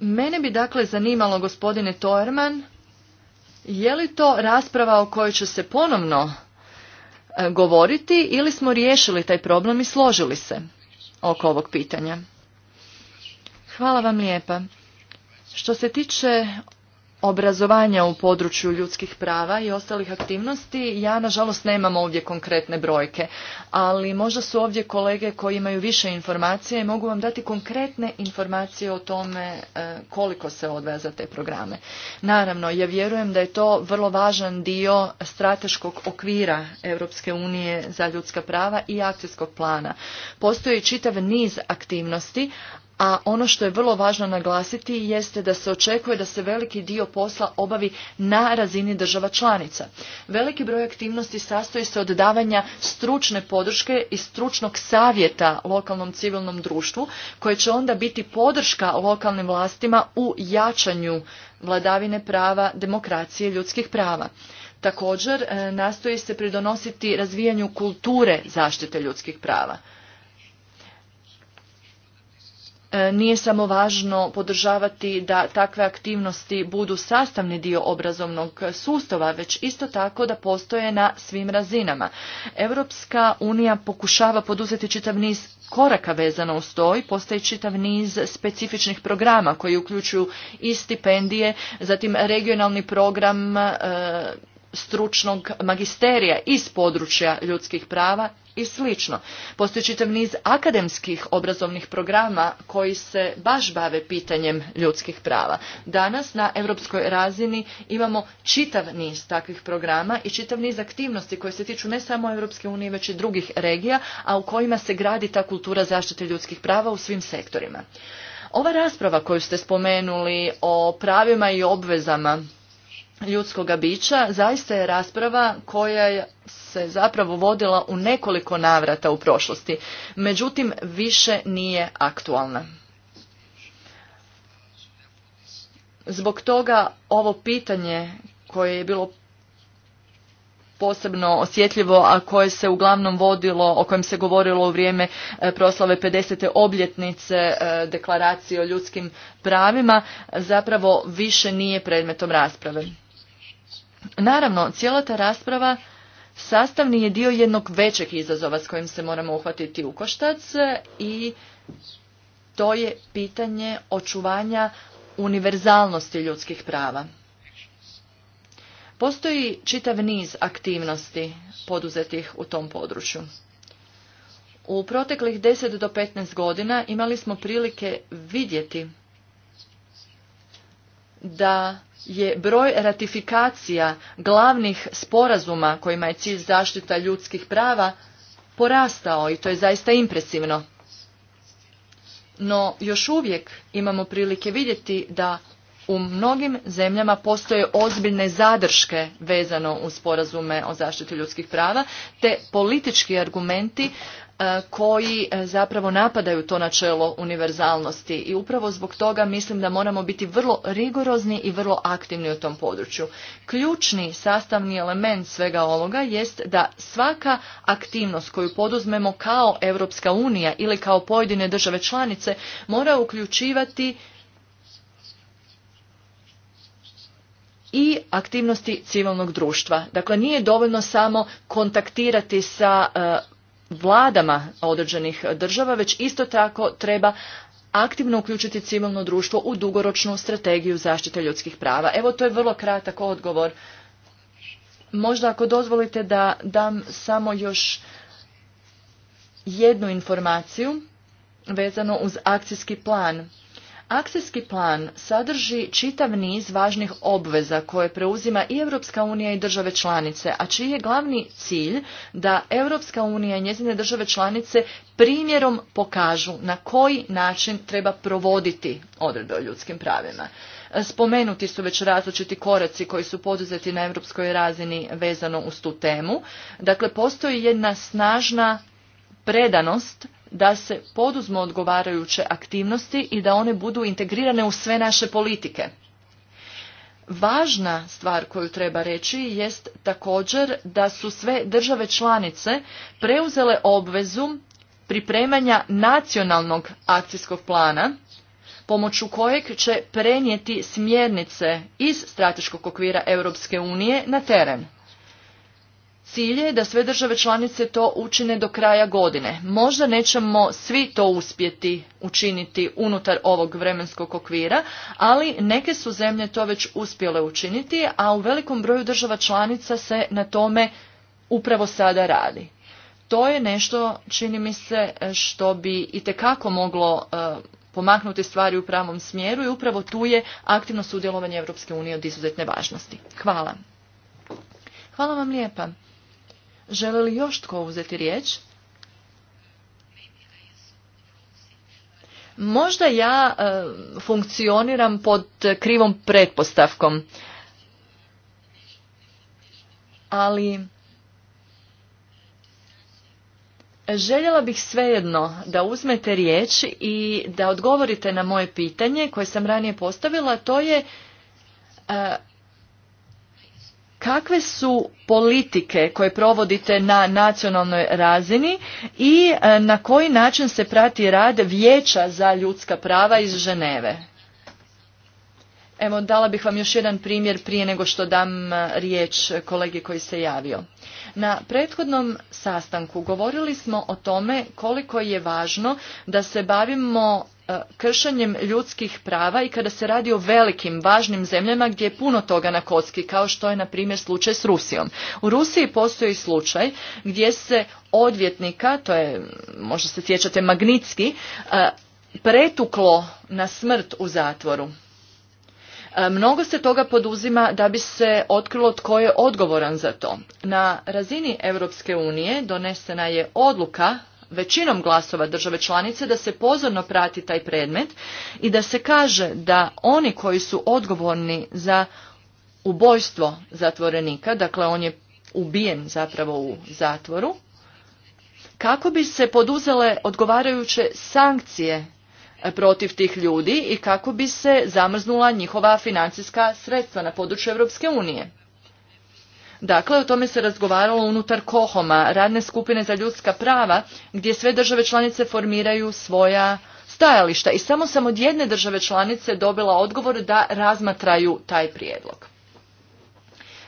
Mene bi dakle zanimalo, gospodine Toerman je li to rasprava o kojoj će se ponovno e, govoriti ili smo riješili taj problem i složili se oko ovog pitanja? Hvala vam lijepa. Što se tiče obrazovanja u području ljudskih prava i ostalih aktivnosti, ja nažalost nemam ovdje konkretne brojke, ali možda su ovdje kolege koji imaju više informacije i mogu vam dati konkretne informacije o tome e, koliko se odvaja za te programe. Naravno, ja vjerujem da je to vrlo važan dio strateškog okvira Europske unije za ljudska prava i akcijskog plana. Postoji čitav niz aktivnosti, a ono što je vrlo važno naglasiti jeste da se očekuje da se veliki dio posla obavi na razini država članica. Veliki broj aktivnosti sastoji se od davanja stručne podrške i stručnog savjeta lokalnom civilnom društvu koje će onda biti podrška lokalnim vlastima u jačanju vladavine prava, demokracije i ljudskih prava. Također e, nastoji se pridonositi razvijanju kulture zaštite ljudskih prava. E, nije samo važno podržavati da takve aktivnosti budu sastavni dio obrazovnog sustava, već isto tako da postoje na svim razinama. Europska unija pokušava poduzeti čitav niz koraka vezano uz to i postoji čitav niz specifičnih programa koji uključuju i stipendije, zatim regionalni program e, stručnog magisterija iz područja ljudskih prava i slično. Postoji čitav niz akademskih obrazovnih programa koji se baš bave pitanjem ljudskih prava. Danas na europskoj razini imamo čitav niz takvih programa i čitav niz aktivnosti koje se tiču ne samo Europske unije već i drugih regija, a u kojima se gradi ta kultura zaštite ljudskih prava u svim sektorima. Ova rasprava koju ste spomenuli o pravima i obvezama ljudskoga bića zaista je rasprava koja se zapravo vodila u nekoliko navrata u prošlosti, međutim više nije aktualna. Zbog toga ovo pitanje koje je bilo posebno osjetljivo, a koje se uglavnom vodilo, o kojem se govorilo u vrijeme e, proslave 50. obljetnice e, deklaracije o ljudskim pravima, zapravo više nije predmetom rasprave. Naravno, cijela ta rasprava sastavni je dio jednog većeg izazova s kojim se moramo uhvatiti u koštac i to je pitanje očuvanja univerzalnosti ljudskih prava. Postoji čitav niz aktivnosti poduzetih u tom području. U proteklih 10 do 15 godina imali smo prilike vidjeti da je broj ratifikacija glavnih sporazuma kojima je cilj zaštita ljudskih prava porastao i to je zaista impresivno. No još uvijek imamo prilike vidjeti da u mnogim zemljama postoje ozbiljne zadrške vezano uz sporazume o zaštiti ljudskih prava, te politički argumenti E, koji e, zapravo napadaju to načelo univerzalnosti i upravo zbog toga mislim da moramo biti vrlo rigorozni i vrlo aktivni u tom području. Ključni sastavni element svega ovoga jest da svaka aktivnost koju poduzmemo kao Europska unija ili kao pojedine države članice mora uključivati i aktivnosti civilnog društva. Dakle, nije dovoljno samo kontaktirati sa e, vladama određenih država, već isto tako treba aktivno uključiti civilno društvo u dugoročnu strategiju zaštite ljudskih prava. Evo to je vrlo kratak odgovor. Možda ako dozvolite da dam samo još jednu informaciju vezano uz akcijski plan Akcijski plan sadrži čitav niz važnih obveza koje preuzima i Europska unija i države članice, a čiji je glavni cilj da Europska unija i njezine države članice primjerom pokažu na koji način treba provoditi odredbe o ljudskim pravima. Spomenuti su već različiti koraci koji su poduzeti na europskoj razini vezano uz tu temu. Dakle, postoji jedna snažna predanost da se poduzmu odgovarajuće aktivnosti i da one budu integrirane u sve naše politike. Važna stvar koju treba reći jest također da su sve države članice preuzele obvezu pripremanja nacionalnog akcijskog plana pomoću kojeg će prenijeti smjernice iz strateškog okvira Europske unije na teren. Cilj je da sve države članice to učine do kraja godine. Možda nećemo svi to uspjeti učiniti unutar ovog vremenskog okvira, ali neke su zemlje to već uspjele učiniti, a u velikom broju država članica se na tome upravo sada radi. To je nešto, čini mi se, što bi i tekako moglo e, pomaknuti stvari u pravom smjeru i upravo tu je aktivno sudjelovanje Europske unije od izuzetne važnosti. Hvala. Hvala vam lijepa. Želi li još tko uzeti riječ? Možda ja e, funkcioniram pod krivom pretpostavkom, ali željela bih svejedno da uzmete riječ i da odgovorite na moje pitanje koje sam ranije postavila, to je e, kakve su politike koje provodite na nacionalnoj razini i e, na koji način se prati rad vijeća za ljudska prava iz Ženeve? Evo, dala bih vam još jedan primjer prije nego što dam e, riječ kolegi koji se javio. Na prethodnom sastanku govorili smo o tome koliko je važno da se bavimo E, kršenjem ljudskih prava i kada se radi o velikim, važnim zemljama gdje je puno toga na kocki, kao što je na primjer slučaj s Rusijom. U Rusiji postoji slučaj gdje se odvjetnika, to je, možda se sjećate, Magnitski, e, pretuklo na smrt u zatvoru. E, mnogo se toga poduzima da bi se otkrilo tko je odgovoran za to. Na razini Europske unije donesena je odluka većinom glasova države članice da se pozorno prati taj predmet i da se kaže da oni koji su odgovorni za ubojstvo zatvorenika, dakle on je ubijen zapravo u zatvoru, kako bi se poduzele odgovarajuće sankcije e, protiv tih ljudi i kako bi se zamrznula njihova financijska sredstva na području Europske unije. Dakle, o tome se razgovaralo unutar Kohoma, radne skupine za ljudska prava, gdje sve države članice formiraju svoja stajališta. I samo sam od jedne države članice dobila odgovor da razmatraju taj prijedlog.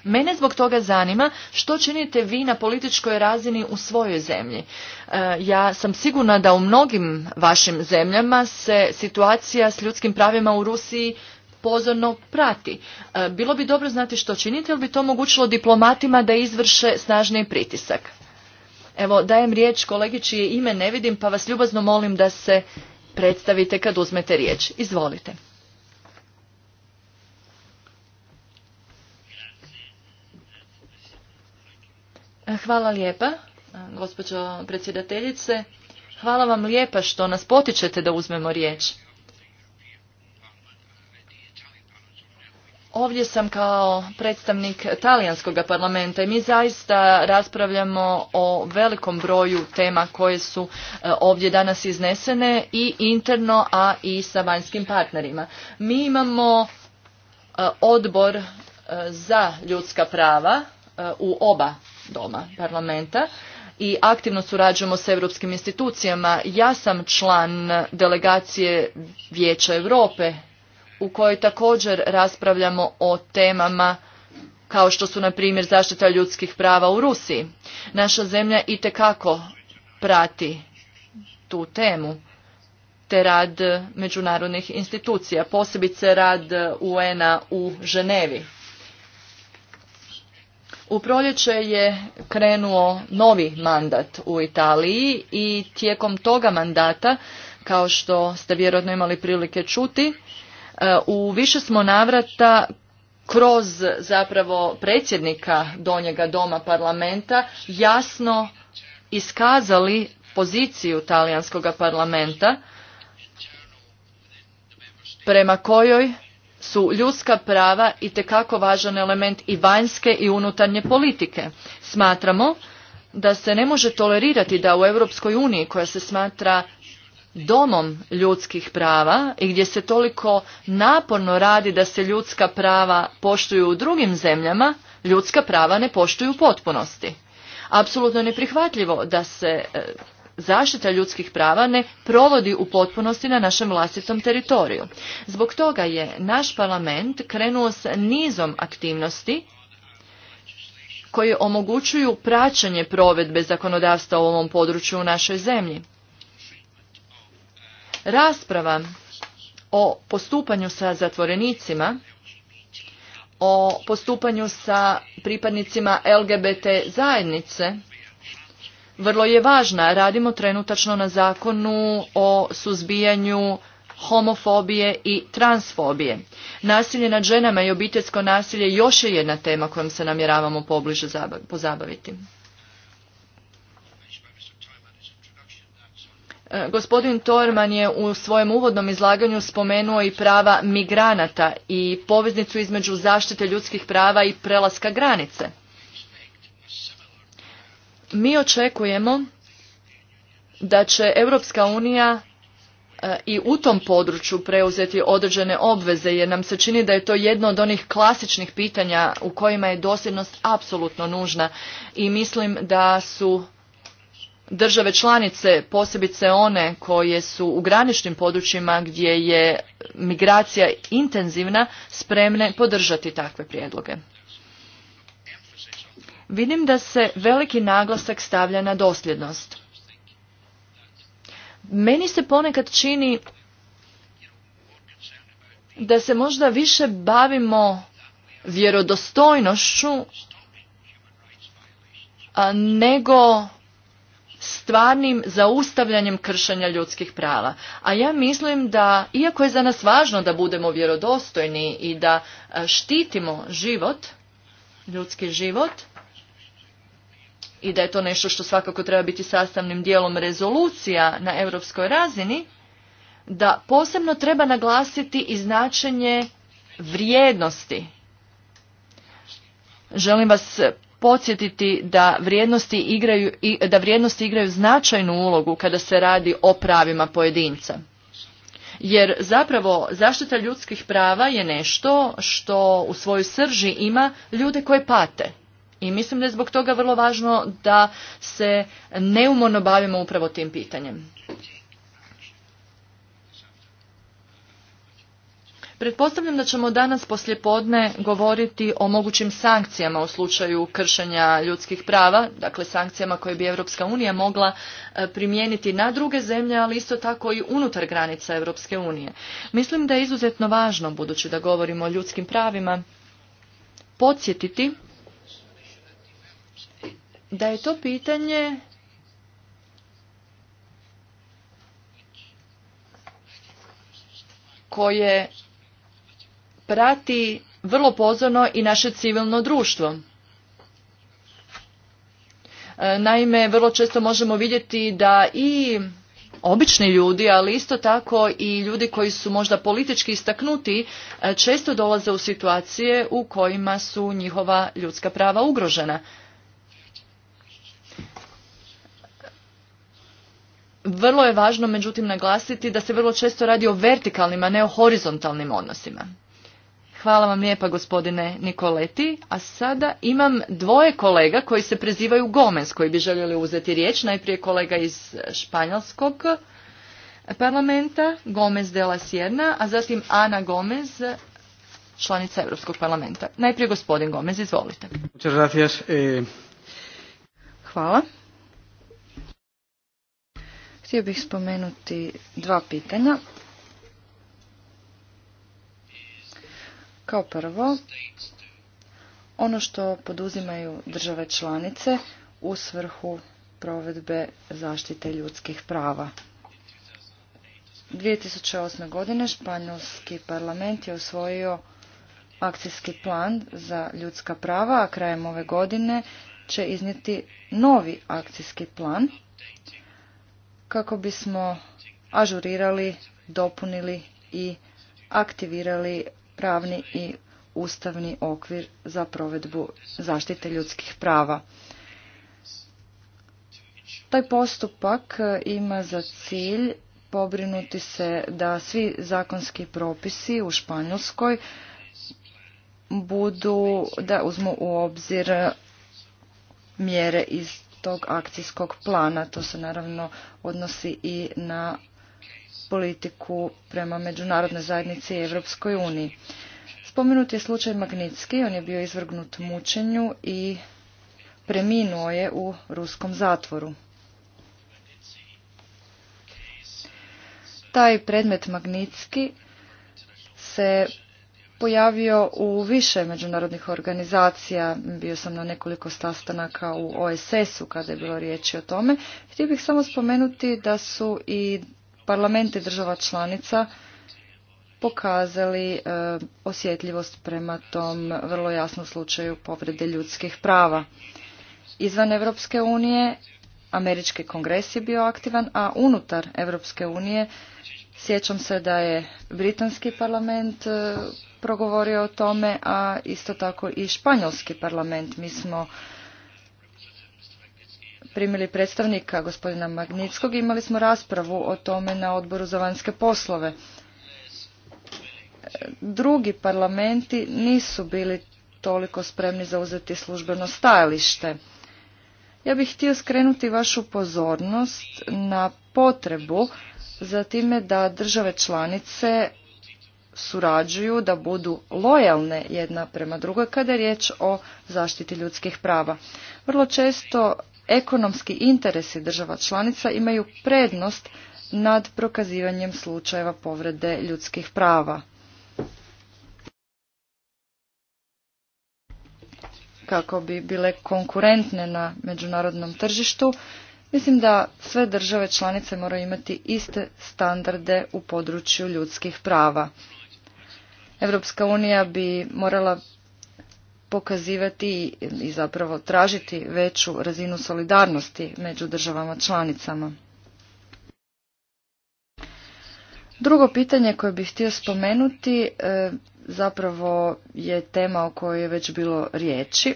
Mene zbog toga zanima što činite vi na političkoj razini u svojoj zemlji. E, ja sam sigurna da u mnogim vašim zemljama se situacija s ljudskim pravima u Rusiji pozorno prati. E, bilo bi dobro znati što činite, jer bi to omogućilo diplomatima da izvrše snažni pritisak. Evo, dajem riječ kolegi čije ime ne vidim, pa vas ljubazno molim da se predstavite kad uzmete riječ. Izvolite. E, hvala lijepa, e, gospođo predsjedateljice. Hvala vam lijepa što nas potičete da uzmemo riječ. Ovdje sam kao predstavnik talijanskog parlamenta i mi zaista raspravljamo o velikom broju tema koje su e, ovdje danas iznesene i interno, a i sa vanjskim partnerima. Mi imamo e, odbor e, za ljudska prava u oba doma parlamenta i aktivno surađujemo s europskim institucijama. Ja sam član delegacije Vijeća Europe u kojoj također raspravljamo o temama kao što su na primjer zaštita ljudskih prava u Rusiji. Naša zemlja i tekako prati tu temu te rad međunarodnih institucija, posebice rad UN-a u Ženevi. U proljeće je krenuo novi mandat u Italiji i tijekom toga mandata, kao što ste vjerojatno imali prilike čuti, u više smo navrata kroz zapravo predsjednika donjega doma parlamenta jasno iskazali poziciju talijanskog parlamenta prema kojoj su ljudska prava i tekako važan element i vanjske i unutarnje politike. Smatramo da se ne može tolerirati da u Europskoj uniji koja se smatra domom ljudskih prava i gdje se toliko naporno radi da se ljudska prava poštuju u drugim zemljama, ljudska prava ne poštuju u potpunosti. Apsolutno neprihvatljivo da se e, zaštita ljudskih prava ne provodi u potpunosti na našem vlastitom teritoriju. Zbog toga je naš parlament krenuo s nizom aktivnosti koje omogućuju praćenje provedbe zakonodavstva u ovom području u našoj zemlji. Rasprava o postupanju sa zatvorenicima, o postupanju sa pripadnicima LGBT zajednice, vrlo je važna. Radimo trenutačno na zakonu o suzbijanju homofobije i transfobije. Nasilje nad ženama i obiteljsko nasilje još je jedna tema kojom se namjeravamo pobliže pozabaviti. E, gospodin Torman je u svojem uvodnom izlaganju spomenuo i prava migranata i poveznicu između zaštite ljudskih prava i prelaska granice. Mi očekujemo da će Europska unija e, i u tom području preuzeti određene obveze jer nam se čini da je to jedno od onih klasičnih pitanja u kojima je dosljednost apsolutno nužna i mislim da su države članice, posebice one koje su u graničnim područjima gdje je migracija intenzivna, spremne podržati takve prijedloge. Vidim da se veliki naglasak stavlja na dosljednost. Meni se ponekad čini da se možda više bavimo vjerodostojnošću nego stvarnim zaustavljanjem kršenja ljudskih prava. A ja mislim da, iako je za nas važno da budemo vjerodostojni i da e, štitimo život, ljudski život, i da je to nešto što svakako treba biti sastavnim dijelom rezolucija na europskoj razini, da posebno treba naglasiti i značenje vrijednosti. Želim vas podsjetiti da vrijednosti igraju, da vrijednosti igraju značajnu ulogu kada se radi o pravima pojedinca. Jer zapravo zaštita ljudskih prava je nešto što u svojoj srži ima ljude koje pate. I mislim da je zbog toga vrlo važno da se neumorno bavimo upravo tim pitanjem. Pretpostavljam da ćemo danas poslijepodne govoriti o mogućim sankcijama u slučaju kršenja ljudskih prava, dakle sankcijama koje bi Europska unija mogla e, primijeniti na druge zemlje, ali isto tako i unutar granica Europske unije. Mislim da je izuzetno važno, budući da govorimo o ljudskim pravima, podsjetiti da je to pitanje koje prati vrlo pozorno i naše civilno društvo. E, naime, vrlo često možemo vidjeti da i obični ljudi, ali isto tako i ljudi koji su možda politički istaknuti, e, često dolaze u situacije u kojima su njihova ljudska prava ugrožena. Vrlo je važno, međutim, naglasiti da se vrlo često radi o vertikalnim, a ne o horizontalnim odnosima. Hvala vam lijepa gospodine Nikoleti. A sada imam dvoje kolega koji se prezivaju Gomez koji bi željeli uzeti riječ. Najprije kolega iz Španjolskog parlamenta, Gomez de la Sierna, a zatim Ana Gomez, članica Europskog parlamenta. Najprije gospodin Gomez, izvolite. Eh. Hvala. Htio bih spomenuti dva pitanja. Kao prvo, ono što poduzimaju države članice u svrhu provedbe zaštite ljudskih prava. 2008. godine Španjolski parlament je osvojio akcijski plan za ljudska prava, a krajem ove godine će iznijeti novi akcijski plan kako bismo ažurirali, dopunili i aktivirali pravni i ustavni okvir za provedbu zaštite ljudskih prava. Taj postupak e, ima za cilj pobrinuti se da svi zakonski propisi u Španjolskoj budu da uzmu u obzir mjere iz tog akcijskog plana. To se naravno odnosi i na politiku prema međunarodnoj zajednici i Europskoj uniji. Spomenut je slučaj Magnitski, on je bio izvrgnut mučenju i preminuo je u ruskom zatvoru. Taj predmet Magnitski se pojavio u više međunarodnih organizacija, bio sam na nekoliko sastanaka u OSS-u kada je bilo riječi o tome. Htio bih samo spomenuti da su i parlamenti država članica pokazali e, osjetljivost prema tom vrlo jasnom slučaju povrede ljudskih prava. Izvan Europske unije američki kongres je bio aktivan, a unutar Europske unije sjećam se da je britanski parlament e, progovorio o tome, a isto tako i španjolski parlament. Mi smo primili predstavnika gospodina Magnitskog i imali smo raspravu o tome na odboru za vanjske poslove. Drugi parlamenti nisu bili toliko spremni zauzeti službeno stajalište. Ja bih htio skrenuti vašu pozornost na potrebu za time da države članice surađuju, da budu lojalne jedna prema drugoj kada je riječ o zaštiti ljudskih prava. Vrlo često ekonomski interesi država članica imaju prednost nad prokazivanjem slučajeva povrede ljudskih prava. kako bi bile konkurentne na međunarodnom tržištu, mislim da sve države članice moraju imati iste standarde u području ljudskih prava. Europska unija bi morala pokazivati i zapravo tražiti veću razinu solidarnosti među državama članicama. Drugo pitanje koje bih htio spomenuti e, zapravo je tema o kojoj je već bilo riječi.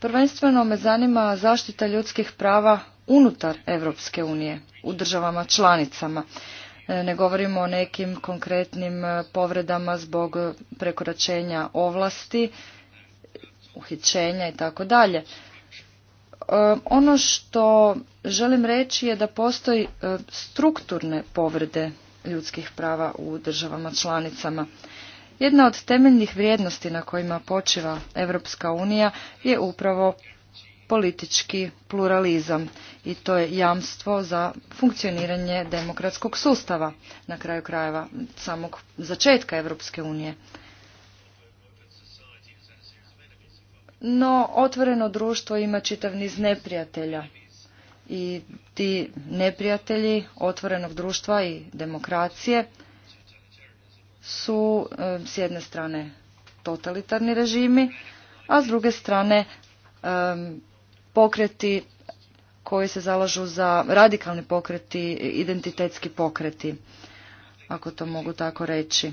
Prvenstveno me zanima zaštita ljudskih prava unutar Europske unije u državama članicama. E, ne govorimo o nekim konkretnim e, povredama zbog prekoračenja ovlasti, uhićenja i tako dalje. E, ono što želim reći je da postoji strukturne povrede ljudskih prava u državama članicama. Jedna od temeljnih vrijednosti na kojima počiva Europska unija je upravo politički pluralizam i to je jamstvo za funkcioniranje demokratskog sustava na kraju krajeva samog začetka Europske unije. No, otvoreno društvo ima čitav niz neprijatelja i ti neprijatelji otvorenog društva i demokracije su eh, s jedne strane totalitarni režimi, a s druge strane pokreti koji se zalažu za radikalni pokreti, identitetski pokreti, ako to mogu tako reći.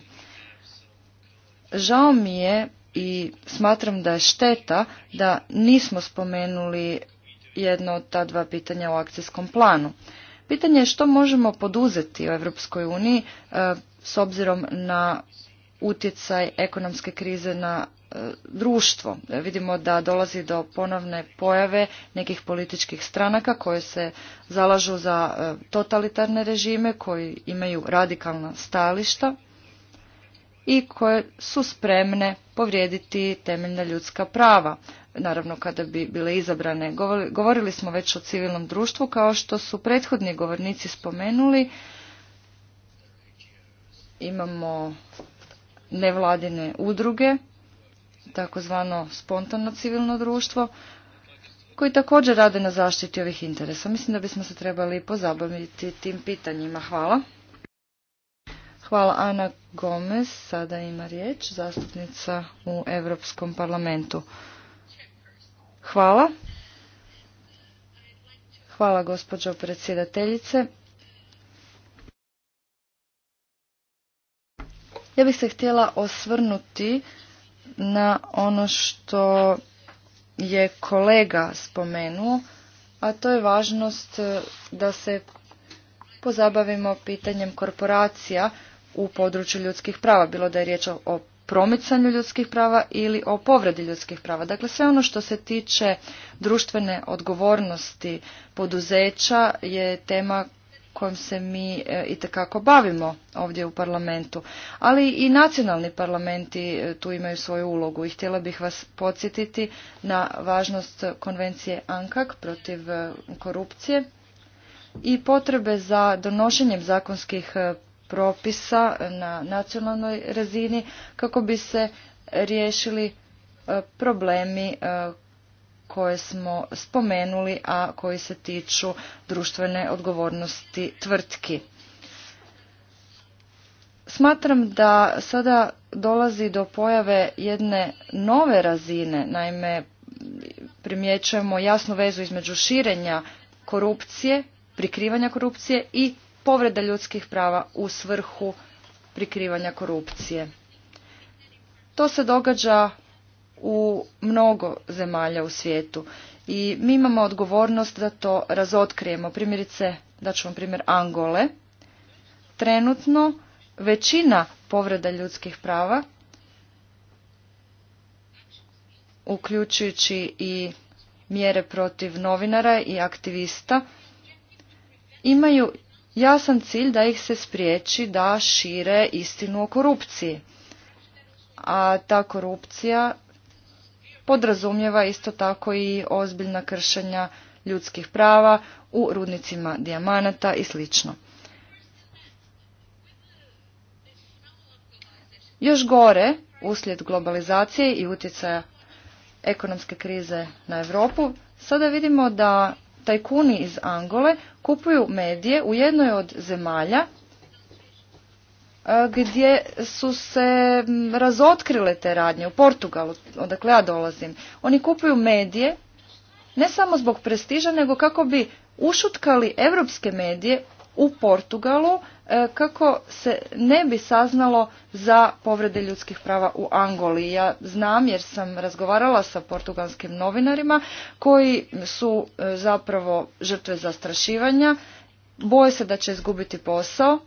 Žao mi je i smatram da je šteta da nismo spomenuli jedno od ta dva pitanja u akcijskom planu. Pitanje je što možemo poduzeti u Europskoj uniji eh, s obzirom na utjecaj ekonomske krize na e, društvo. E, vidimo da dolazi do ponovne pojave nekih političkih stranaka koje se zalažu za e, totalitarne režime, koji imaju radikalna stajališta i koje su spremne povrijediti temeljna ljudska prava. Naravno, kada bi bile izabrane, govorili smo već o civilnom društvu, kao što su prethodni govornici spomenuli, imamo nevladine udruge, takozvano spontano civilno društvo, koji također rade na zaštiti ovih interesa. Mislim da bismo se trebali pozabaviti tim pitanjima. Hvala. Hvala Ana Gomez, sada ima riječ, zastupnica u Europskom parlamentu. Hvala. Hvala gospođo predsjedateljice. Ja bih se htjela osvrnuti na ono što je kolega spomenuo, a to je važnost e, da se pozabavimo pitanjem korporacija u području ljudskih prava, bilo da je riječ o promicanju ljudskih prava ili o povredi ljudskih prava. Dakle, sve ono što se tiče društvene odgovornosti poduzeća je tema kojom se mi e, itekako bavimo ovdje u parlamentu. Ali i nacionalni parlamenti e, tu imaju svoju ulogu i htjela bih vas podsjetiti na važnost konvencije ANKAK protiv e, korupcije i potrebe za donošenjem zakonskih propisa na nacionalnoj razini kako bi se riješili problemi koje smo spomenuli, a koji se tiču društvene odgovornosti tvrtki. Smatram da sada dolazi do pojave jedne nove razine, naime primjećujemo jasnu vezu između širenja korupcije, prikrivanja korupcije i povreda ljudskih prava u svrhu prikrivanja korupcije. To se događa u mnogo zemalja u svijetu i mi imamo odgovornost da to razotkrijemo. Primjerice, da ću vam primjer Angole. Trenutno većina povreda ljudskih prava, uključujući i mjere protiv novinara i aktivista, imaju jasan cilj da ih se spriječi da šire istinu o korupciji. A ta korupcija podrazumijeva isto tako i ozbiljna kršenja ljudskih prava u rudnicima dijamanata i slično. Još gore, uslijed globalizacije i utjecaja ekonomske krize na Europu, sada vidimo da tajkuni iz Angole kupuju medije u jednoj od zemalja gdje su se razotkrile te radnje u Portugalu, odakle ja dolazim. Oni kupuju medije ne samo zbog prestiža, nego kako bi ušutkali europske medije u Portugalu e, kako se ne bi saznalo za povrede ljudskih prava u Angoli. Ja znam jer sam razgovarala sa portugalskim novinarima koji su e, zapravo žrtve zastrašivanja, boje se da će izgubiti posao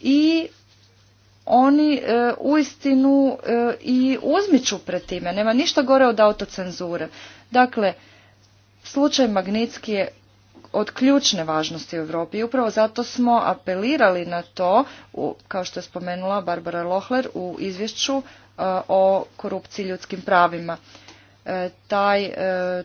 i oni u e, uistinu e, i uzmiću pred time. Nema ništa gore od autocenzure. Dakle, slučaj Magnitski je od ključne važnosti u Europi i upravo zato smo apelirali na to, kao što je spomenula Barbara Lohler u izvješću e, o korupciji ljudskim pravima. E, taj, e,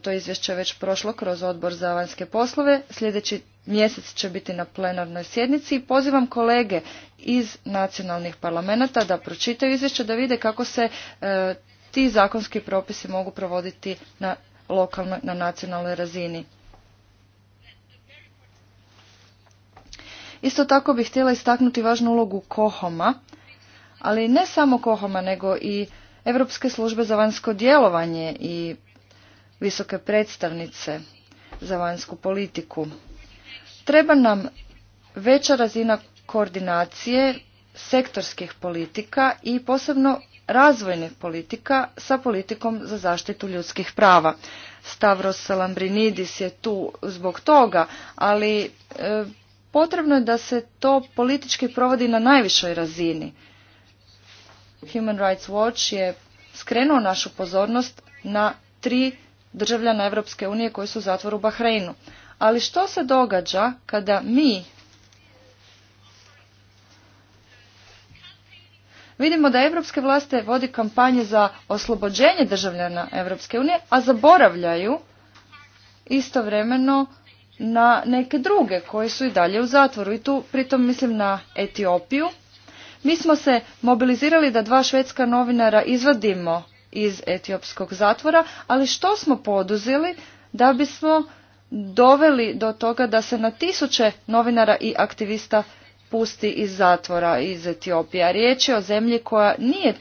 to izvješće je već prošlo kroz odbor za vanjske poslove. Sljedeći mjesec će biti na plenarnoj sjednici i pozivam kolege iz nacionalnih parlamenta da pročitaju izvješće, da vide kako se e, ti zakonski propisi mogu provoditi na lokalnoj, na nacionalnoj razini. Isto tako bih htjela istaknuti važnu ulogu Kohoma, ali ne samo Kohoma, nego i Europske službe za vanjsko djelovanje i visoke predstavnice za vanjsku politiku. Treba nam veća razina koordinacije sektorskih politika i posebno razvojnih politika sa politikom za zaštitu ljudskih prava. Stavros Lambrinidis je tu zbog toga, ali e, potrebno je da se to politički provodi na najvišoj razini Human Rights Watch je skrenuo našu pozornost na tri državljana Europske unije koji su u zatvoru u Bahreinu. Ali što se događa kada mi vidimo da europske vlasti vodi kampanje za oslobođenje državljana Europske unije, a zaboravljaju istovremeno na neke druge koji su i dalje u zatvoru. I tu pritom mislim na Etiopiju mi smo se mobilizirali da dva švedska novinara izvadimo iz etiopskog zatvora, ali što smo poduzeli da bismo doveli do toga da se na tisuće novinara i aktivista pusti iz zatvora iz Etiopije. Riječ je o zemlji koja nije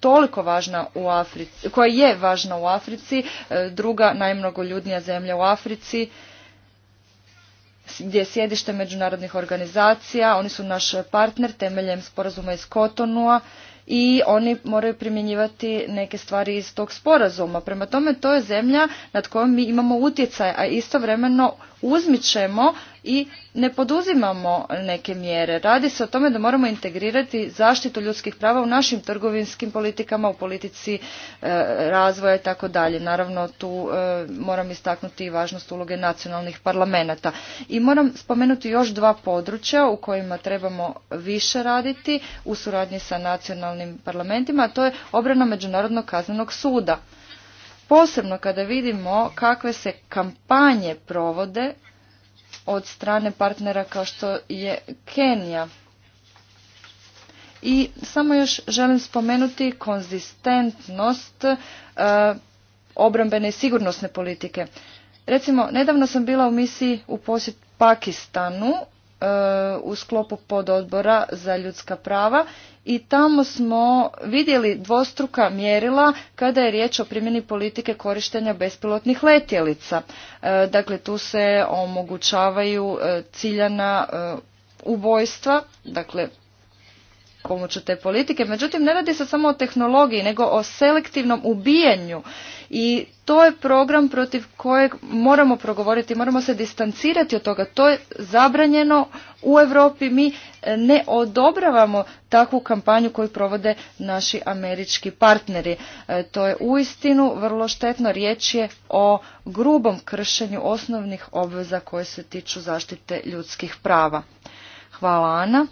toliko važna u Africi, koja je važna u Africi, e, druga najmnogoljudnija zemlja u Africi gdje je sjedište međunarodnih organizacija, oni su naš partner temeljem sporazuma iz Kotonua i oni moraju primjenjivati neke stvari iz tog sporazuma. Prema tome to je zemlja nad kojom mi imamo utjecaj, a istovremeno Uzmićemo i ne poduzimamo neke mjere. Radi se o tome da moramo integrirati zaštitu ljudskih prava u našim trgovinskim politikama, u politici e, razvoja i tako dalje. Naravno tu e, moram istaknuti i važnost uloge nacionalnih parlamenta. I moram spomenuti još dva područja u kojima trebamo više raditi u suradnji sa nacionalnim parlamentima, a to je obrana Međunarodnog kaznenog suda posebno kada vidimo kakve se kampanje provode od strane partnera kao što je Kenija. I samo još želim spomenuti konzistentnost e, obrambene i sigurnosne politike. Recimo, nedavno sam bila u misiji u posjet Pakistanu E, u sklopu pododbora za ljudska prava i tamo smo vidjeli dvostruka mjerila kada je riječ o primjeni politike korištenja bespilotnih letjelica. E, dakle, tu se omogućavaju e, ciljana ubojstva, dakle pomoću te politike. Međutim, ne radi se samo o tehnologiji, nego o selektivnom ubijanju. I to je program protiv kojeg moramo progovoriti, moramo se distancirati od toga. To je zabranjeno u Europi. Mi e, ne odobravamo takvu kampanju koju provode naši američki partneri. E, to je uistinu vrlo štetno. Riječ je o grubom kršenju osnovnih obveza koje se tiču zaštite ljudskih prava. Hvala Ana.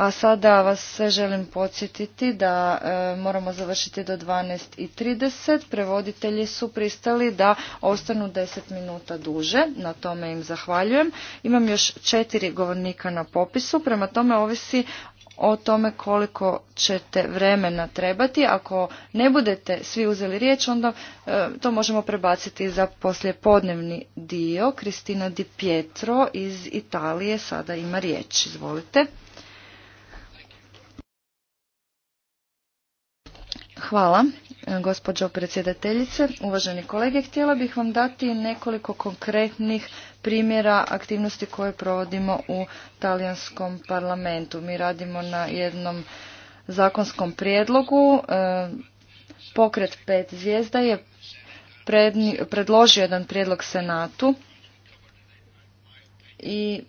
A sada vas želim podsjetiti da e, moramo završiti do 12.30. Prevoditelji su pristali da ostanu 10 minuta duže. Na tome im zahvaljujem. Imam još četiri govornika na popisu. Prema tome ovisi o tome koliko ćete vremena trebati. Ako ne budete svi uzeli riječ, onda e, to možemo prebaciti za poslijepodnevni dio. Kristina Di Pietro iz Italije sada ima riječ. Izvolite. Hvala, e, gospođo predsjedateljice. Uvaženi kolege, htjela bih vam dati nekoliko konkretnih primjera aktivnosti koje provodimo u talijanskom parlamentu. Mi radimo na jednom zakonskom prijedlogu. E, pokret pet zvijezda je predložio jedan prijedlog Senatu i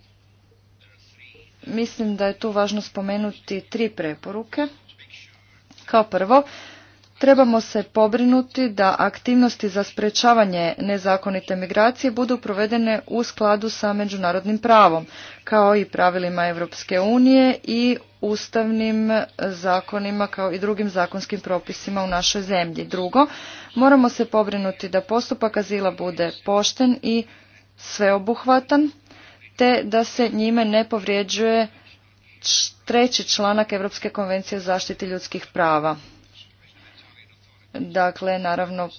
mislim da je tu važno spomenuti tri preporuke. Kao prvo, trebamo se pobrinuti da aktivnosti za sprečavanje nezakonite migracije budu provedene u skladu sa međunarodnim pravom, kao i pravilima Europske unije i ustavnim zakonima kao i drugim zakonskim propisima u našoj zemlji. Drugo, moramo se pobrinuti da postupak azila bude pošten i sveobuhvatan, te da se njime ne povrijeđuje treći članak Europske konvencije o zaštiti ljudskih prava dakle naravno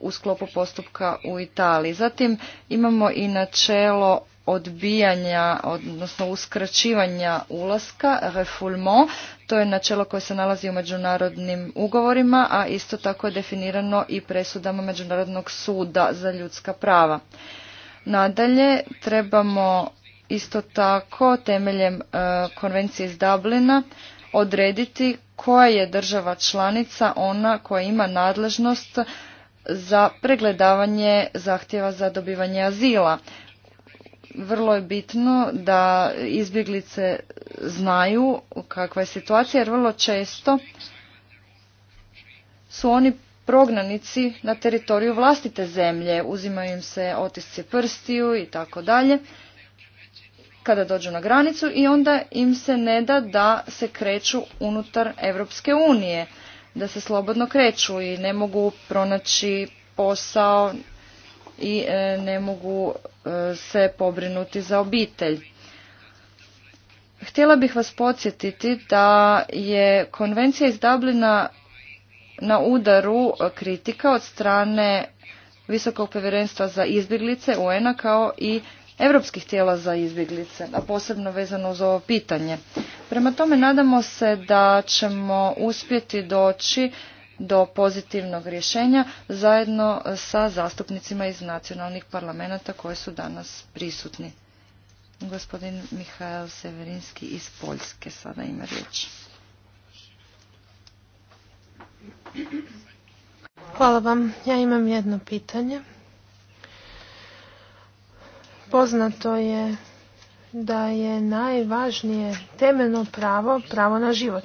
u sklopu postupka u Italiji. Zatim imamo i načelo odbijanja, odnosno uskraćivanja ulaska, refoulement, to je načelo koje se nalazi u međunarodnim ugovorima, a isto tako je definirano i presudama Međunarodnog suda za ljudska prava. Nadalje, trebamo isto tako temeljem e, konvencije iz Dublina odrediti koja je država članica ona koja ima nadležnost za pregledavanje zahtjeva za dobivanje azila. Vrlo je bitno da izbjeglice znaju kakva je situacija jer vrlo često su oni prognanici na teritoriju vlastite zemlje, uzimaju im se otisci prstiju i tako dalje kada dođu na granicu i onda im se ne da da se kreću unutar Europske unije, da se slobodno kreću i ne mogu pronaći posao i e, ne mogu e, se pobrinuti za obitelj. Htjela bih vas podsjetiti da je konvencija iz Dublina na udaru kritika od strane Visokog povjerenstva za izbjeglice un kao i europskih tijela za izbjeglice, a posebno vezano uz ovo pitanje. Prema tome nadamo se da ćemo uspjeti doći do pozitivnog rješenja zajedno sa zastupnicima iz nacionalnih parlamenta koji su danas prisutni. Gospodin Mihajl Severinski iz Poljske sada ima riječ. Hvala vam. Ja imam jedno pitanje. Poznato je da je najvažnije temeljno pravo, pravo na život,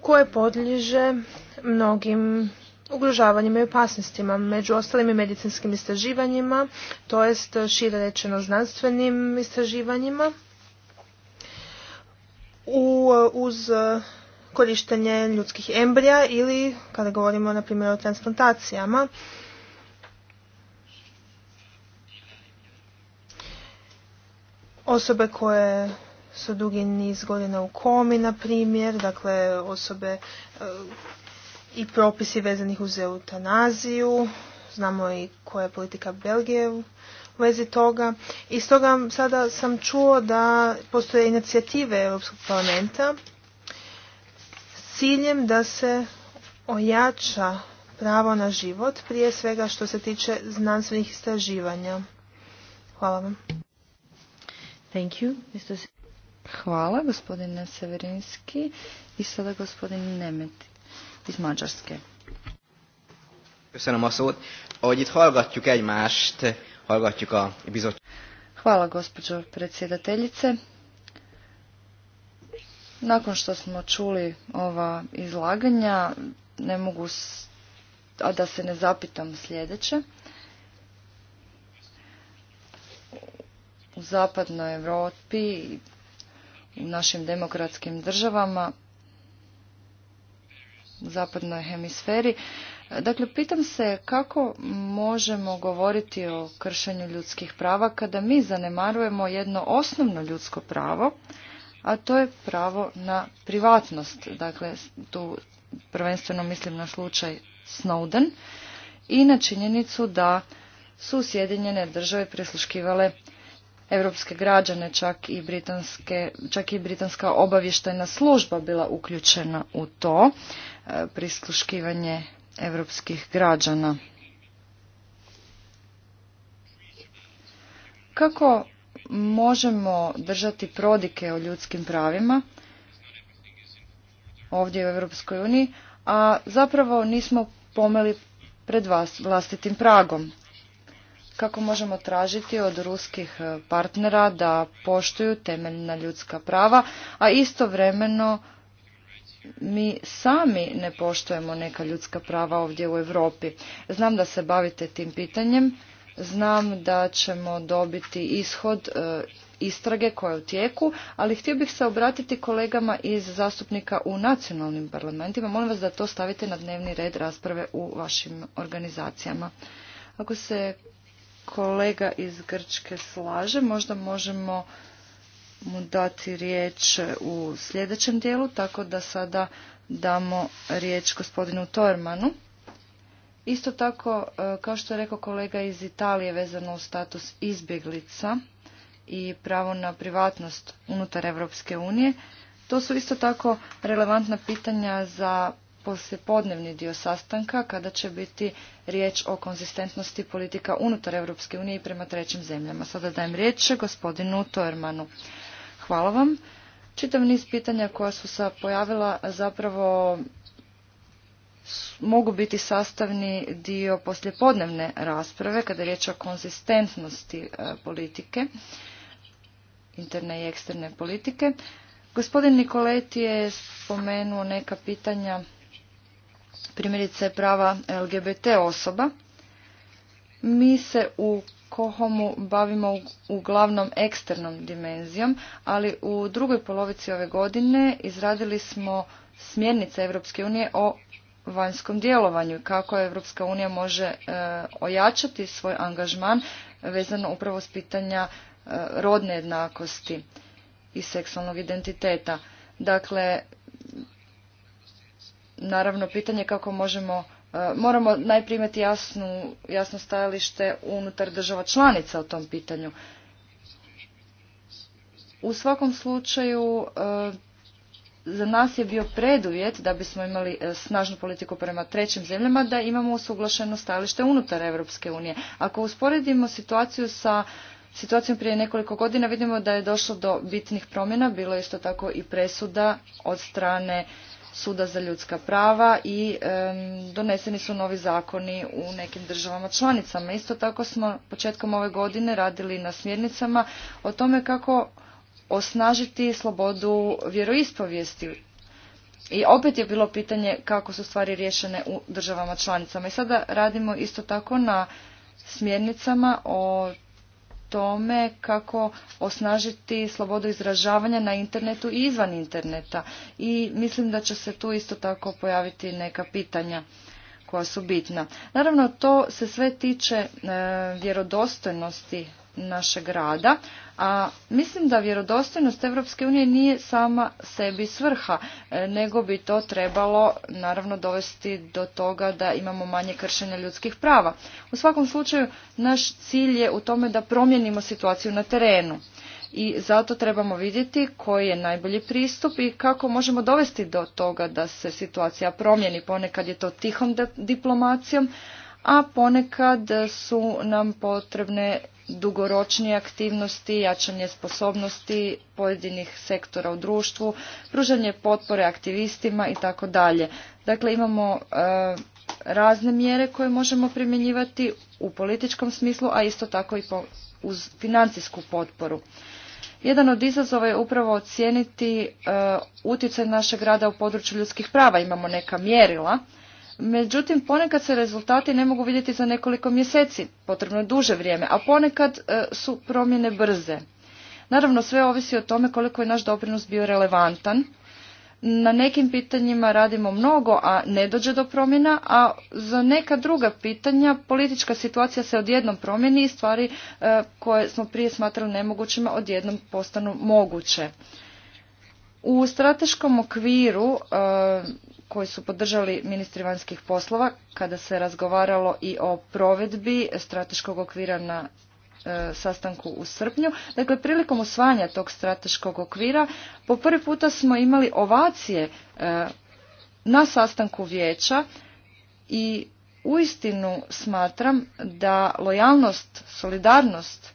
koje podliže mnogim ugrožavanjima i opasnostima, među ostalim i medicinskim istraživanjima, to jest šire rečeno znanstvenim istraživanjima, uz korištenje ljudskih embrija ili kada govorimo na primjer o transplantacijama osobe koje su dugi niz godina u komi, na primjer, dakle osobe e, i propisi vezanih uz eutanaziju, znamo i koja je politika Belgije u vezi toga. I stoga sada sam čuo da postoje inicijative Europskog parlamenta s ciljem da se ojača pravo na život, prije svega što se tiče znanstvenih istraživanja. Hvala vam. Thank you, Hvala, gospodine Severinski. I sada gospodin Nemet iz Mađarske. Hvala, gospođo predsjedateljice. Nakon što smo čuli ova izlaganja, ne mogu, a da se ne zapitam sljedeće. u zapadnoj Europi i u našim demokratskim državama u zapadnoj hemisferi. Dakle, pitam se kako možemo govoriti o kršenju ljudskih prava kada mi zanemarujemo jedno osnovno ljudsko pravo, a to je pravo na privatnost. Dakle, tu prvenstveno mislim na slučaj Snowden i na činjenicu da su Sjedinjene države prisluškivale europske građane, čak i, britanske, čak i britanska obavještajna služba bila uključena u to, e, prisluškivanje europskih građana. Kako možemo držati prodike o ljudskim pravima ovdje u Europskoj uniji, a zapravo nismo pomeli pred vas vlastitim pragom kako možemo tražiti od ruskih e, partnera da poštuju temeljna ljudska prava, a istovremeno mi sami ne poštujemo neka ljudska prava ovdje u Europi. Znam da se bavite tim pitanjem, znam da ćemo dobiti ishod e, istrage koja je u tijeku, ali htio bih se obratiti kolegama iz zastupnika u nacionalnim parlamentima. Molim vas da to stavite na dnevni red rasprave u vašim organizacijama. Ako se kolega iz Grčke slaže. Možda možemo mu dati riječ u sljedećem dijelu, tako da sada damo riječ gospodinu Tormanu. Isto tako, e, kao što je rekao kolega iz Italije vezano u status izbjeglica i pravo na privatnost unutar Europske unije, to su isto tako relevantna pitanja za poslijepodnevni dio sastanka kada će biti riječ o konzistentnosti politika unutar Europske unije i prema trećim zemljama. Sada dajem riječ gospodinu Toermanu. Hvala vam. Čitav niz pitanja koja su se pojavila zapravo mogu biti sastavni dio poslijepodnevne rasprave kada je riječ o konzistentnosti e, politike, interne i eksterne politike. Gospodin Nikoleti je spomenuo neka pitanja primjerice prava LGBT osoba. Mi se u Kohomu bavimo uglavnom eksternom dimenzijom, ali u drugoj polovici ove godine izradili smo smjernice Europske unije o vanjskom djelovanju i kako Evropska unija može e, ojačati svoj angažman vezano upravo s pitanja e, rodne jednakosti i seksualnog identiteta. Dakle, naravno pitanje kako možemo e, moramo najprije imati jasnu, jasno stajalište unutar država članica o tom pitanju. U svakom slučaju e, za nas je bio preduvjet da bismo imali e, snažnu politiku prema trećim zemljama da imamo usuglašeno stajalište unutar Europske unije. Ako usporedimo situaciju sa situacijom prije nekoliko godina vidimo da je došlo do bitnih promjena, bilo je isto tako i presuda od strane suda za ljudska prava i doneseni su novi zakoni u nekim državama članicama. Isto tako smo početkom ove godine radili na smjernicama o tome kako osnažiti slobodu vjeroispovijesti. I opet je bilo pitanje kako su stvari riješene u državama članicama. I sada radimo isto tako na smjernicama o tome kako osnažiti slobodu izražavanja na internetu i izvan interneta. I mislim da će se tu isto tako pojaviti neka pitanja koja su bitna. Naravno, to se sve tiče e, vjerodostojnosti našeg rada, a mislim da vjerodostojnost Europske unije nije sama sebi svrha, e, nego bi to trebalo naravno dovesti do toga da imamo manje kršenja ljudskih prava. U svakom slučaju naš cilj je u tome da promijenimo situaciju na terenu i zato trebamo vidjeti koji je najbolji pristup i kako možemo dovesti do toga da se situacija promijeni. Ponekad je to tihom diplomacijom, a ponekad su nam potrebne dugoročnije aktivnosti, jačanje sposobnosti pojedinih sektora u društvu, pružanje potpore aktivistima i tako dalje. Dakle, imamo e, razne mjere koje možemo primjenjivati u političkom smislu, a isto tako i uz financijsku potporu. Jedan od izazova je upravo ocijeniti e, utjecaj našeg rada u području ljudskih prava. Imamo neka mjerila Međutim, ponekad se rezultati ne mogu vidjeti za nekoliko mjeseci, potrebno je duže vrijeme, a ponekad e, su promjene brze. Naravno, sve ovisi o tome koliko je naš doprinos bio relevantan. Na nekim pitanjima radimo mnogo, a ne dođe do promjena, a za neka druga pitanja politička situacija se odjednom promjeni i stvari e, koje smo prije smatrali nemogućima odjednom postanu moguće. U strateškom okviru e, koji su podržali ministri vanjskih poslova kada se razgovaralo i o provedbi strateškog okvira na e, sastanku u srpnju. Dakle, prilikom usvajanja tog strateškog okvira po prvi puta smo imali ovacije e, na sastanku vijeća i uistinu smatram da lojalnost, solidarnost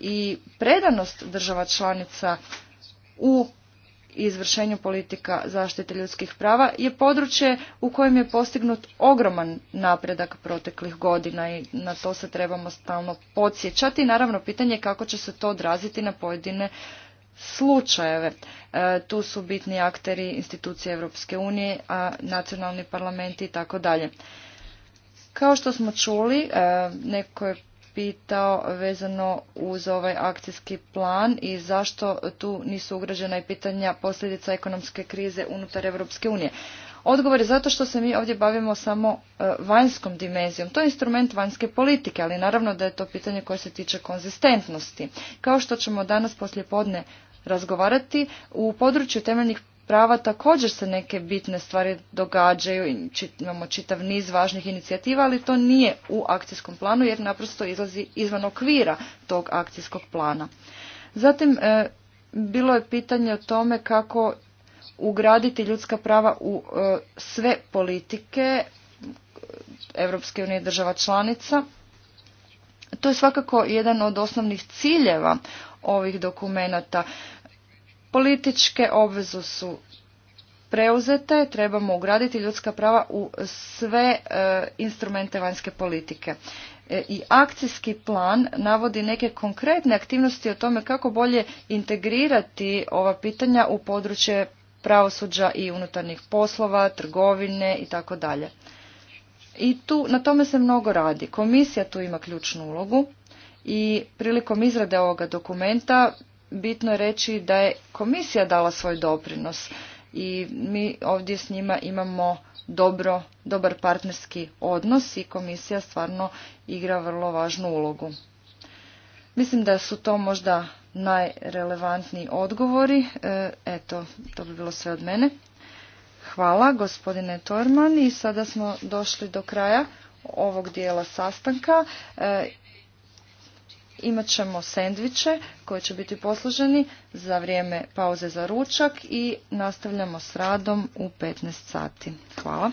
i predanost država članica u izvršenju politika zaštite ljudskih prava je područje u kojem je postignut ogroman napredak proteklih godina i na to se trebamo stalno podsjećati. Naravno, pitanje je kako će se to odraziti na pojedine slučajeve. E, tu su bitni akteri institucije Europske unije, a nacionalni parlamenti i tako dalje. Kao što smo čuli, e, neko je pitao vezano uz ovaj akcijski plan i zašto tu nisu ugrađena i pitanja posljedica ekonomske krize unutar Europske unije. Odgovor je zato što se mi ovdje bavimo samo e, vanjskom dimenzijom. To je instrument vanjske politike, ali naravno da je to pitanje koje se tiče konzistentnosti. Kao što ćemo danas poslje podne razgovarati, u području temeljnih prava također se neke bitne stvari događaju, imamo čitav niz važnih inicijativa, ali to nije u akcijskom planu jer naprosto izlazi izvan okvira tog akcijskog plana. Zatim, e, bilo je pitanje o tome kako ugraditi ljudska prava u e, sve politike Europske unije država članica. To je svakako jedan od osnovnih ciljeva ovih dokumenata. Političke obveze su preuzete, trebamo ugraditi ljudska prava u sve e, instrumente vanjske politike. E, I akcijski plan navodi neke konkretne aktivnosti o tome kako bolje integrirati ova pitanja u područje pravosuđa i unutarnjih poslova, trgovine i tako dalje. I tu na tome se mnogo radi. Komisija tu ima ključnu ulogu i prilikom izrade ovoga dokumenta bitno je reći da je komisija dala svoj doprinos i mi ovdje s njima imamo dobro, dobar partnerski odnos i komisija stvarno igra vrlo važnu ulogu. Mislim da su to možda najrelevantniji odgovori. E, eto, to bi bilo sve od mene. Hvala gospodine Torman i sada smo došli do kraja ovog dijela sastanka. E, imat ćemo sendviče koji će biti posluženi za vrijeme pauze za ručak i nastavljamo s radom u 15 sati. Hvala.